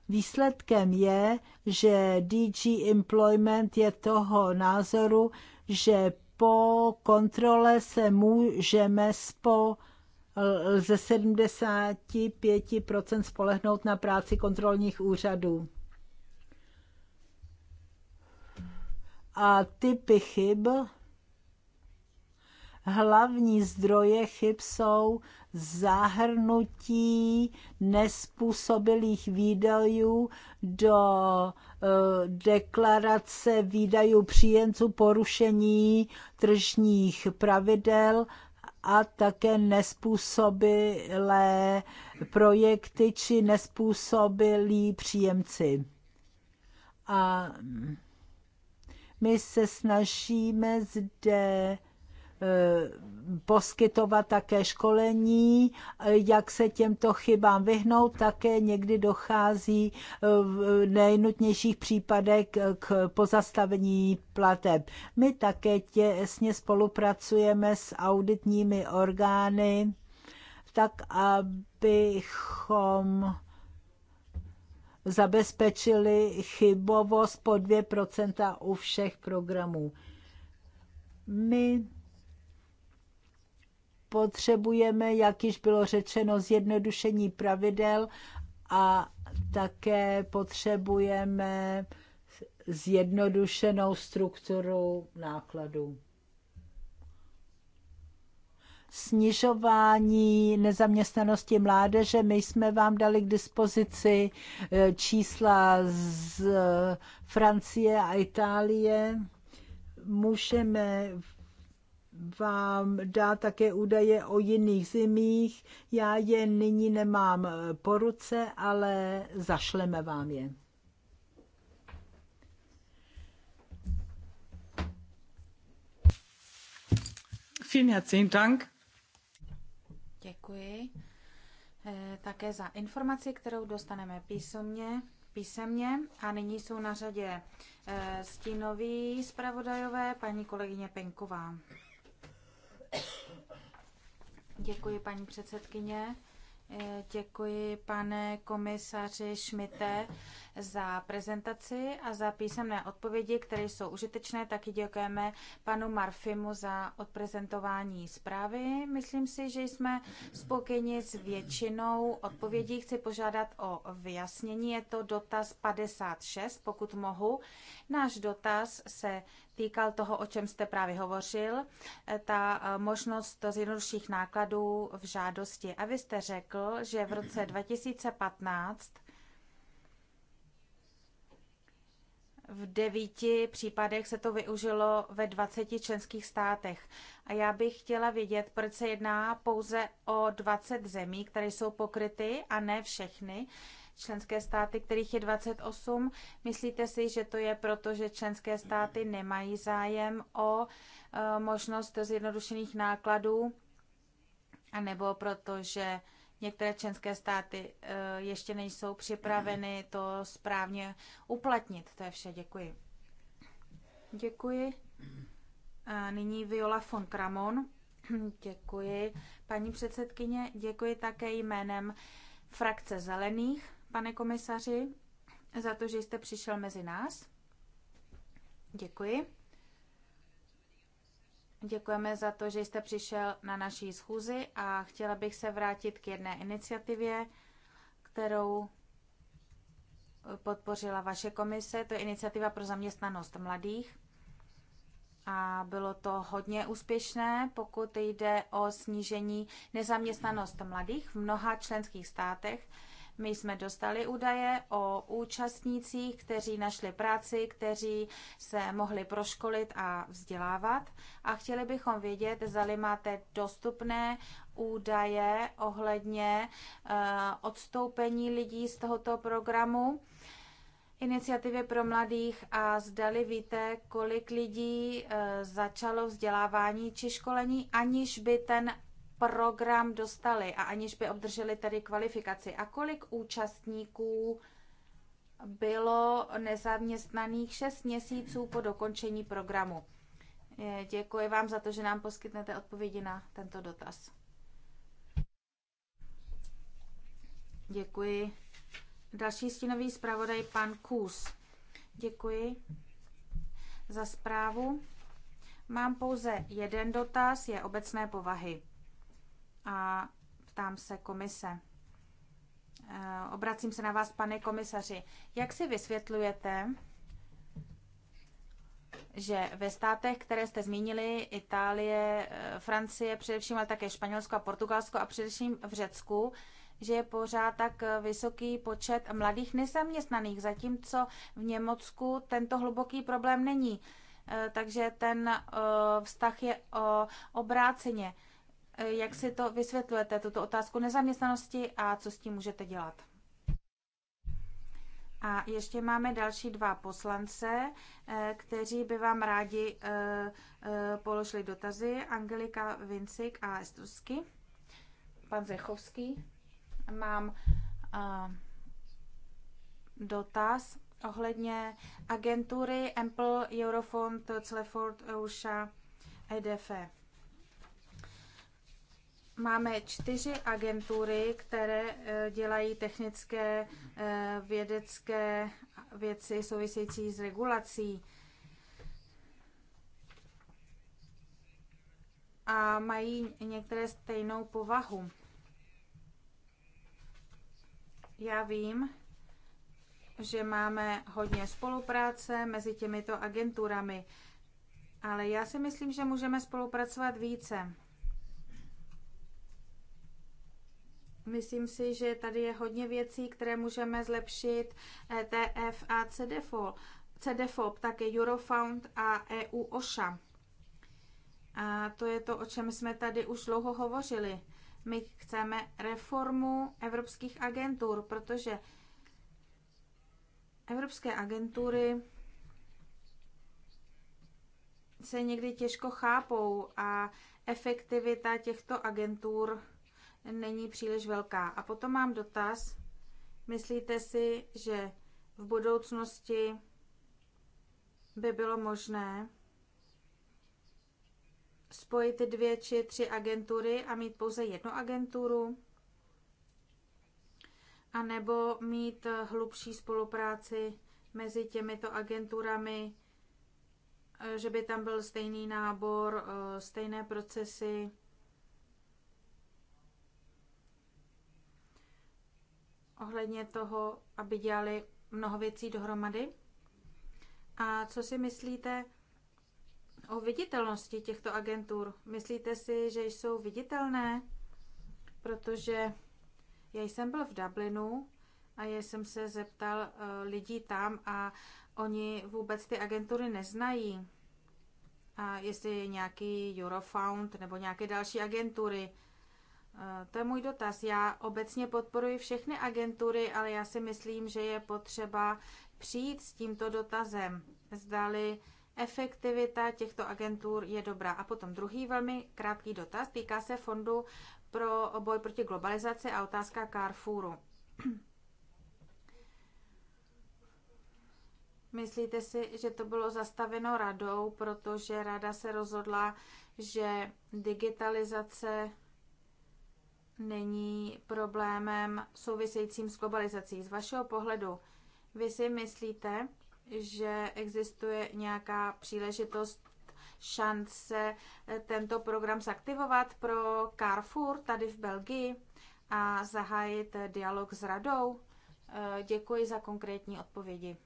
výsledkem je, že DG Employment je toho názoru, že po kontrole se můžeme spolehnout Eh, ze 75% spolehnout na práci kontrolních úřadů. A typy chyb, hlavní zdroje chyb jsou zahrnutí nespůsobilých výdajů do eh, deklarace výdajů příjemců, porušení tržních pravidel a také nespůsobilé projekty či nespůsobilí příjemci. A my se snažíme zde Eh, poskytovat také školení, eh, jak se těmto chybám vyhnout. Také někdy dochází eh, v nejnutnějších případech k pozastavení plateb. My také těsně spolupracujeme s auditními orgány, tak abychom zabezpečili chybovost po 2% u všech programů. My potřebujeme, jak již bylo řečeno, zjednodušení pravidel a také potřebujeme zjednodušenou strukturu nákladů. Snižování nezaměstnanosti mládeže. My jsme vám dali k dispozici eh, čísla z eh, Francie a Itálie. Můžeme vám dát také údaje o jiných zimích. Já je nyní nemám eh, po ruce, ale zašleme vám je. Vielen herzlichen Dank. Děkuji eh, také za informaci, kterou dostaneme písomně, písemně. A nyní jsou na řadě eh, stínoví zpravodajové paní kolegyně Penková. Děkuji, paní předsedkyně. Eh, děkuji, pane komisaři Šmite, za prezentaci a za písemné odpovědi, které jsou užitečné. Taky děkujeme panu Marfimu za odprezentování zprávy. Myslím si, že jsme spokojeni s většinou odpovědí. Chci požádat o vyjasnění. Je to dotaz 56, pokud mohu. Náš dotaz se týkal toho, o čem jste právě hovořil, eh, ta eh, možnost jednodušších nákladů v žádosti. A vy jste řekl, že v roce 2015 v devíti případech se to využilo ve 20 členských státech. A já bych chtěla vědět, proč se jedná pouze o 20 zemí, které jsou pokryty a ne všechny členské státy, kterých je 28. Myslíte si, že to je proto, že členské státy nemají zájem o e, možnost zjednodušených nákladů, anebo proto, že některé členské státy e, ještě nejsou připraveny to správně uplatnit? To je vše, děkuji. Děkuji. A nyní Viola von Kramon. Děkuji, paní předsedkyně. Děkuji také jménem frakce Zelených pane komisaři, za to, že jste přišel mezi nás. Děkuji. Děkujeme za to, že jste přišel na naší schůzi a chtěla bych se vrátit k jedné iniciativě, kterou podpořila vaše komise. To je iniciativa pro zaměstnanost mladých. A bylo to hodně úspěšné, pokud jde o snížení nezaměstnanost mladých v mnoha členských státech my jsme dostali údaje o účastnících, kteří našli práci, kteří se mohli proškolit a vzdělávat a chtěli bychom vědět, zda máte dostupné údaje ohledně eh, odstoupení lidí z tohoto programu iniciativy pro mladých a zdali víte, kolik lidí eh, začalo vzdělávání či školení, aniž by ten program dostali a aniž by obdrželi tedy kvalifikaci? A kolik účastníků bylo nezaměstnaných 6 měsíců po dokončení programu? Děkuji vám za to, že nám poskytnete odpovědi na tento dotaz. Děkuji. Další stínový zpravodaj, pan Kus. Děkuji za zprávu. Mám pouze jeden dotaz, je obecné povahy a ptám se komise. Eh, obracím se na vás, pane komisaři. Jak si vysvětlujete, že ve státech, které jste zmínili, Itálie, eh, Francie, především ale také Španělsko a Portugalsko a především v Řecku, že je pořád tak eh, vysoký počet mladých nezaměstnaných, zatímco v Německu tento hluboký problém není. Takže ten vztah je obráceně. Eh, jak si to vysvětlujete, tuto otázku nezaměstnanosti a co s tím můžete dělat? A ještě máme další dva poslance, eh, kteří by vám rádi eh, položili dotazy. Angelika Vincik a Estusky. Pan Zechovský. Mám dotaz ohledně agentury Ample, Eurofond, Celeford, EUSHA, EDF. Máme čtyři agentury, které eh, dělají technické eh, vědecké věci související s regulací. A mají některé stejnou povahu. Já vím, že máme hodně spolupráce mezi těmito agenturami, ale já si myslím, že můžeme spolupracovat více Myslím si, že tady je hodně věcí, které můžeme zlepšit ETF eh, a CDFO, CDFOP, také Eurofound a EU OSHA. A to je to, o čem jsme tady už dlouho hovořili. My chceme reformu evropských agentur, protože evropské agentury se někdy těžko chápou a efektivita těchto agentur není příliš velká. A potom mám dotaz, myslíte si, že v budoucnosti by bylo možné spojit dvě či tři agentury a mít pouze jednu agenturu? A nebo mít hlubší spolupráci mezi těmito agenturami, eh, že by tam byl stejný nábor, eh, stejné procesy, ohledně toho, aby dělali mnoho věcí dohromady? A co si myslíte o viditelnosti těchto agentur? Myslíte si, že jsou viditelné? Protože já jsem byl v Dublinu a já jsem se zeptal eh, lidí tam a oni vůbec ty agentury neznají. A jestli je nějaký Eurofound nebo nějaké další agentury, to je můj dotaz. Já obecně podporuji všechny agentury, ale já si myslím, že je potřeba přijít s tímto dotazem. Zdali efektivita těchto agentur je dobrá. A potom druhý velmi krátký dotaz týká se fondu pro boj proti globalizaci a otázka Carrefouru. *clears throat* Myslíte si, že to bylo zastaveno radou, protože rada se rozhodla, že digitalizace není problémem souvisejícím s globalizací. Z vašeho pohledu, vy si myslíte, že existuje nějaká příležitost, šance eh, tento program zaktivovat pro Carrefour tady v Belgii a zahájit eh, dialog s radou? Eh, děkuji za konkrétní odpovědi.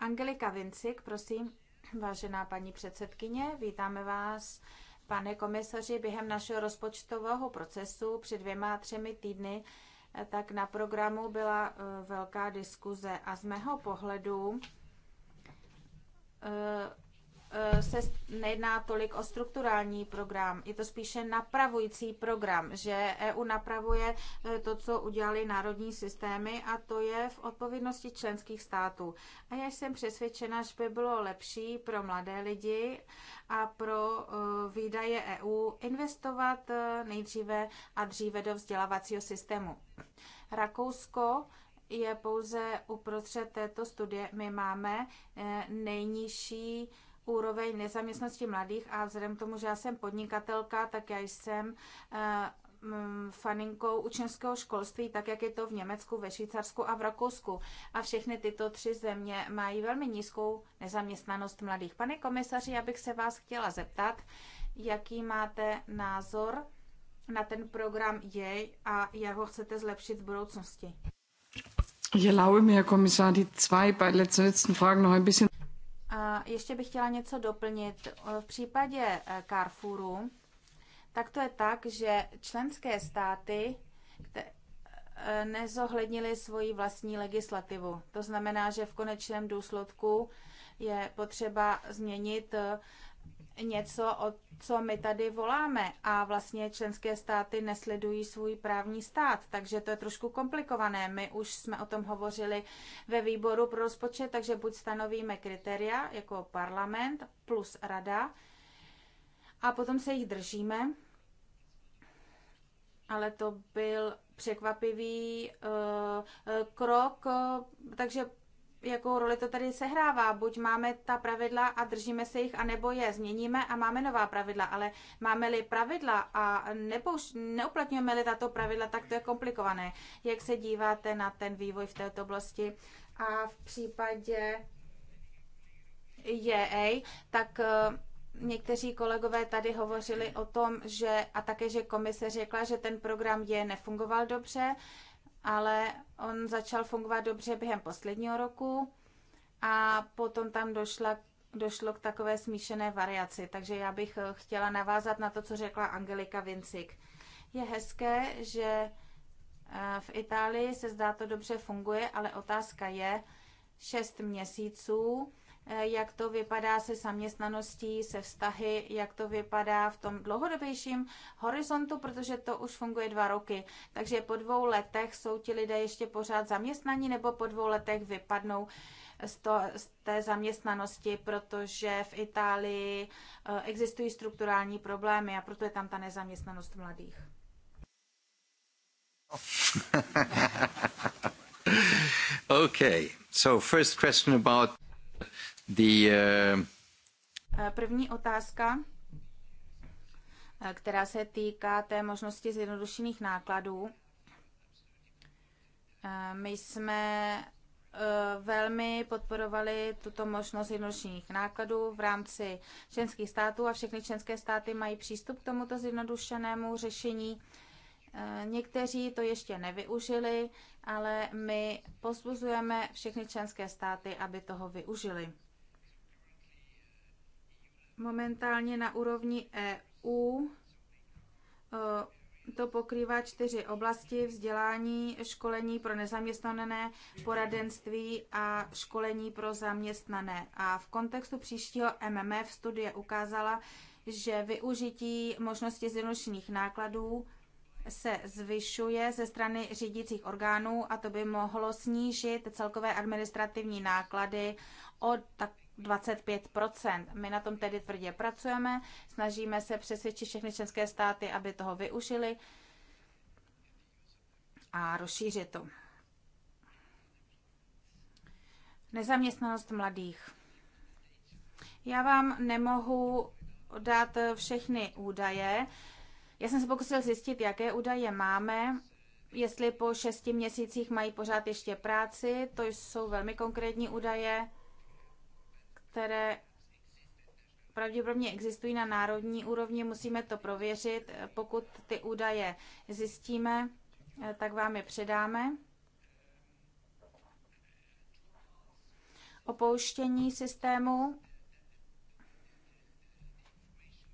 Angelika Vincik, prosím, vážená paní předsedkyně, vítáme vás Pane komisaři, během našeho rozpočtového procesu před dvěma třemi týdny eh, tak na programu byla eh, velká diskuze a z mého pohledu eh, Eh, se nejedná tolik o strukturální program, je to spíše napravující program, že EU napravuje eh, to, co udělali národní systémy a to je v odpovědnosti členských států. A já jsem přesvědčena, že by bylo lepší pro mladé lidi a pro eh, výdaje EU investovat nejdříve a dříve do vzdělávacího systému. Rakousko je pouze uprostřed této studie. My máme nejnižší úroveň nezaměstnosti mladých a vzhledem k tomu, že já jsem podnikatelka, tak já jsem eh, mm, faninkou učňovského školství, tak jak je to v Německu, ve Švýcarsku a v Rakousku. A všechny tyto tři země mají velmi nízkou nezaměstnanost mladých. Pane komisaři, já bych se vás chtěla zeptat, jaký máte názor na ten program jej a jak ho chcete zlepšit v budoucnosti. Ich erlaube mir, Herr Kommissar, die zwei letzten Fragen noch ein bisschen ještě bych chtěla něco doplnit. V případě eh, Carrefouru, tak to je tak, že členské státy eh, nezohlednili svoji vlastní legislativu. To znamená, že v konečném důsledku je potřeba změnit eh, něco, o co my tady voláme a vlastně členské státy nesledují svůj právní stát, takže to je trošku komplikované. My už jsme o tom hovořili ve výboru pro rozpočet, takže buď stanovíme kritéria jako parlament plus rada a potom se jich držíme, ale to byl překvapivý uh, krok, uh, takže jakou roli to tady sehrává. Buď máme ta pravidla a držíme se jich, anebo je změníme a máme nová pravidla. Ale máme-li pravidla a nepouš- neuplatňujeme-li tato pravidla, tak to je komplikované. Jak se díváte na ten vývoj v této oblasti? A v případě JA, e tak eh, někteří kolegové tady hovořili o tom, že a také, že komise řekla, že ten program je nefungoval dobře, ale on začal fungovat dobře během posledního roku a potom tam došla, došlo k takové smíšené variaci. Takže já bych eh, chtěla navázat na to, co řekla Angelika Vincik. Je hezké, že eh, v Itálii se zdá to dobře funguje, ale otázka je 6 měsíců Eh, jak to vypadá se zaměstnaností, se vztahy, jak to vypadá v tom dlouhodobějším horizontu, protože to už funguje dva roky. Takže po dvou letech jsou ti lidé ještě pořád zaměstnaní nebo po dvou letech vypadnou z, to, z té zaměstnanosti, protože v Itálii eh, existují strukturální problémy a proto je tam ta nezaměstnanost mladých. *laughs* okay, so first question about The, uh... První otázka, eh, která se týká té možnosti zjednodušených nákladů. My jsme velmi podporovali tuto možnost zjednodušených nákladů v rámci členských států a všechny členské státy mají přístup k tomuto zjednodušenému řešení. Někteří to ještě nevyužili, ale my pozbuzujeme všechny členské státy, aby toho využili momentálně na úrovni EU eh, to pokrývá čtyři oblasti vzdělání, školení pro nezaměstnané, poradenství a školení pro zaměstnané. A v kontextu příštího MMF studie ukázala, že využití možnosti zjednodušených nákladů se zvyšuje ze strany řídících orgánů a to by mohlo snížit celkové administrativní náklady o tak 25 My na tom tedy tvrdě pracujeme, snažíme se přesvědčit všechny členské státy, aby toho využili a rozšířit to. Nezaměstnanost mladých. Já vám nemohu dát všechny údaje. Já jsem se pokusil zjistit, jaké údaje máme, jestli po šesti měsících mají pořád ještě práci, to jsou velmi konkrétní údaje které pravděpodobně existují na národní úrovni, musíme to prověřit. Pokud ty údaje zjistíme, tak vám je předáme. Opouštění systému.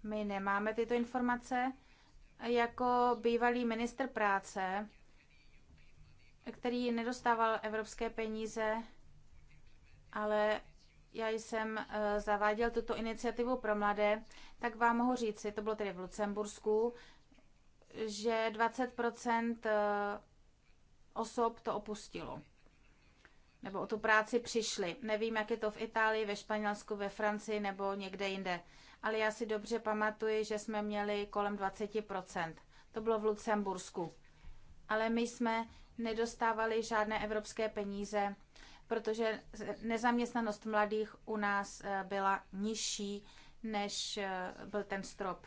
My nemáme tyto informace. Jako bývalý minister práce, který nedostával evropské peníze, ale já jsem eh, zaváděl tuto iniciativu pro mladé, tak vám mohu říci, to bylo tedy v Lucembursku, že 20% eh, osob to opustilo. Nebo o tu práci přišli. Nevím, jak je to v Itálii, ve Španělsku, ve Francii nebo někde jinde. Ale já si dobře pamatuji, že jsme měli kolem 20%. To bylo v Lucembursku. Ale my jsme nedostávali žádné evropské peníze protože nezaměstnanost mladých u nás eh, byla nižší, než eh, byl ten strop.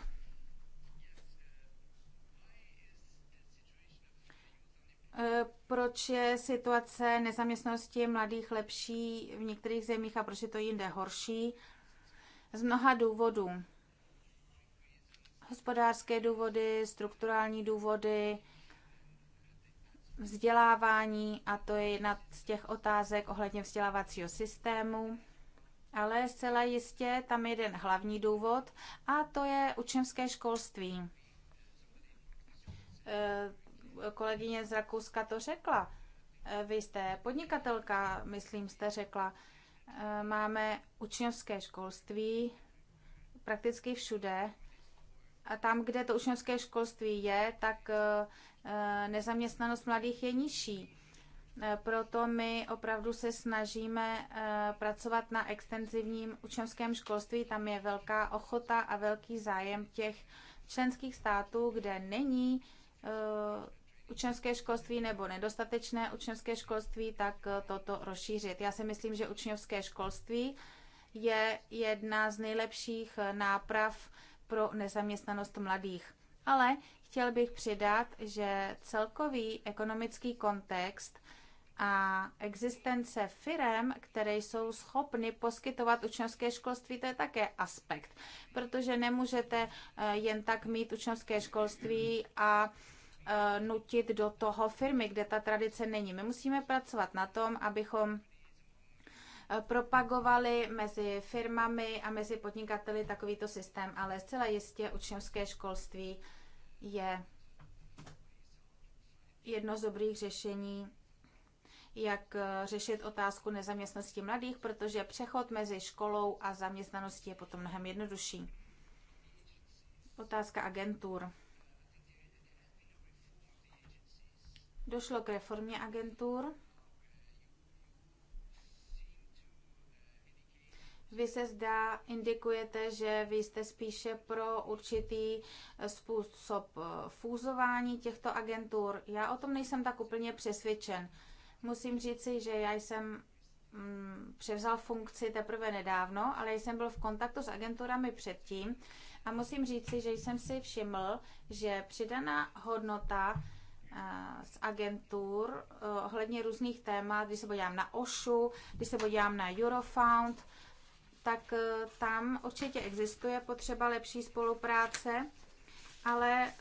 Eh, proč je situace nezaměstnanosti mladých lepší v některých zemích a proč je to jinde horší? Z mnoha důvodů. Hospodářské důvody, strukturální důvody, vzdělávání a to je jedna z těch otázek ohledně vzdělávacího systému. Ale zcela jistě tam je jeden hlavní důvod a to je učňovské školství. Eh, kolegyně z Rakouska to řekla. Eh, vy jste podnikatelka, myslím, jste řekla. Eh, máme učňovské školství prakticky všude a tam, kde to učňovské školství je, tak eh, eh, nezaměstnanost mladých je nižší. Eh, proto my opravdu se snažíme pracovat na extenzivním učňovském školství. Tam je velká ochota a velký zájem těch členských států, kde není učňovské školství nebo nedostatečné učňovské školství, tak toto rozšířit. Já si myslím, že učňovské školství je jedna z nejlepších náprav pro nezaměstnanost mladých. Ale chtěl bych přidat, že celkový ekonomický kontext a existence firem, které jsou schopny poskytovat učňovské školství, to je také aspekt, protože nemůžete eh, jen tak mít učňovské školství a eh, nutit do toho firmy, kde ta tradice není. My musíme pracovat na tom, abychom propagovali mezi firmami a mezi podnikateli takovýto systém, ale zcela jistě učňovské školství je jedno z dobrých řešení, jak eh, řešit otázku nezaměstnanosti mladých, protože přechod mezi školou a zaměstnaností je potom mnohem jednodušší. Otázka agentur. Došlo k reformě agentur. Vy se zdá indikujete, že vy jste spíše pro určitý eh, způsob eh, fúzování těchto agentur. Já o tom nejsem tak úplně přesvědčen. Musím říci, že já jsem mm, převzal funkci teprve nedávno, ale jsem byl v kontaktu s agenturami předtím a musím říci, že jsem si všiml, že přidaná hodnota eh, z agentur ohledně různých témat, když se podívám na OŠU, když se podívám na Eurofound, tak eh, tam určitě existuje potřeba lepší spolupráce, ale eh,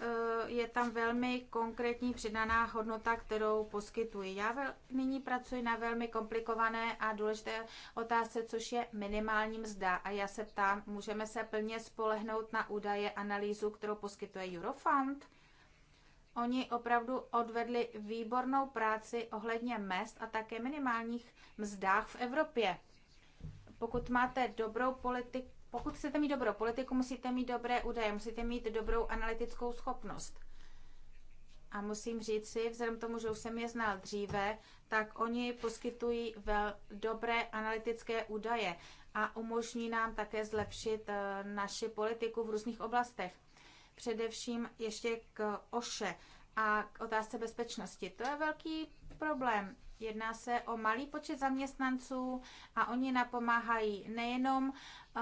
je tam velmi konkrétní přidaná hodnota, kterou poskytuji. Já nyní pracuji na velmi komplikované a důležité otázce, což je minimální mzda. A já se ptám, můžeme se plně spolehnout na údaje analýzu, kterou poskytuje Eurofund? Oni opravdu odvedli výbornou práci ohledně mest a také minimálních mzdách v Evropě. Pokud máte dobrou politiku, pokud chcete mít dobrou politiku, musíte mít dobré údaje, musíte mít dobrou analytickou schopnost. A musím říct si, vzhledem tomu, že už jsem je znal dříve, tak oni poskytují vel dobré analytické údaje a umožní nám také zlepšit eh, naši politiku v různých oblastech. Především ještě k OŠE a k otázce bezpečnosti. To je velký problém. Jedná se o malý počet zaměstnanců a oni napomáhají nejenom eh,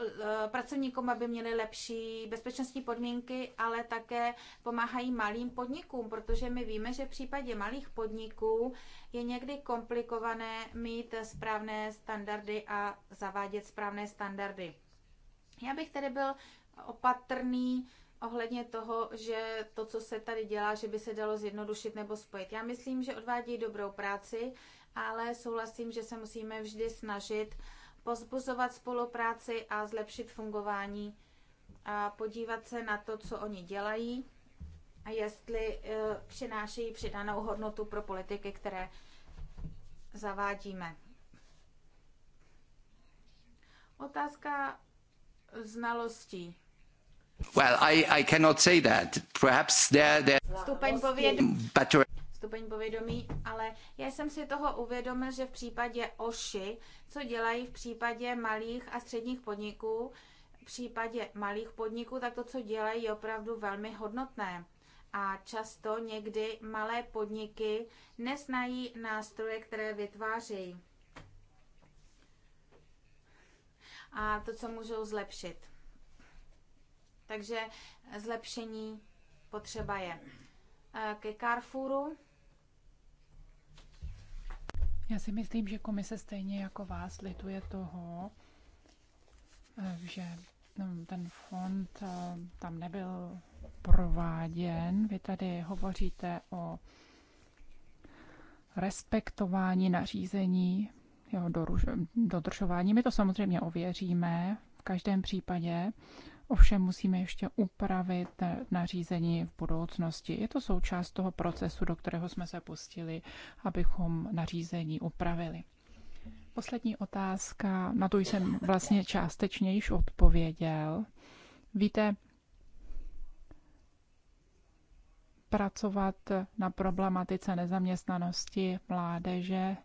eh, pracovníkům, aby měli lepší bezpečnostní podmínky, ale také pomáhají malým podnikům, protože my víme, že v případě malých podniků je někdy komplikované mít správné standardy a zavádět správné standardy. Já bych tedy byl opatrný ohledně toho, že to, co se tady dělá, že by se dalo zjednodušit nebo spojit. Já myslím, že odvádí dobrou práci, ale souhlasím, že se musíme vždy snažit pozbuzovat spolupráci a zlepšit fungování a podívat se na to, co oni dělají a jestli eh, přinášejí přidanou hodnotu pro politiky, které zavádíme. Otázka znalostí. Well, I, I cannot say that. Perhaps there, there... Stupeň povědomí, stupeň povědomí, ale já jsem si toho uvědomil, že v případě OŠI, co dělají v případě malých a středních podniků, v případě malých podniků, tak to, co dělají, je opravdu velmi hodnotné. A často někdy malé podniky neznají nástroje, které vytvářejí. A to, co můžou zlepšit. Takže zlepšení potřeba je. Eh, ke Carrefouru. Já si myslím, že komise stejně jako vás lituje toho, eh, že no, ten fond eh, tam nebyl prováděn. Vy tady hovoříte o respektování nařízení, jeho dodržování. My to samozřejmě ověříme v každém případě, Ovšem musíme ještě upravit nařízení v budoucnosti. Je to součást toho procesu, do kterého jsme se pustili, abychom nařízení upravili. Poslední otázka, na to jsem vlastně částečně již odpověděl. Víte, pracovat na problematice nezaměstnanosti mládeže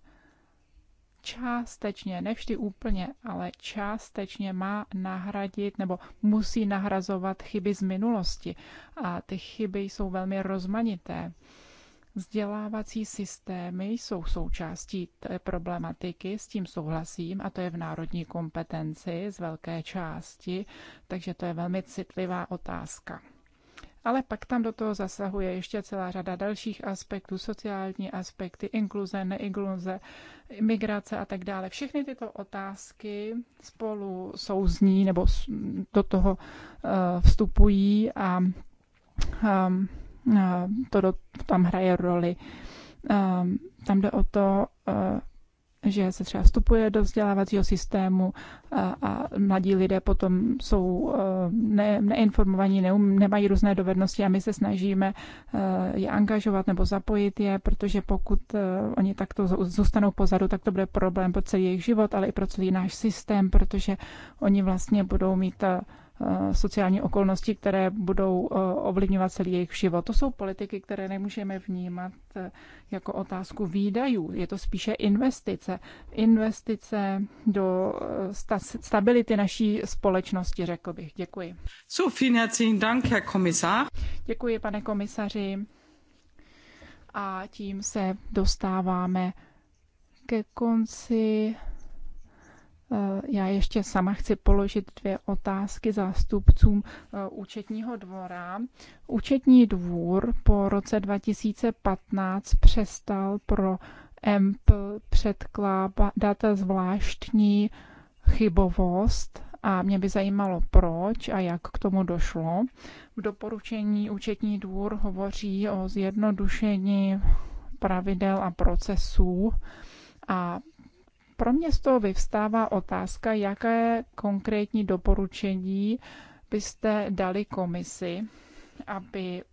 částečně, nevždy úplně, ale částečně má nahradit nebo musí nahrazovat chyby z minulosti. A ty chyby jsou velmi rozmanité. Vzdělávací systémy jsou součástí té problematiky, s tím souhlasím, a to je v národní kompetenci z velké části, takže to je velmi citlivá otázka ale pak tam do toho zasahuje ještě celá řada dalších aspektů, sociální aspekty, inkluze, neinkluze, migrace a tak dále. Všechny tyto otázky spolu souzní nebo do toho eh, vstupují a ehm, eh, to do, tam hraje roli. Ehm, tam jde o to, eh, že se třeba vstupuje do vzdělávacího systému a, a mladí lidé potom jsou eh, ne, neinformovaní, neum, nemají různé dovednosti a my se snažíme eh, je angažovat nebo zapojit je, protože pokud eh, oni takto zůstanou pozadu, tak to bude problém pro celý jejich život, ale i pro celý náš systém, protože oni vlastně budou mít Eh, sociální okolnosti, které budou eh, ovlivňovat celý jejich život. To jsou politiky, které nemůžeme vnímat eh, jako otázku výdajů. Je to spíše investice. Investice do stability naší společnosti, řekl bych. Děkuji. So, vielen Dank, Herr Kommissar. Děkuji, pane komisaři. A tím se dostáváme ke konci Eh, já ještě sama chci položit dvě otázky zástupcům eh, účetního dvora. Účetní dvůr po roce 2015 přestal pro EMP předkládat zvláštní chybovost a mě by zajímalo, proč a jak k tomu došlo. V doporučení účetní dvůr hovoří o zjednodušení pravidel a procesů a pro mě z toho vyvstává otázka, jaké konkrétní doporučení byste dali komisi, aby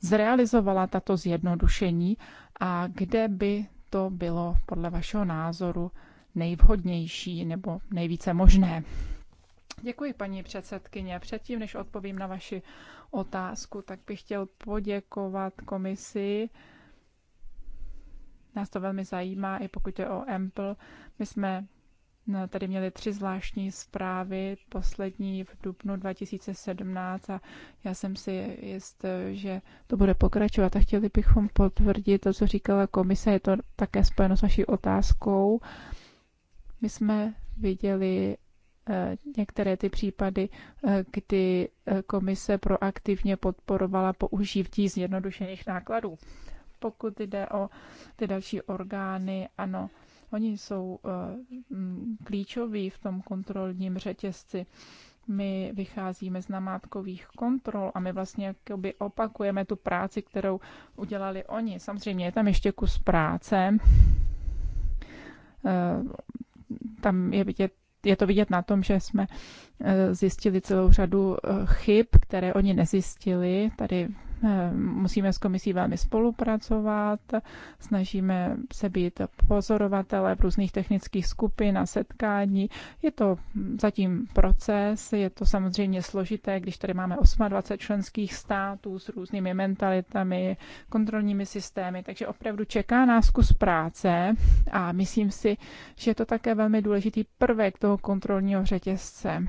zrealizovala tato zjednodušení a kde by to bylo podle vašeho názoru nejvhodnější nebo nejvíce možné. Děkuji, paní předsedkyně. Předtím, než odpovím na vaši otázku, tak bych chtěl poděkovat komisi Nás to velmi zajímá, i pokud je o Ample. My jsme no, tady měli tři zvláštní zprávy, poslední v dubnu 2017 a já jsem si jist, že to bude pokračovat a chtěli bychom potvrdit to, co říkala komise, je to také spojeno s vaší otázkou. My jsme viděli eh, některé ty případy, eh, kdy eh, komise proaktivně podporovala použití zjednodušených nákladů. Pokud jde o ty další orgány, ano, oni jsou eh, mm, klíčoví v tom kontrolním řetězci my vycházíme z namátkových kontrol a my vlastně jakoby opakujeme tu práci, kterou udělali oni. Samozřejmě je tam ještě kus práce. Eh, tam je vidět je to vidět na tom, že jsme eh, zjistili celou řadu chyb, které oni nezjistili. Tady musíme s komisí velmi spolupracovat, snažíme se být pozorovatele v různých technických skupin a setkání. Je to zatím proces, je to samozřejmě složité, když tady máme 28 členských států s různými mentalitami, kontrolními systémy, takže opravdu čeká nás kus práce a myslím si, že je to také velmi důležitý prvek toho kontrolního řetězce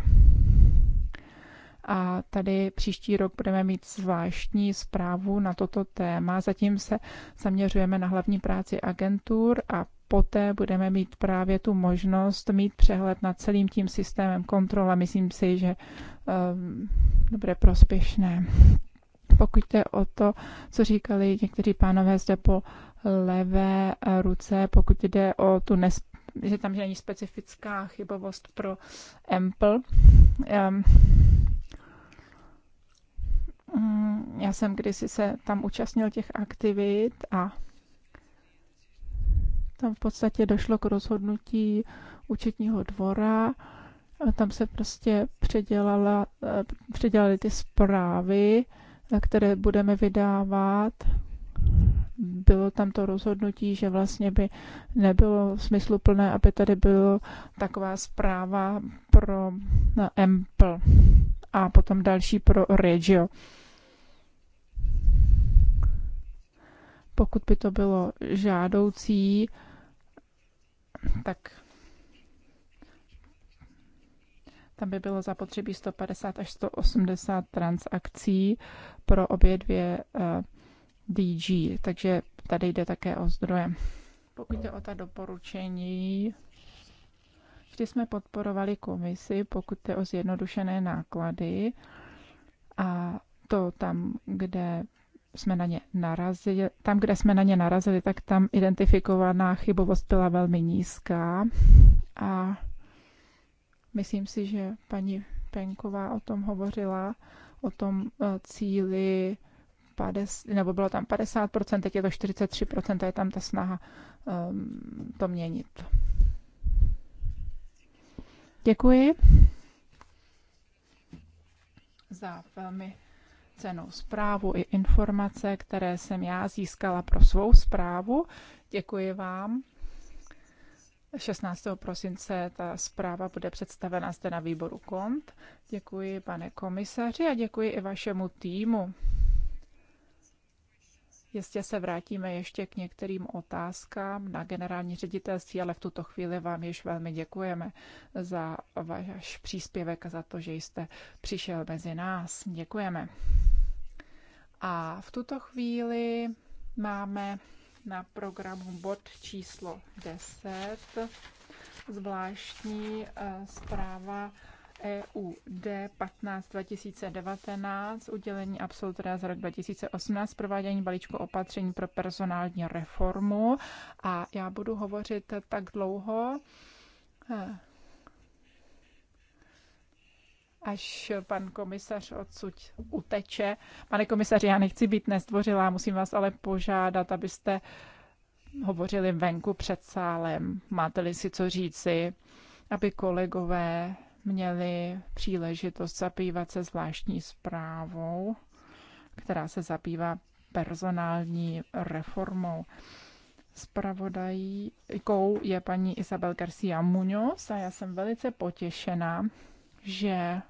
a tady příští rok budeme mít zvláštní zprávu na toto téma. Zatím se zaměřujeme na hlavní práci agentur a poté budeme mít právě tu možnost mít přehled nad celým tím systémem kontrol a myslím si, že um, ehm, to bude prospěšné. Pokud jde o to, co říkali někteří pánové zde po levé ruce, pokud jde o tu nesp- že tam není specifická chybovost pro Ample. Um, Mm, já jsem kdysi se tam účastnil těch aktivit a tam v podstatě došlo k rozhodnutí účetního dvora. Tam se prostě předělala, eh, předělaly ty zprávy, eh, které budeme vydávat. Bylo tam to rozhodnutí, že vlastně by nebylo smysluplné, aby tady byla taková zpráva pro Empl eh, a potom další pro Regio. pokud by to bylo žádoucí, tak tam by bylo zapotřebí 150 až 180 transakcí pro obě dvě eh, DG, takže tady jde také o zdroje. Pokud jde o ta doporučení, vždy jsme podporovali komisi, pokud jde o zjednodušené náklady a to tam, kde jsme na ně narazili, tam, kde jsme na ně narazili, tak tam identifikovaná chybovost byla velmi nízká a myslím si, že paní Penková o tom hovořila, o tom eh, cíli 50, nebo bylo tam 50%, teď je to 43% a je tam ta snaha um, to měnit. Děkuji za velmi cenou zprávu i informace, které jsem já získala pro svou zprávu. Děkuji vám. 16. prosince ta zpráva bude představena zde na výboru KOMP. Děkuji, pane komisaři, a děkuji i vašemu týmu. Jistě se vrátíme ještě k některým otázkám na generální ředitelství, ale v tuto chvíli vám již velmi děkujeme za váš příspěvek a za to, že jste přišel mezi nás. Děkujeme. A v tuto chvíli máme na programu bod číslo 10, zvláštní eh, zpráva EUD 15 2019, udělení absolutoria za rok 2018, provádění balíčku opatření pro personální reformu. A já budu hovořit tak dlouho, eh, až pan komisař odsud uteče. Pane komisaři, já nechci být nestvořilá, musím vás ale požádat, abyste hovořili venku před sálem. Máte-li si co říci, aby kolegové měli příležitost zabývat se zvláštní zprávou, která se zabývá personální reformou. Spravodajkou je paní Isabel Garcia Muñoz a já jsem velice potěšená, že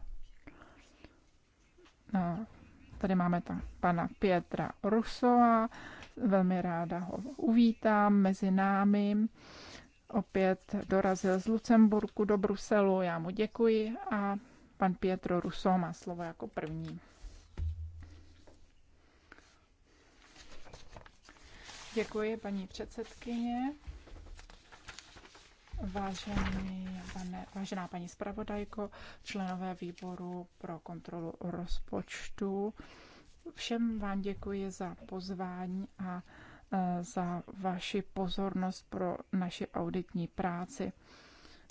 no, tady máme ta pana Pietra Rusova, velmi ráda ho uvítám mezi námi opět dorazil z Lucemburku do Bruselu. Já mu děkuji a pan Pietro Russo má slovo jako první. Děkuji, paní předsedkyně. Vážený pane, vážená paní zpravodajko, členové výboru pro kontrolu rozpočtu, všem vám děkuji za pozvání a Eh, za vaši pozornost pro naši auditní práci.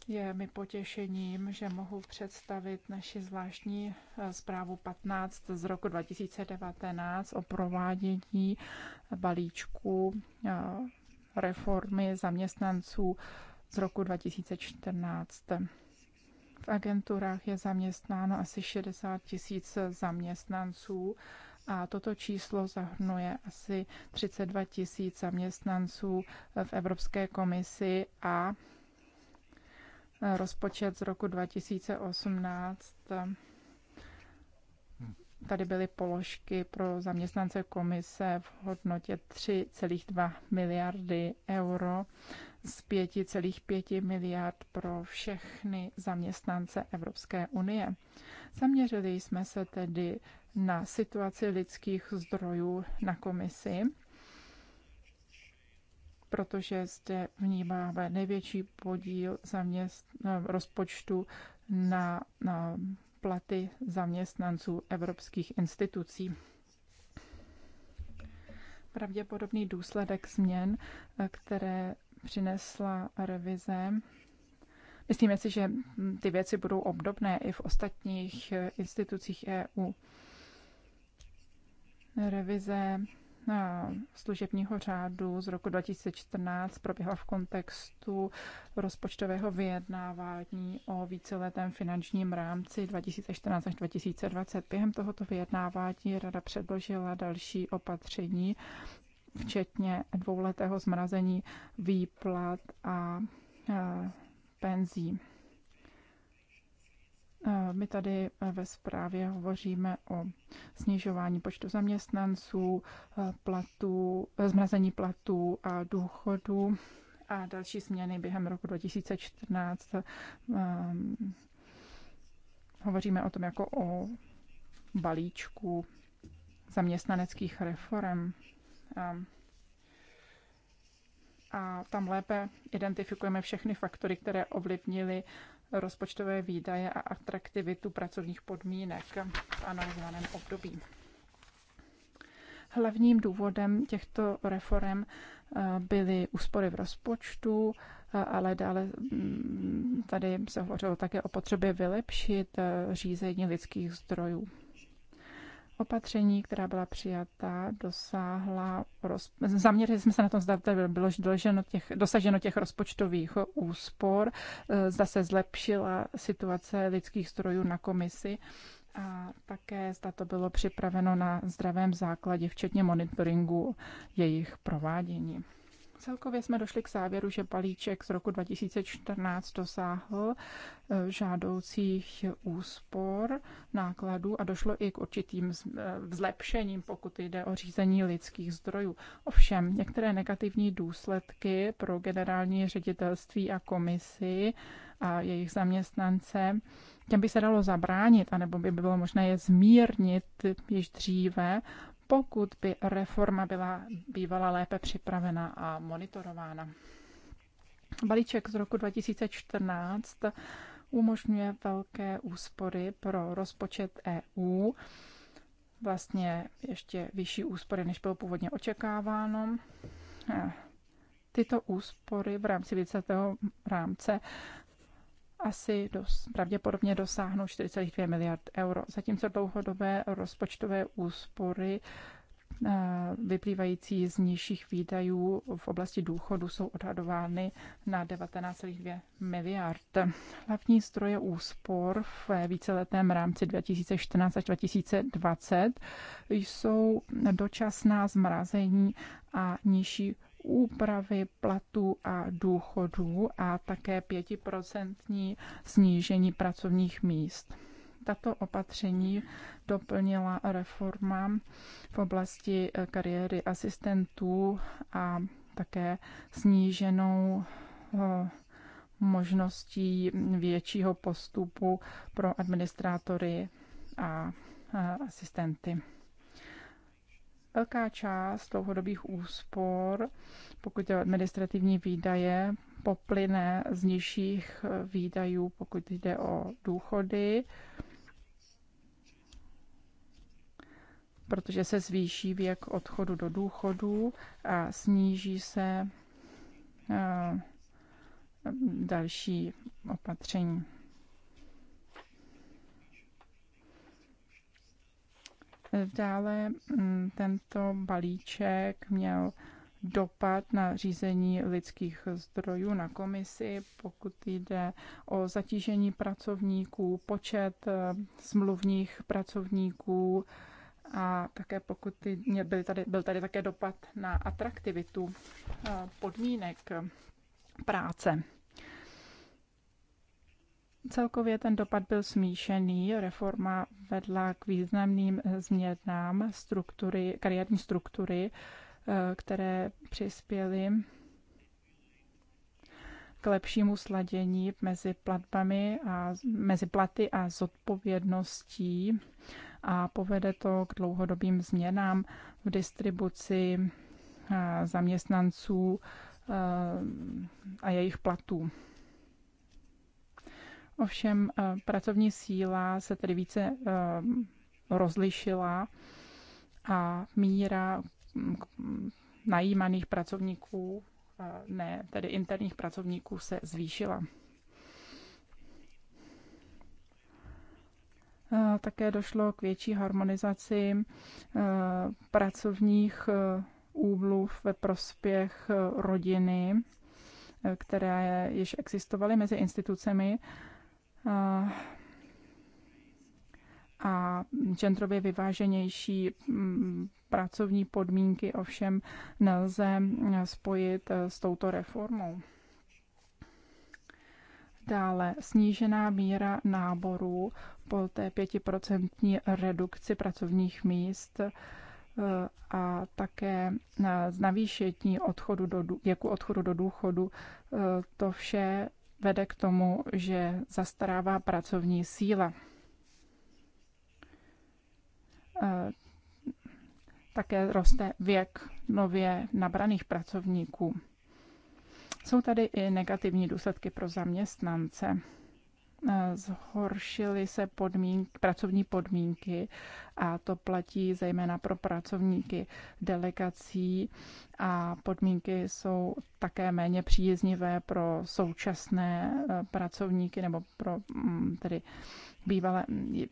Je mi potěšením, že mohu představit naši zvláštní eh, zprávu 15 z roku 2019 o provádění balíčku eh, reformy zaměstnanců z roku 2014. V agenturách je zaměstnáno asi 60 tisíc zaměstnanců a toto číslo zahrnuje asi 32 tisíc zaměstnanců v Evropské komisi a rozpočet z roku 2018. Tady byly položky pro zaměstnance komise v hodnotě 3,2 miliardy euro z 5,5 miliard pro všechny zaměstnance Evropské unie. Zaměřili jsme se tedy na situaci lidských zdrojů na komisi, protože zde vnímáme největší podíl zaměst, no, rozpočtu na, na platy zaměstnanců evropských institucí. Pravděpodobný důsledek změn, které přinesla revize, Myslíme si, že ty věci budou obdobné i v ostatních institucích EU. Revize eh, služebního řádu z roku 2014 proběhla v kontextu rozpočtového vyjednávání o víceletém finančním rámci 2014 až 2020. Během tohoto vyjednávání Rada předložila další opatření, včetně dvouletého zmrazení výplat a eh, penzí. Eh, my tady eh, ve zprávě hovoříme o snižování počtu zaměstnanců, eh, platů, zmrazení platů a důchodů a další změny během roku 2014. Mm, hovoříme o tom jako o balíčku zaměstnaneckých reform a tam lépe identifikujeme všechny faktory, které ovlivnily rozpočtové výdaje a atraktivitu pracovních podmínek v analyzovaném období. Hlavním důvodem těchto reform eh, byly úspory v rozpočtu, eh, ale dále mm, tady se hovořilo také o potřebě vylepšit eh, řízení lidských zdrojů opatření, která byla přijata, dosáhla, roz, zaměřili jsme se na tom, zda bylo dosaženo těch, dosaženo těch rozpočtových úspor, eh, zda se zlepšila situace lidských strojů na komisi a také zda to bylo připraveno na zdravém základě, včetně monitoringu jejich provádění. Celkově jsme došli k závěru, že balíček z roku 2014 dosáhl eh, žádoucích úspor nákladů a došlo i k určitým eh, zlepšením, pokud jde o řízení lidských zdrojů. Ovšem, některé negativní důsledky pro generální ředitelství a komisi a jejich zaměstnance, těm by se dalo zabránit, anebo by bylo možné je zmírnit již dříve, pokud by reforma byla bývala lépe připravena a monitorována. Balíček z roku 2014 umožňuje velké úspory pro rozpočet EU, vlastně ještě vyšší úspory, než bylo původně očekáváno. Tyto úspory v rámci víceletého rámce asi dos, pravděpodobně dosáhnou 4,2 miliard euro, zatímco dlouhodobé rozpočtové úspory eh, vyplývající z nižších výdajů v oblasti důchodu jsou odhadovány na 19,2 miliard. Hlavní stroje úspor v víceletém rámci 2014 až 2020 jsou dočasná zmrazení a nižší úpravy platů a důchodů a také pětiprocentní snížení pracovních míst. Tato opatření doplnila reforma v oblasti eh, kariéry asistentů a také sníženou eh, možností většího postupu pro administrátory a eh, asistenty. Velká část dlouhodobých úspor, pokud je administrativní výdaje, poplyne z nižších eh, výdajů, pokud jde o důchody, protože se zvýší věk odchodu do důchodu a sníží se eh, další opatření. Dále mm, tento balíček měl dopad na řízení lidských zdrojů na komisi, pokud jde o zatížení pracovníků, počet eh, smluvních pracovníků a také pokud byl tady, byl tady také dopad na atraktivitu eh, podmínek práce. Celkově ten dopad byl smíšený. Reforma vedla k významným změnám struktury, kariérní struktury, eh, které přispěly k lepšímu sladění mezi platbami a mezi platy a zodpovědností a povede to k dlouhodobým změnám v distribuci eh, zaměstnanců eh, a jejich platů. Ovšem eh, pracovní síla se tedy více eh, rozlišila a míra mm, najímaných pracovníků, eh, ne tedy interních pracovníků, se zvýšila. Také došlo k větší harmonizaci pracovních úmluv ve prospěch rodiny, které již existovaly mezi institucemi a gendrově vyváženější mm, pracovní podmínky ovšem nelze mm, spojit eh, s touto reformou. Dále snížená míra náborů po té pětiprocentní redukci pracovních míst eh, a také eh, navýšení odchodu do, věku odchodu do důchodu. To vše vede k tomu, že zastarává pracovní síla. E, také roste věk nově nabraných pracovníků. Jsou tady i negativní důsledky pro zaměstnance. Eh, zhoršily se podmínk, pracovní podmínky a to platí zejména pro pracovníky delegací a podmínky jsou také méně příznivé pro současné eh, pracovníky nebo pro mm, tedy bývalé, mm,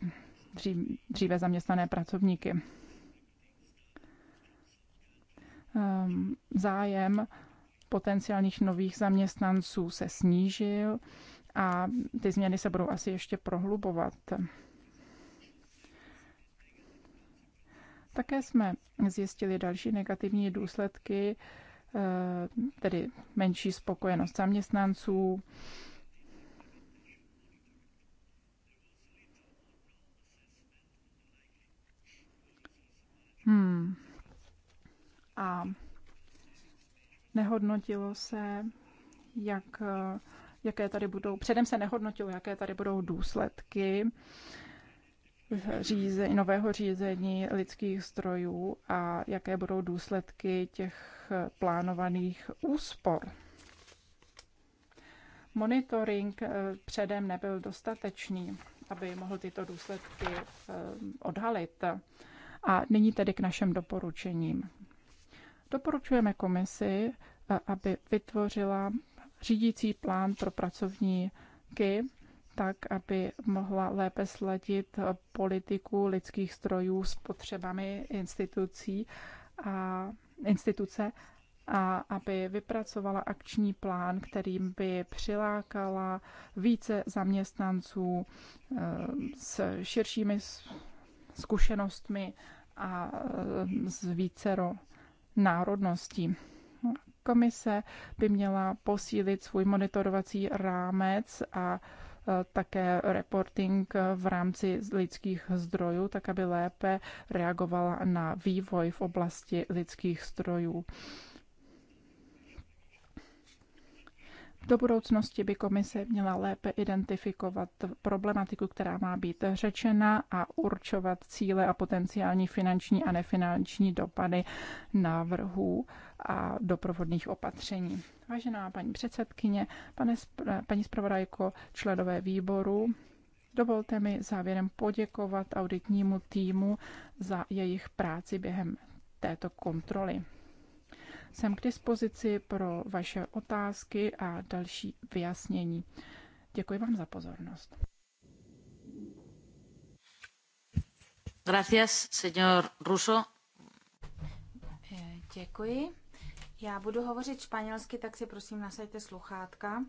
dříve zaměstnané pracovníky. Ehm, zájem potenciálních nových zaměstnanců se snížil a ty změny se budou asi ještě prohlubovat. Také jsme zjistili další negativní důsledky, eh, tedy menší spokojenost zaměstnanců, Hmm. A nehodnotilo se, jak eh, jaké tady budou, předem se nehodnotilo, jaké tady budou důsledky řízení, nového řízení lidských strojů a jaké budou důsledky těch plánovaných úspor. Monitoring eh, předem nebyl dostatečný, aby mohl tyto důsledky eh, odhalit. A nyní tedy k našem doporučením. Doporučujeme komisi, eh, aby vytvořila řídící plán pro pracovníky, tak, aby mohla lépe sledit politiku lidských strojů s potřebami institucí a instituce a aby vypracovala akční plán, kterým by přilákala více zaměstnanců eh, s širšími zkušenostmi a eh, s vícero národností. Komise by měla posílit svůj monitorovací rámec a e, také reporting v rámci lidských zdrojů, tak aby lépe reagovala na vývoj v oblasti lidských zdrojů. Do budoucnosti by komise měla lépe identifikovat problematiku, která má být řečena a určovat cíle a potenciální finanční a nefinanční dopady návrhů a doprovodných opatření. Vážená paní předsedkyně, pane, paní zpravodajko, členové výboru, dovolte mi závěrem poděkovat auditnímu týmu za jejich práci během této kontroly. Jsem k dispozici pro vaše otázky a další vyjasnění. Děkuji vám za pozornost. Gracias, señor Russo. Eh, děkuji. Já budu hovořit španělsky, tak si prosím nasaďte sluchátka.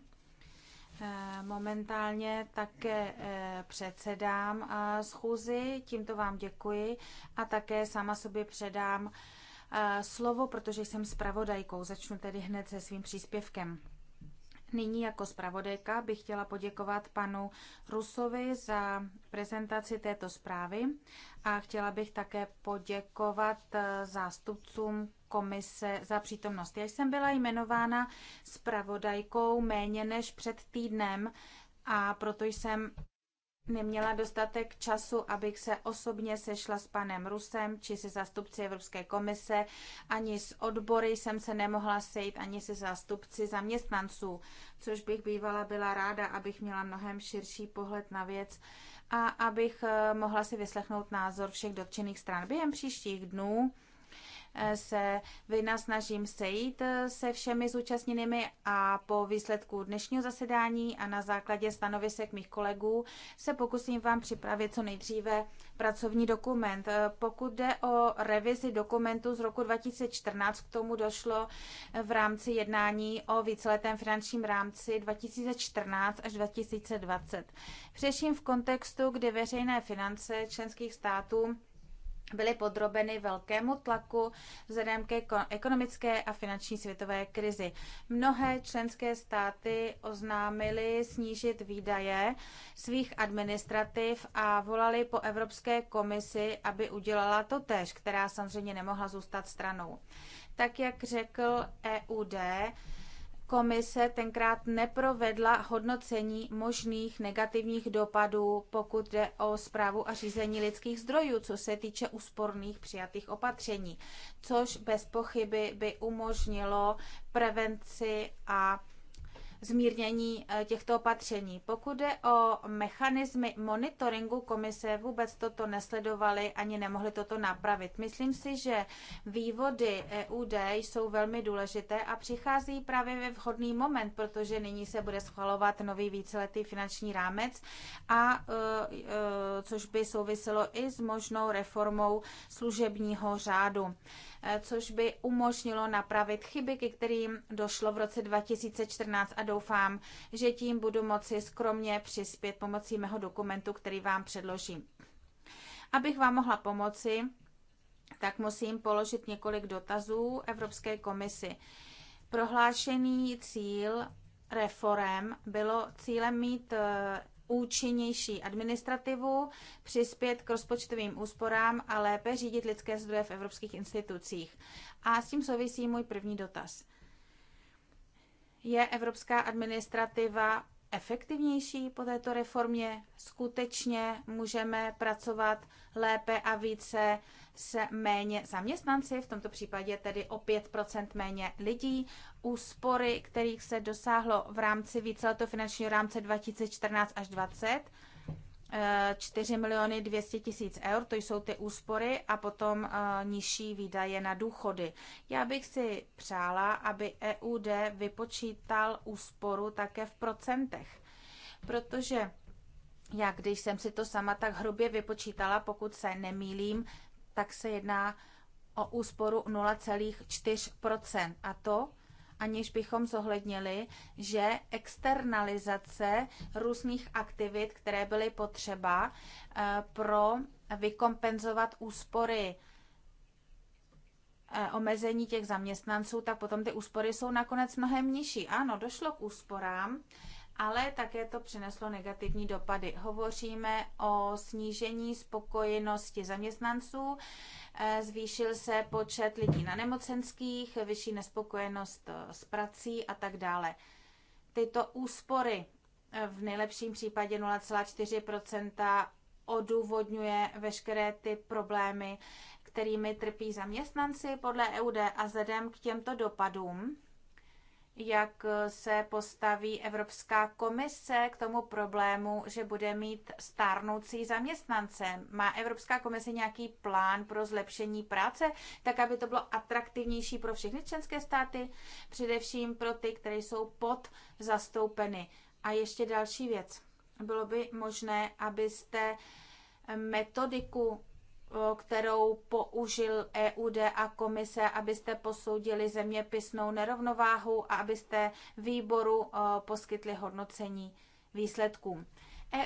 Eh, momentálně také eh, předsedám eh, schůzi, tímto vám děkuji a také sama sobě předám slovo, protože jsem zpravodajkou. Začnu tedy hned se svým příspěvkem. Nyní jako zpravodajka bych chtěla poděkovat panu Rusovi za prezentaci této zprávy a chtěla bych také poděkovat zástupcům komise za přítomnost. Já jsem byla jmenována zpravodajkou méně než před týdnem a proto jsem neměla dostatek času, abych se osobně sešla s panem Rusem či se zástupci Evropské komise, ani s odbory jsem se nemohla sejít, ani se zástupci zaměstnanců, což bych bývala byla ráda, abych měla mnohem širší pohled na věc a abych eh, mohla si vyslechnout názor všech dotčených stran. Během příštích dnů se snažím sejít se všemi zúčastněnými a po výsledku dnešního zasedání a na základě stanovisek mých kolegů se pokusím vám připravit co nejdříve pracovní dokument. Pokud jde o revizi dokumentu z roku 2014, k tomu došlo v rámci jednání o víceletém finančním rámci 2014 až 2020. Především v kontextu, kdy veřejné finance členských států byly podrobeny velkému tlaku vzhledem ke ekonomické a finanční světové krizi. Mnohé členské státy oznámily snížit výdaje svých administrativ a volali po Evropské komisi, aby udělala to tež, která samozřejmě nemohla zůstat stranou. Tak jak řekl EUD, Komise tenkrát neprovedla hodnocení možných negativních dopadů, pokud jde o zprávu a řízení lidských zdrojů, co se týče úsporných přijatých opatření, což bez pochyby by umožnilo prevenci a zmírnění eh, těchto opatření. Pokud jde o mechanismy monitoringu komise, vůbec toto nesledovali ani nemohli toto napravit. Myslím si, že vývody EUD jsou velmi důležité a přichází právě ve vhodný moment, protože nyní se bude schvalovat nový víceletý finanční rámec, a eh, eh, což by souviselo i s možnou reformou služebního řádu. Eh, což by umožnilo napravit chyby, ke kterým došlo v roce 2014 a doufám, že tím budu moci skromně přispět pomocí mého dokumentu, který vám předložím. Abych vám mohla pomoci, tak musím položit několik dotazů Evropské komisi. Prohlášený cíl reform bylo cílem mít eh, účinnější administrativu, přispět k rozpočtovým úsporám a lépe řídit lidské zdroje v evropských institucích. A s tím souvisí můj první dotaz. Je evropská administrativa efektivnější po této reformě. Skutečně můžeme pracovat lépe a více se méně zaměstnanci, v tomto případě tedy o 5 méně lidí. Úspory, kterých se dosáhlo v rámci víceletého finančního rámce 2014 až 2020 4 miliony 200 tisíc eur, to jsou ty úspory a potom eh, nižší výdaje na důchody. Já bych si přála, aby EUD vypočítal úsporu také v procentech, protože já, když jsem si to sama tak hrubě vypočítala, pokud se nemýlím, tak se jedná o úsporu 0,4 a to aniž bychom zohlednili, že externalizace různých aktivit, které byly potřeba eh, pro vykompenzovat úspory eh, omezení těch zaměstnanců, tak potom ty úspory jsou nakonec mnohem nižší. Ano, došlo k úsporám, ale také to přineslo negativní dopady. Hovoříme o snížení spokojenosti zaměstnanců, eh, zvýšil se počet lidí na nemocenských, vyšší nespokojenost eh, s prací a tak dále. Tyto úspory eh, v nejlepším případě 0,4 odůvodňuje veškeré ty problémy, kterými trpí zaměstnanci podle EUD a vzhledem k těmto dopadům jak eh, se postaví Evropská komise k tomu problému, že bude mít stárnoucí zaměstnance. Má Evropská komise nějaký plán pro zlepšení práce, tak aby to bylo atraktivnější pro všechny členské státy, především pro ty, které jsou pod zastoupeny. A ještě další věc. Bylo by možné, abyste eh, metodiku kterou použil EUD a komise, abyste posoudili zeměpisnou nerovnováhu a abyste výboru poskytli hodnocení výsledků.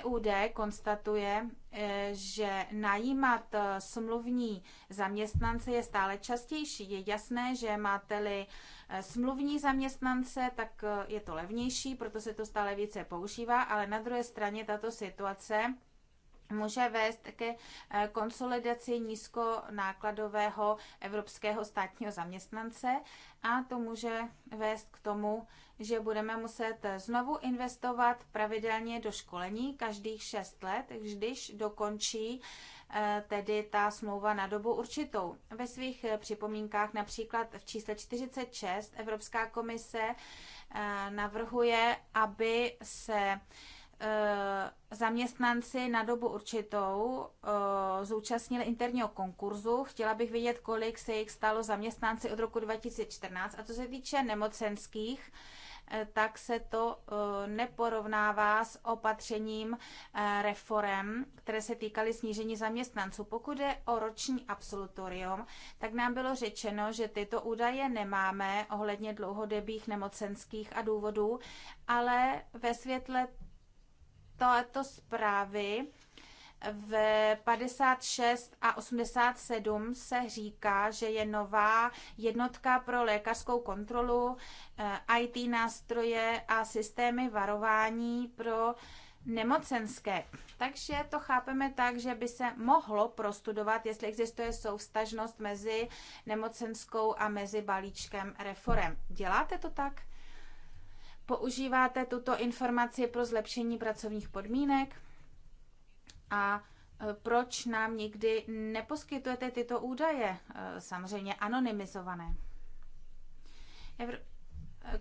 EUD konstatuje, e, že najímat e, smluvní zaměstnance je stále častější. Je jasné, že máte-li e, smluvní zaměstnance, tak je to levnější, proto se to stále více používá, ale na druhé straně tato situace může vést ke eh, konsolidaci nízkonákladového evropského státního zaměstnance a to může vést k tomu, že budeme muset znovu investovat pravidelně do školení každých 6 let, když dokončí eh, tedy ta smlouva na dobu určitou. Ve svých eh, připomínkách například v čísle 46 Evropská komise navrhuje, aby se Eh, zaměstnanci na dobu určitou eh, zúčastnili interního konkurzu. Chtěla bych vědět, kolik se jich stalo zaměstnanci od roku 2014. A co se týče nemocenských, eh, tak se to neporovnává s opatřením reform, které se týkaly snížení zaměstnanců. Pokud je o roční absolutorium, tak nám bylo řečeno, že tyto údaje nemáme ohledně dlouhodobých nemocenských a důvodů, ale ve světle této zprávy v 56 a 87 se říká, že je nová jednotka pro lékařskou kontrolu, eh, IT nástroje a systémy varování pro nemocenské. Takže to chápeme tak, že by se mohlo prostudovat, jestli existuje soustažnost mezi nemocenskou a mezi balíčkem reform. Děláte to tak? Používáte tuto informaci pro zlepšení pracovních podmínek? A e, proč nám nikdy neposkytujete tyto údaje, e, samozřejmě anonymizované?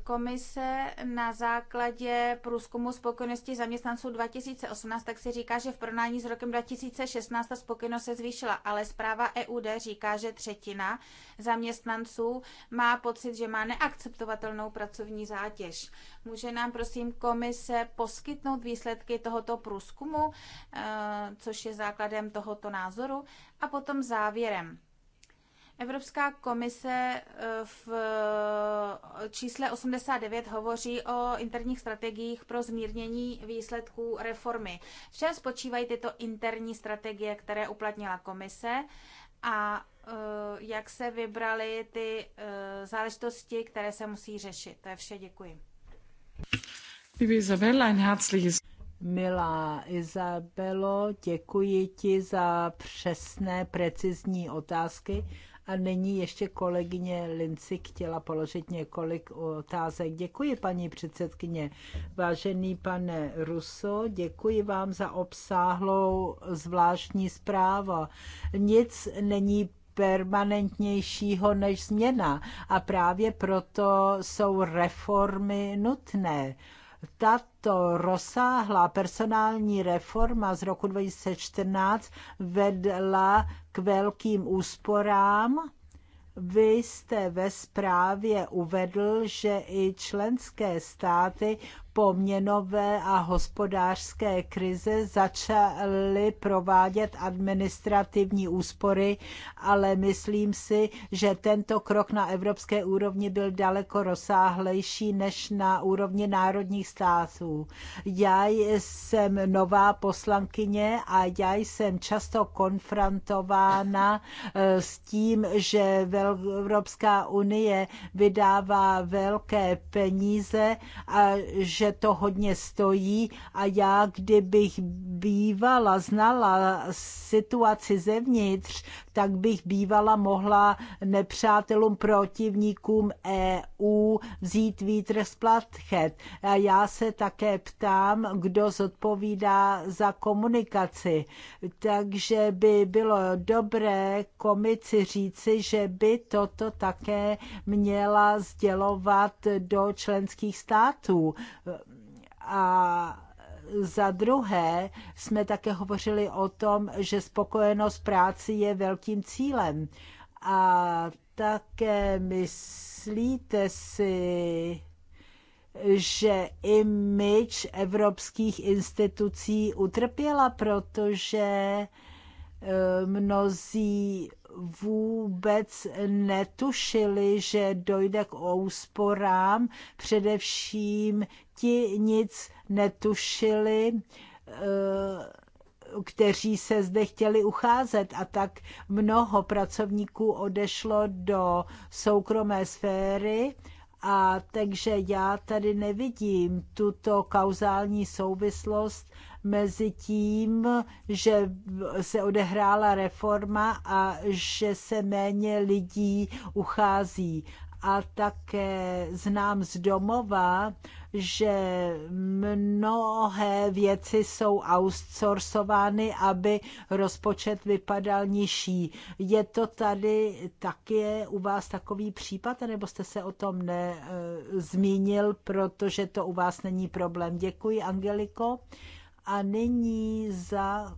Komise na základě průzkumu spokojenosti zaměstnanců 2018, tak se říká, že v porovnání s rokem 2016 ta spokojenost se zvýšila, ale zpráva EUD říká, že třetina zaměstnanců má pocit, že má neakceptovatelnou pracovní zátěž. Může nám prosím komise poskytnout výsledky tohoto průzkumu, eh, což je základem tohoto názoru, a potom závěrem. Evropská komise eh, v eh, čísle 89 hovoří o interních strategiích pro zmírnění výsledků reformy. V čem spočívají tyto interní strategie, které uplatnila komise a eh, jak se vybraly ty záležitosti, které se musí řešit? To je vše, děkuji. Milá Izabelo, děkuji ti za přesné, precizní otázky a nyní ještě kolegyně Linci chtěla položit několik otázek. Děkuji, paní předsedkyně. Vážený pane Ruso, děkuji vám za obsáhlou zvláštní zprávu. Nic není permanentnějšího než změna a právě proto jsou reformy nutné. Tato rozsáhlá personální reforma z roku 2014 vedla k velkým úsporám. Vy jste ve zprávě uvedl, že i členské státy po měnové a hospodářské krize začaly provádět administrativní úspory, ale myslím si, že tento krok na evropské úrovni byl daleko rozsáhlejší než na úrovni národních států. Já jsem nová poslankyně a já jsem často konfrontována eh, s tím, že Evropská unie vydává velké peníze a že že to hodně stojí a já, kdybych bývala znala situaci zevnitř, tak bych bývala mohla nepřátelům, protivníkům EU vzít vítr z plachet. A já se také ptám, kdo zodpovídá za komunikaci. Takže by bylo dobré komici říci, že by toto také měla sdělovat do členských států. A za druhé jsme také hovořili o tom, že spokojenost práci je velkým cílem. A také myslíte si, že image evropských institucí utrpěla, protože eh, mnozí vůbec netušili, že dojde k úsporám. Především ti nic netušili, eh, kteří se zde chtěli ucházet a tak mnoho pracovníků odešlo do soukromé sféry a takže já tady nevidím tuto kauzální souvislost mezi tím, že se odehrála reforma a že se méně lidí uchází. A také znám z domova, že mnohé věci jsou outsourcovány, aby rozpočet vypadal nižší. Je to tady taky u vás takový případ, nebo jste se o tom nezmínil, eh, protože to u vás není problém? Děkuji, Angeliko. A nyní za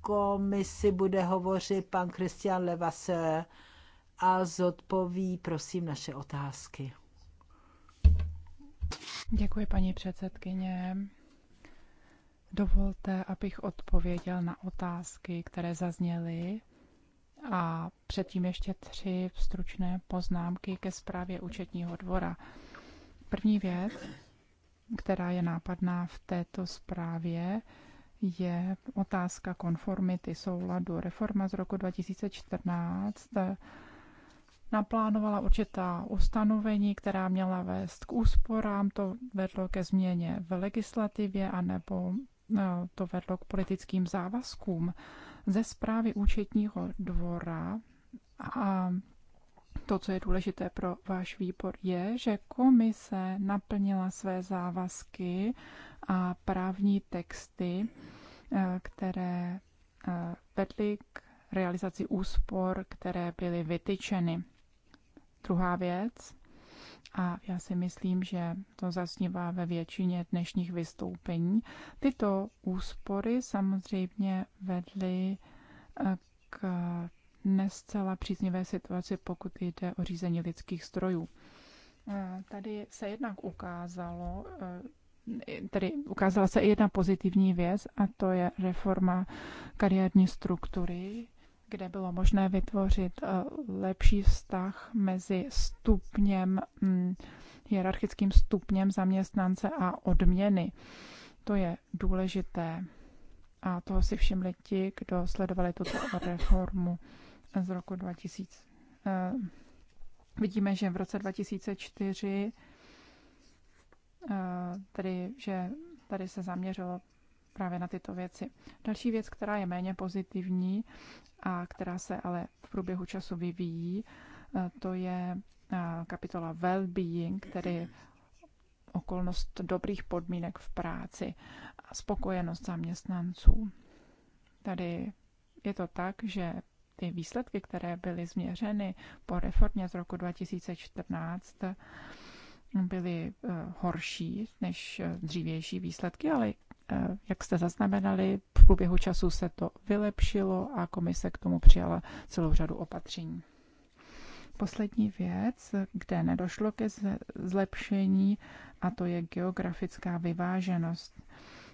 komisi bude hovořit pan Christian Levasseur a zodpoví, prosím, naše otázky. Děkuji, paní předsedkyně. Dovolte, abych odpověděl na otázky, které zazněly. A předtím ještě tři stručné poznámky ke zprávě účetního dvora. První věc která je nápadná v této zprávě, je otázka konformity souladu. Reforma z roku 2014 eh, naplánovala určitá ustanovení, která měla vést k úsporám. To vedlo ke změně v legislativě anebo eh, to vedlo k politickým závazkům. Ze zprávy účetního dvora a to, co je důležité pro váš výbor, je, že komise naplnila své závazky a právní texty, eh, které eh, vedly k realizaci úspor, které byly vytyčeny. Druhá věc, a já si myslím, že to zaznívá ve většině dnešních vystoupení, tyto úspory samozřejmě vedly eh, k nescela příznivé situaci, pokud jde o řízení lidských strojů. Tady se jednak ukázalo, e, tedy ukázala se i jedna pozitivní věc, a to je reforma kariérní struktury, kde bylo možné vytvořit e, lepší vztah mezi stupněm, hierarchickým stupněm zaměstnance a odměny. To je důležité. A toho si všimli ti, kdo sledovali tuto reformu z roku 2000. Eh, vidíme, že v roce 2004 eh, tedy, že tady se zaměřilo právě na tyto věci. Další věc, která je méně pozitivní a která se ale v průběhu času vyvíjí, eh, to je kapitola well-being, tedy okolnost dobrých podmínek v práci a spokojenost zaměstnanců. Tady je to tak, že ty výsledky, které byly změřeny po reformě z roku 2014, byly eh, horší než eh, dřívější výsledky, ale eh, jak jste zaznamenali, v průběhu času se to vylepšilo a komise k tomu přijala celou řadu opatření. Poslední věc, kde nedošlo ke zlepšení, a to je geografická vyváženost.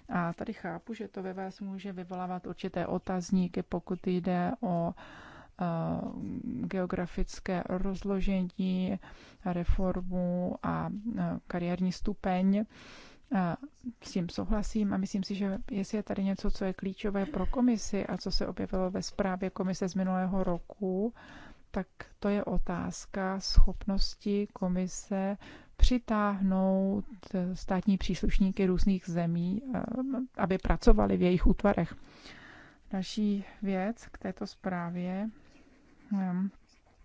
A tady chápu, že to ve vás může vyvolávat určité otazníky, pokud jde o eh, geografické rozložení, reformu a eh, kariérní stupeň. Eh, s tím souhlasím a myslím si, že jestli je tady něco, co je klíčové pro komisi a co se objevilo ve zprávě komise z minulého roku, tak to je otázka schopnosti komise přitáhnout eh, státní příslušníky různých zemí, eh, aby pracovali v jejich útvarech. Další věc k této zprávě, ehm,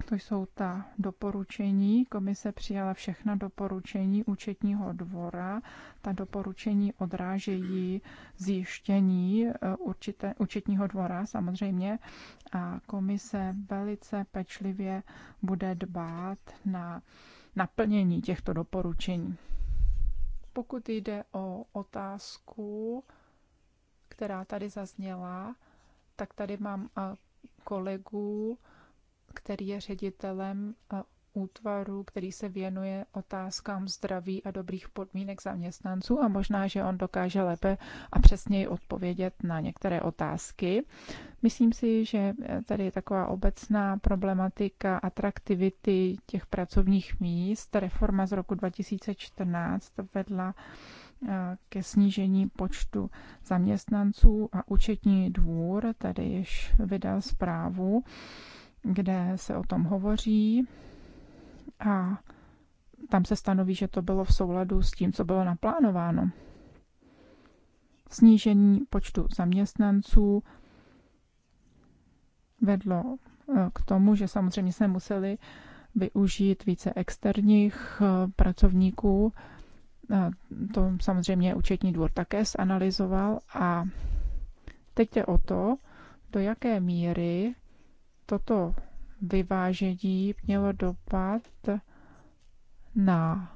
to jsou ta doporučení. Komise přijala všechna doporučení účetního dvora. Ta doporučení odrážejí zjištění eh, určité, účetního dvora samozřejmě. A komise velice pečlivě bude dbát na naplnění těchto doporučení. Pokud jde o otázku, která tady zazněla, tak tady mám eh, kolegu, který je ředitelem eh, útvaru, který se věnuje otázkám zdraví a dobrých podmínek zaměstnanců a možná, že on dokáže lépe a přesněji odpovědět na některé otázky. Myslím si, že eh, tady je taková obecná problematika atraktivity těch pracovních míst. Reforma z roku 2014 vedla eh, ke snížení počtu zaměstnanců a účetní dvůr tady již vydal zprávu, kde se o tom hovoří a tam se stanoví, že to bylo v souladu s tím, co bylo naplánováno. Snížení počtu zaměstnanců vedlo e, k tomu, že samozřejmě jsme museli využít více externích e, pracovníků. E, to samozřejmě účetní dvůr také zanalizoval a teď je o to, do jaké míry toto vyvážení mělo dopad na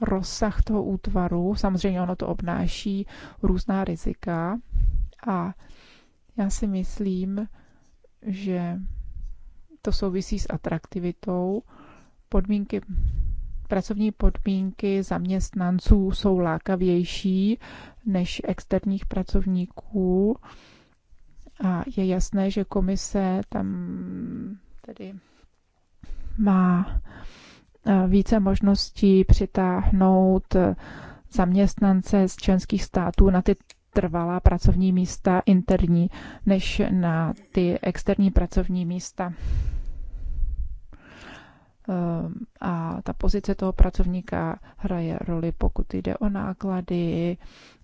rozsah toho útvaru. Samozřejmě ono to obnáší různá rizika a já si myslím, že to souvisí s atraktivitou. Podmínky, pracovní podmínky zaměstnanců jsou lákavější než externích pracovníků. A je jasné, že komise tam tedy má eh, více možností přitáhnout eh, zaměstnance z členských států na ty trvalá pracovní místa interní, než na ty externí pracovní místa. Eh, a ta pozice toho pracovníka hraje roli, pokud jde o náklady,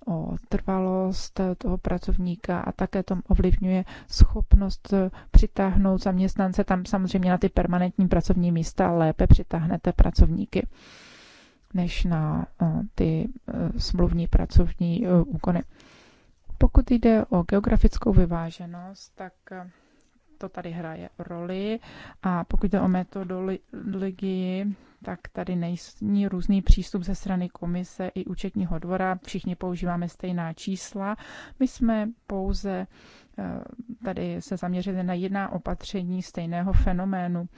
o trvalost toho pracovníka a také to ovlivňuje schopnost eh, přitáhnout zaměstnance. Tam samozřejmě na ty permanentní pracovní místa lépe přitáhnete pracovníky než na eh, ty eh, smluvní pracovní úkony. Pokud jde o geografickou vyváženost, tak to tady hraje roli. A pokud jde o metodologii, tak tady není různý přístup ze strany komise i účetního dvora. Všichni používáme stejná čísla. My jsme pouze eh, tady se zaměřili na jiná opatření stejného fenoménu.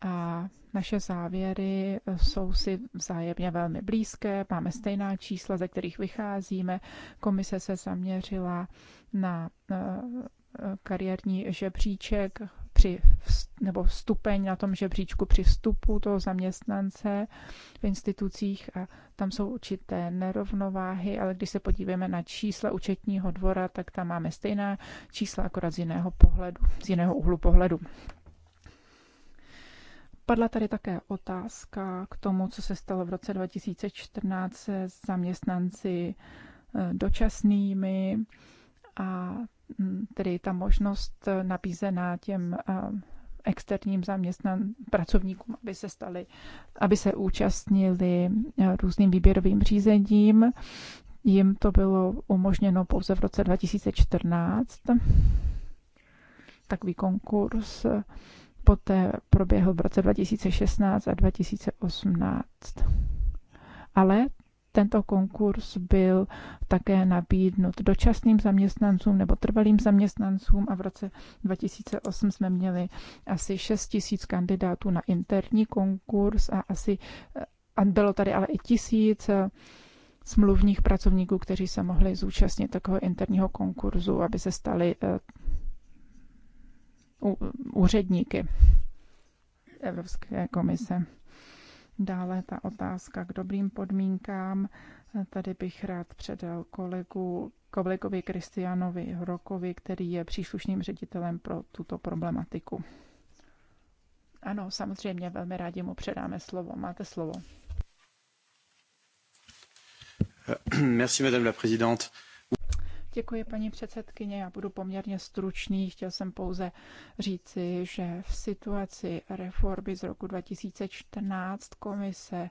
A naše závěry eh, jsou si vzájemně velmi blízké, máme stejná čísla, ze kterých vycházíme. Komise se zaměřila na eh, kariérní žebříček při, nebo stupeň na tom žebříčku při vstupu toho zaměstnance v institucích a tam jsou určité nerovnováhy, ale když se podíváme na čísla účetního dvora, tak tam máme stejná čísla, akorát z jiného pohledu, z jiného úhlu pohledu. Padla tady také otázka k tomu, co se stalo v roce 2014 se zaměstnanci eh, dočasnými a Mm, tedy ta možnost eh, nabízená těm eh, externím zaměstnan pracovníkům, aby se stali, aby se účastnili eh, různým výběrovým řízením. Jim to bylo umožněno pouze v roce 2014. Takový konkurs poté proběhl v roce 2016 a 2018. Ale tento konkurs byl také nabídnut dočasným zaměstnancům nebo trvalým zaměstnancům a v roce 2008 jsme měli asi 6 tisíc kandidátů na interní konkurs a asi a bylo tady ale i tisíc eh, smluvních pracovníků, kteří se mohli zúčastnit takového interního konkurzu, aby se stali eh, úředníky Evropské komise. Dále ta otázka k dobrým podmínkám. Tady bych rád předal kolegu, kolegovi Kristianovi Hrokovi, který je příslušným ředitelem pro tuto problematiku. Ano, samozřejmě, velmi rádi mu předáme slovo. Máte slovo. Merci, madame la présidente. Děkuji, paní předsedkyně. Já budu poměrně stručný. Chtěl jsem pouze říci, že v situaci reformy z roku 2014 komise eh,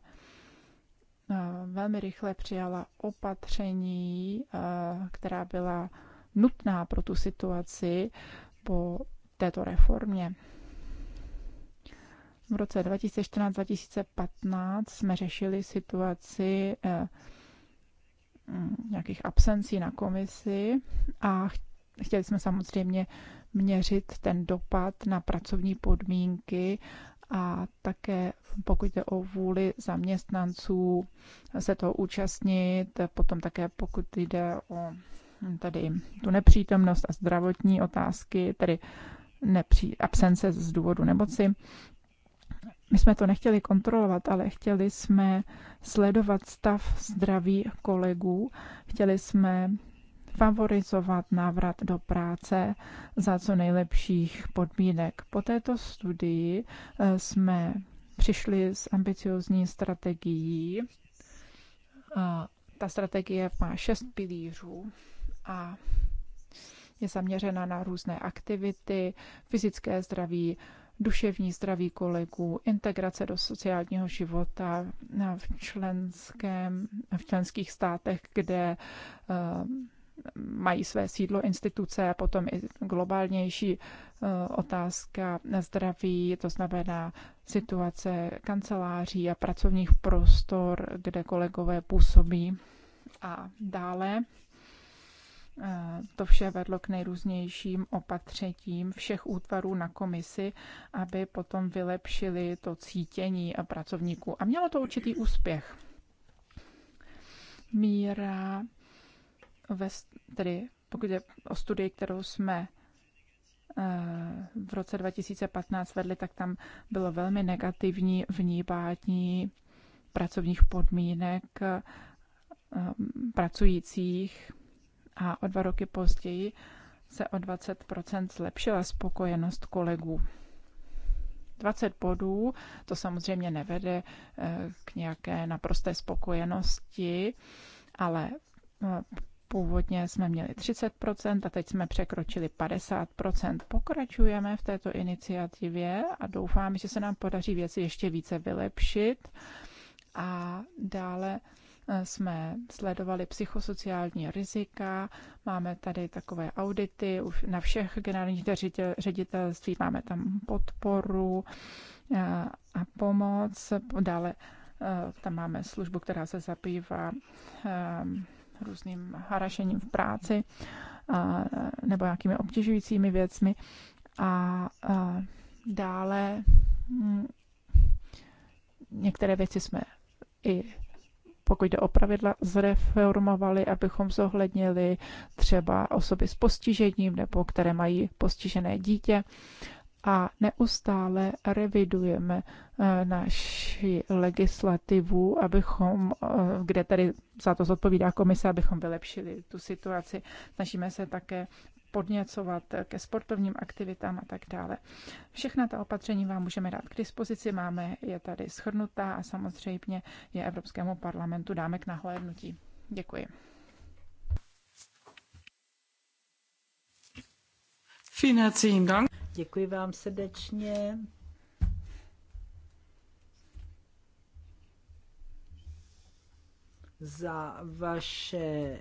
velmi rychle přijala opatření, eh, která byla nutná pro tu situaci po této reformě. V roce 2014-2015 jsme řešili situaci eh, Mm, nějakých absencí na komisi a chtěli jsme samozřejmě měřit ten dopad na pracovní podmínky a také pokud jde o vůli zaměstnanců se toho účastnit, potom také pokud jde o hm, tady tu nepřítomnost a zdravotní otázky, tedy nepří, absence z důvodu nemoci, my jsme to nechtěli kontrolovat, ale chtěli jsme sledovat stav zdraví kolegů, chtěli jsme favorizovat návrat do práce za co nejlepších podmínek. Po této studii eh, jsme přišli s ambiciozní strategií. Ta strategie má šest pilířů a je zaměřena na různé aktivity, fyzické zdraví, duševní zdraví kolegů, integrace do sociálního života v, členském, v členských státech, kde eh, mají své sídlo instituce a potom i globálnější eh, otázka na zdraví, to znamená situace kanceláří a pracovních prostor, kde kolegové působí a dále Eh, to vše vedlo k nejrůznějším opatřením všech útvarů na komisi, aby potom vylepšili to cítění a pracovníků. A mělo to určitý úspěch. Míra, ve, tedy pokud je o studii, kterou jsme eh, v roce 2015 vedli, tak tam bylo velmi negativní vnímání pracovních podmínek eh, pracujících a o dva roky později se o 20 zlepšila spokojenost kolegů. 20 bodů, to samozřejmě nevede eh, k nějaké naprosté spokojenosti, ale eh, Původně jsme měli 30% a teď jsme překročili 50%. Pokračujeme v této iniciativě a doufám, že se nám podaří věci ještě více vylepšit. A dále jsme sledovali psychosociální rizika, máme tady takové audity už na všech generálních ředitelství, máme tam podporu eh, a pomoc. Dále eh, tam máme službu, která se zabývá eh, různým harašením v práci nebo nějakými obtěžujícími věcmi. A dále hm, některé věci jsme i pokud jde o pravidla, zreformovali, abychom zohlednili třeba osoby s postižením nebo které mají postižené dítě. A neustále revidujeme eh, naši legislativu, abychom, eh, kde tedy za to zodpovídá komise, abychom vylepšili tu situaci. Snažíme se také podněcovat ke sportovním aktivitám a tak dále. Všechna ta opatření vám můžeme dát k dispozici, máme je tady schrnutá a samozřejmě je Evropskému parlamentu dáme k nahlédnutí. Děkuji. Děkuji vám srdečně. za vaše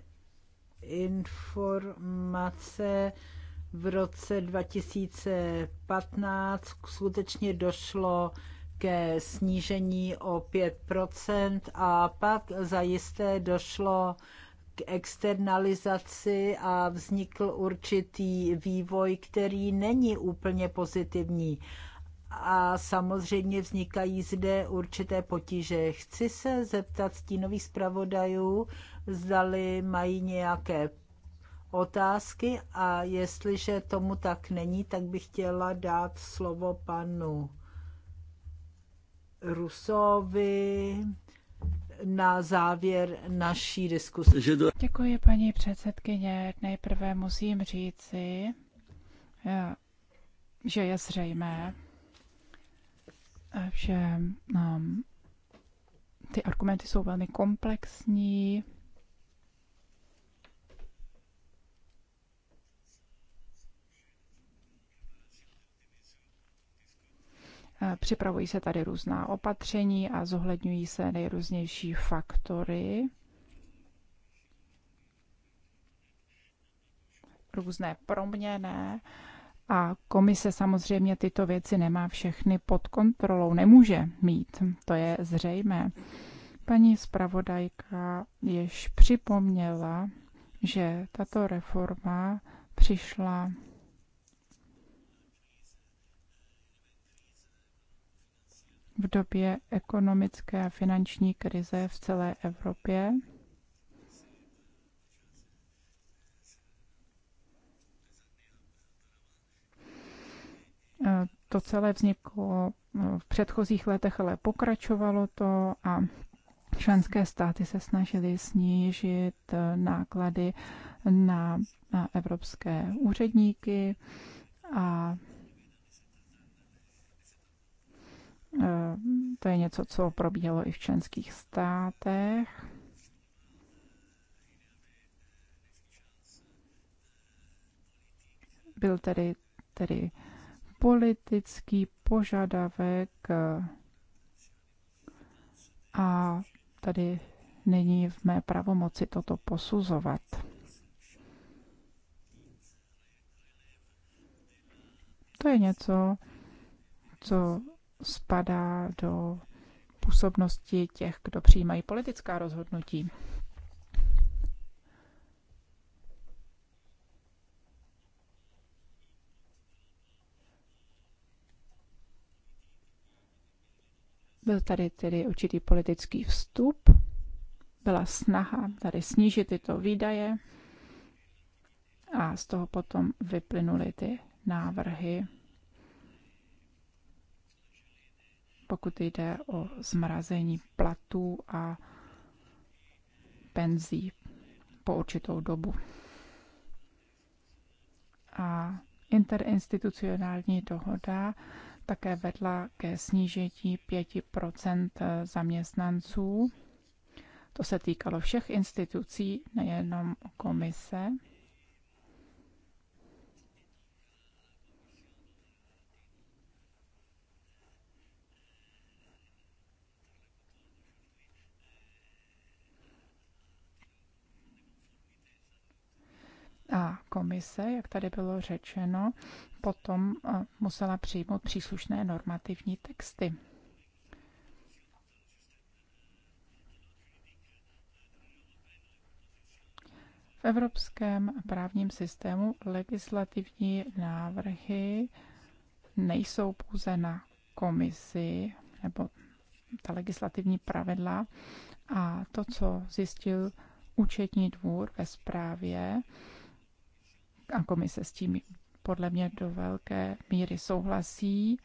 informace v roce 2015 skutečně došlo ke snížení o 5% a pak zajisté došlo k externalizaci a vznikl určitý vývoj, který není úplně pozitivní a samozřejmě vznikají zde určité potíže. Chci se zeptat stínových zpravodajů, zdali mají nějaké otázky a jestliže tomu tak není, tak bych chtěla dát slovo panu Rusovi na závěr naší diskuse. Děkuji, paní předsedkyně. Nejprve musím říci, eh, že je zřejmé, že um, ty argumenty jsou velmi komplexní. Eh, připravují se tady různá opatření a zohledňují se nejrůznější faktory. Různé proměny. A komise samozřejmě tyto věci nemá všechny pod kontrolou, nemůže mít, to je zřejmé. Paní zpravodajka již připomněla, že tato reforma přišla v době ekonomické a finanční krize v celé Evropě To celé vzniklo no, v předchozích letech, ale pokračovalo to a členské státy se snažily snížit eh, náklady na, na evropské úředníky a eh, to je něco, co probíhalo i v členských státech. Byl tedy, tedy politický požadavek a tady není v mé pravomoci toto posuzovat. To je něco, co spadá do působnosti těch, kdo přijímají politická rozhodnutí. Byl tady tedy určitý politický vstup, byla snaha tady snížit tyto výdaje a z toho potom vyplynuly ty návrhy, pokud jde o zmrazení platů a penzí po určitou dobu. A interinstitucionální dohoda také vedla ke snížení 5 zaměstnanců. To se týkalo všech institucí, nejenom komise. komise, jak tady bylo řečeno, potom eh, musela přijmout příslušné normativní texty. V evropském právním systému legislativní návrhy nejsou pouze na komisi nebo ta legislativní pravidla a to, co zjistil účetní dvůr ve zprávě, a komise s tím podle mě do velké míry souhlasí,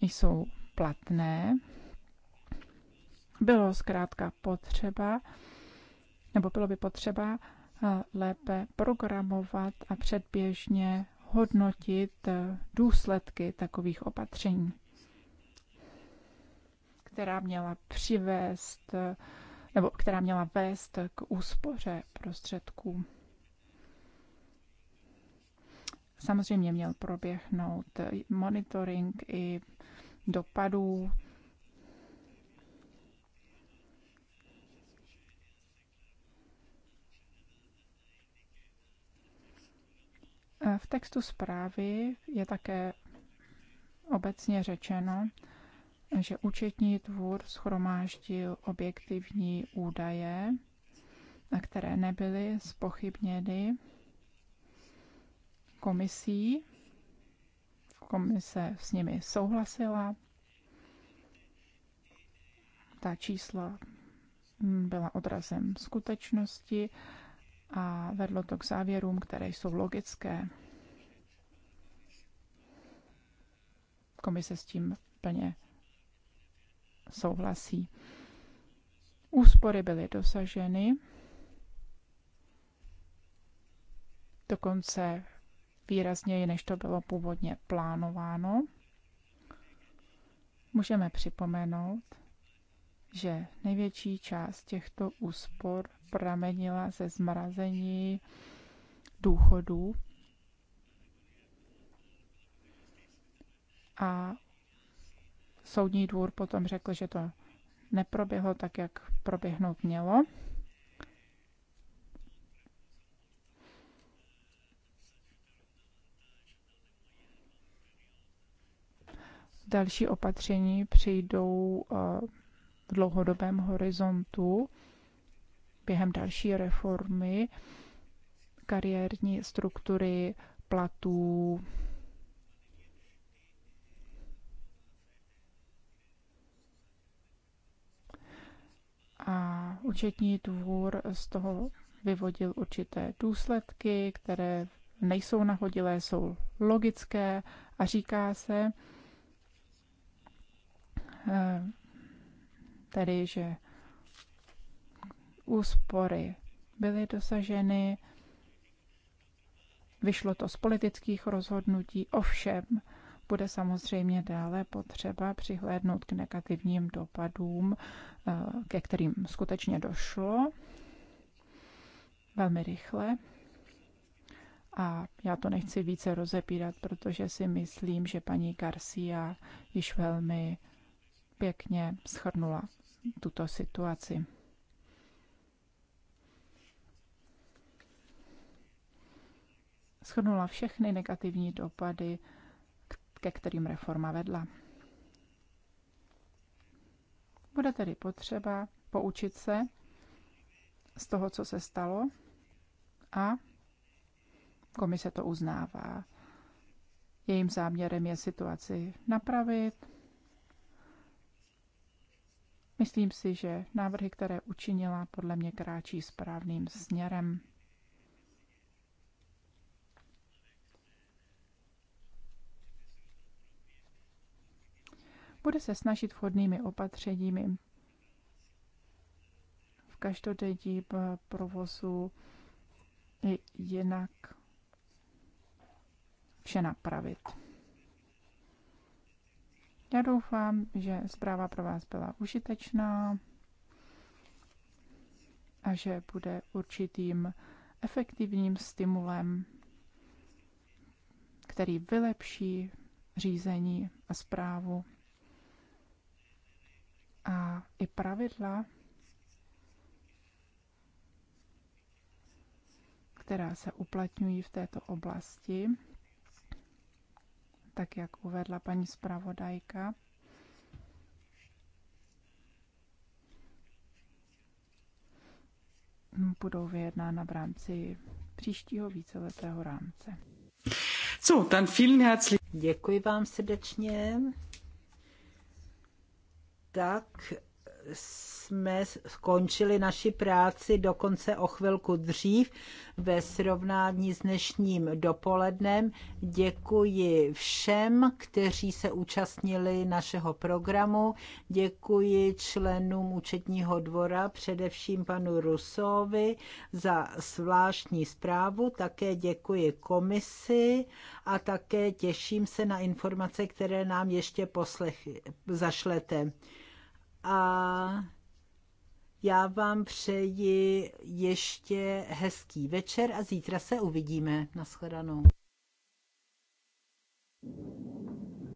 jsou platné. Bylo zkrátka potřeba, nebo bylo by potřeba eh, lépe programovat a předběžně hodnotit eh, důsledky takových opatření, která měla přivést eh, nebo která měla vést k úspoře prostředků. Samozřejmě měl proběhnout monitoring i dopadů e, V textu zprávy je také obecně řečeno, že účetní tvůr schromáždil objektivní údaje, na které nebyly spochybněny komisí. Komise s nimi souhlasila. Ta čísla mm, byla odrazem skutečnosti a vedlo to k závěrům, které jsou logické. Komise s tím plně souhlasí. Úspory byly dosaženy, dokonce výrazněji, než to bylo původně plánováno. Můžeme připomenout, že největší část těchto úspor pramenila ze zmrazení důchodů a soudní dvůr potom řekl, že to neproběhlo tak, jak proběhnout mělo. další opatření přijdou eh, v dlouhodobém horizontu během další reformy kariérní struktury platů. A účetní dvůr z toho vyvodil určité důsledky, které nejsou nahodilé, jsou logické a říká se, Eh, tedy, že úspory byly dosaženy, vyšlo to z politických rozhodnutí, ovšem bude samozřejmě dále potřeba přihlédnout k negativním dopadům, eh, ke kterým skutečně došlo velmi rychle. A já to nechci více rozepírat, protože si myslím, že paní Garcia již velmi pěkně schrnula tuto situaci. Schrnula všechny negativní dopady, ke kterým reforma vedla. Bude tedy potřeba poučit se z toho, co se stalo a komise to uznává. Jejím záměrem je situaci napravit, Myslím si, že návrhy, které učinila, podle mě kráčí správným směrem. Bude se snažit vhodnými opatřeními v každodenní eh, provozu i jinak vše napravit. Já doufám, že zpráva pro vás byla užitečná a že bude určitým efektivním stimulem, který vylepší řízení a zprávu a i pravidla, která se uplatňují v této oblasti tak jak uvedla paní zpravodajka. budou vyjednána v rámci příštího víceletého rámce. So, dann vielen herzlich. Děkuji vám srdečně. Tak jsme skončili naši práci dokonce o chvilku dřív ve srovnání s dnešním dopolednem. Děkuji všem, kteří se účastnili našeho programu. Děkuji členům účetního dvora, především panu Rusovi za zvláštní zprávu. Také děkuji komisi a také těším se na informace, které nám ještě poslech, zašlete a já vám přeji ještě hezký večer a zítra se uvidíme. Naschledanou.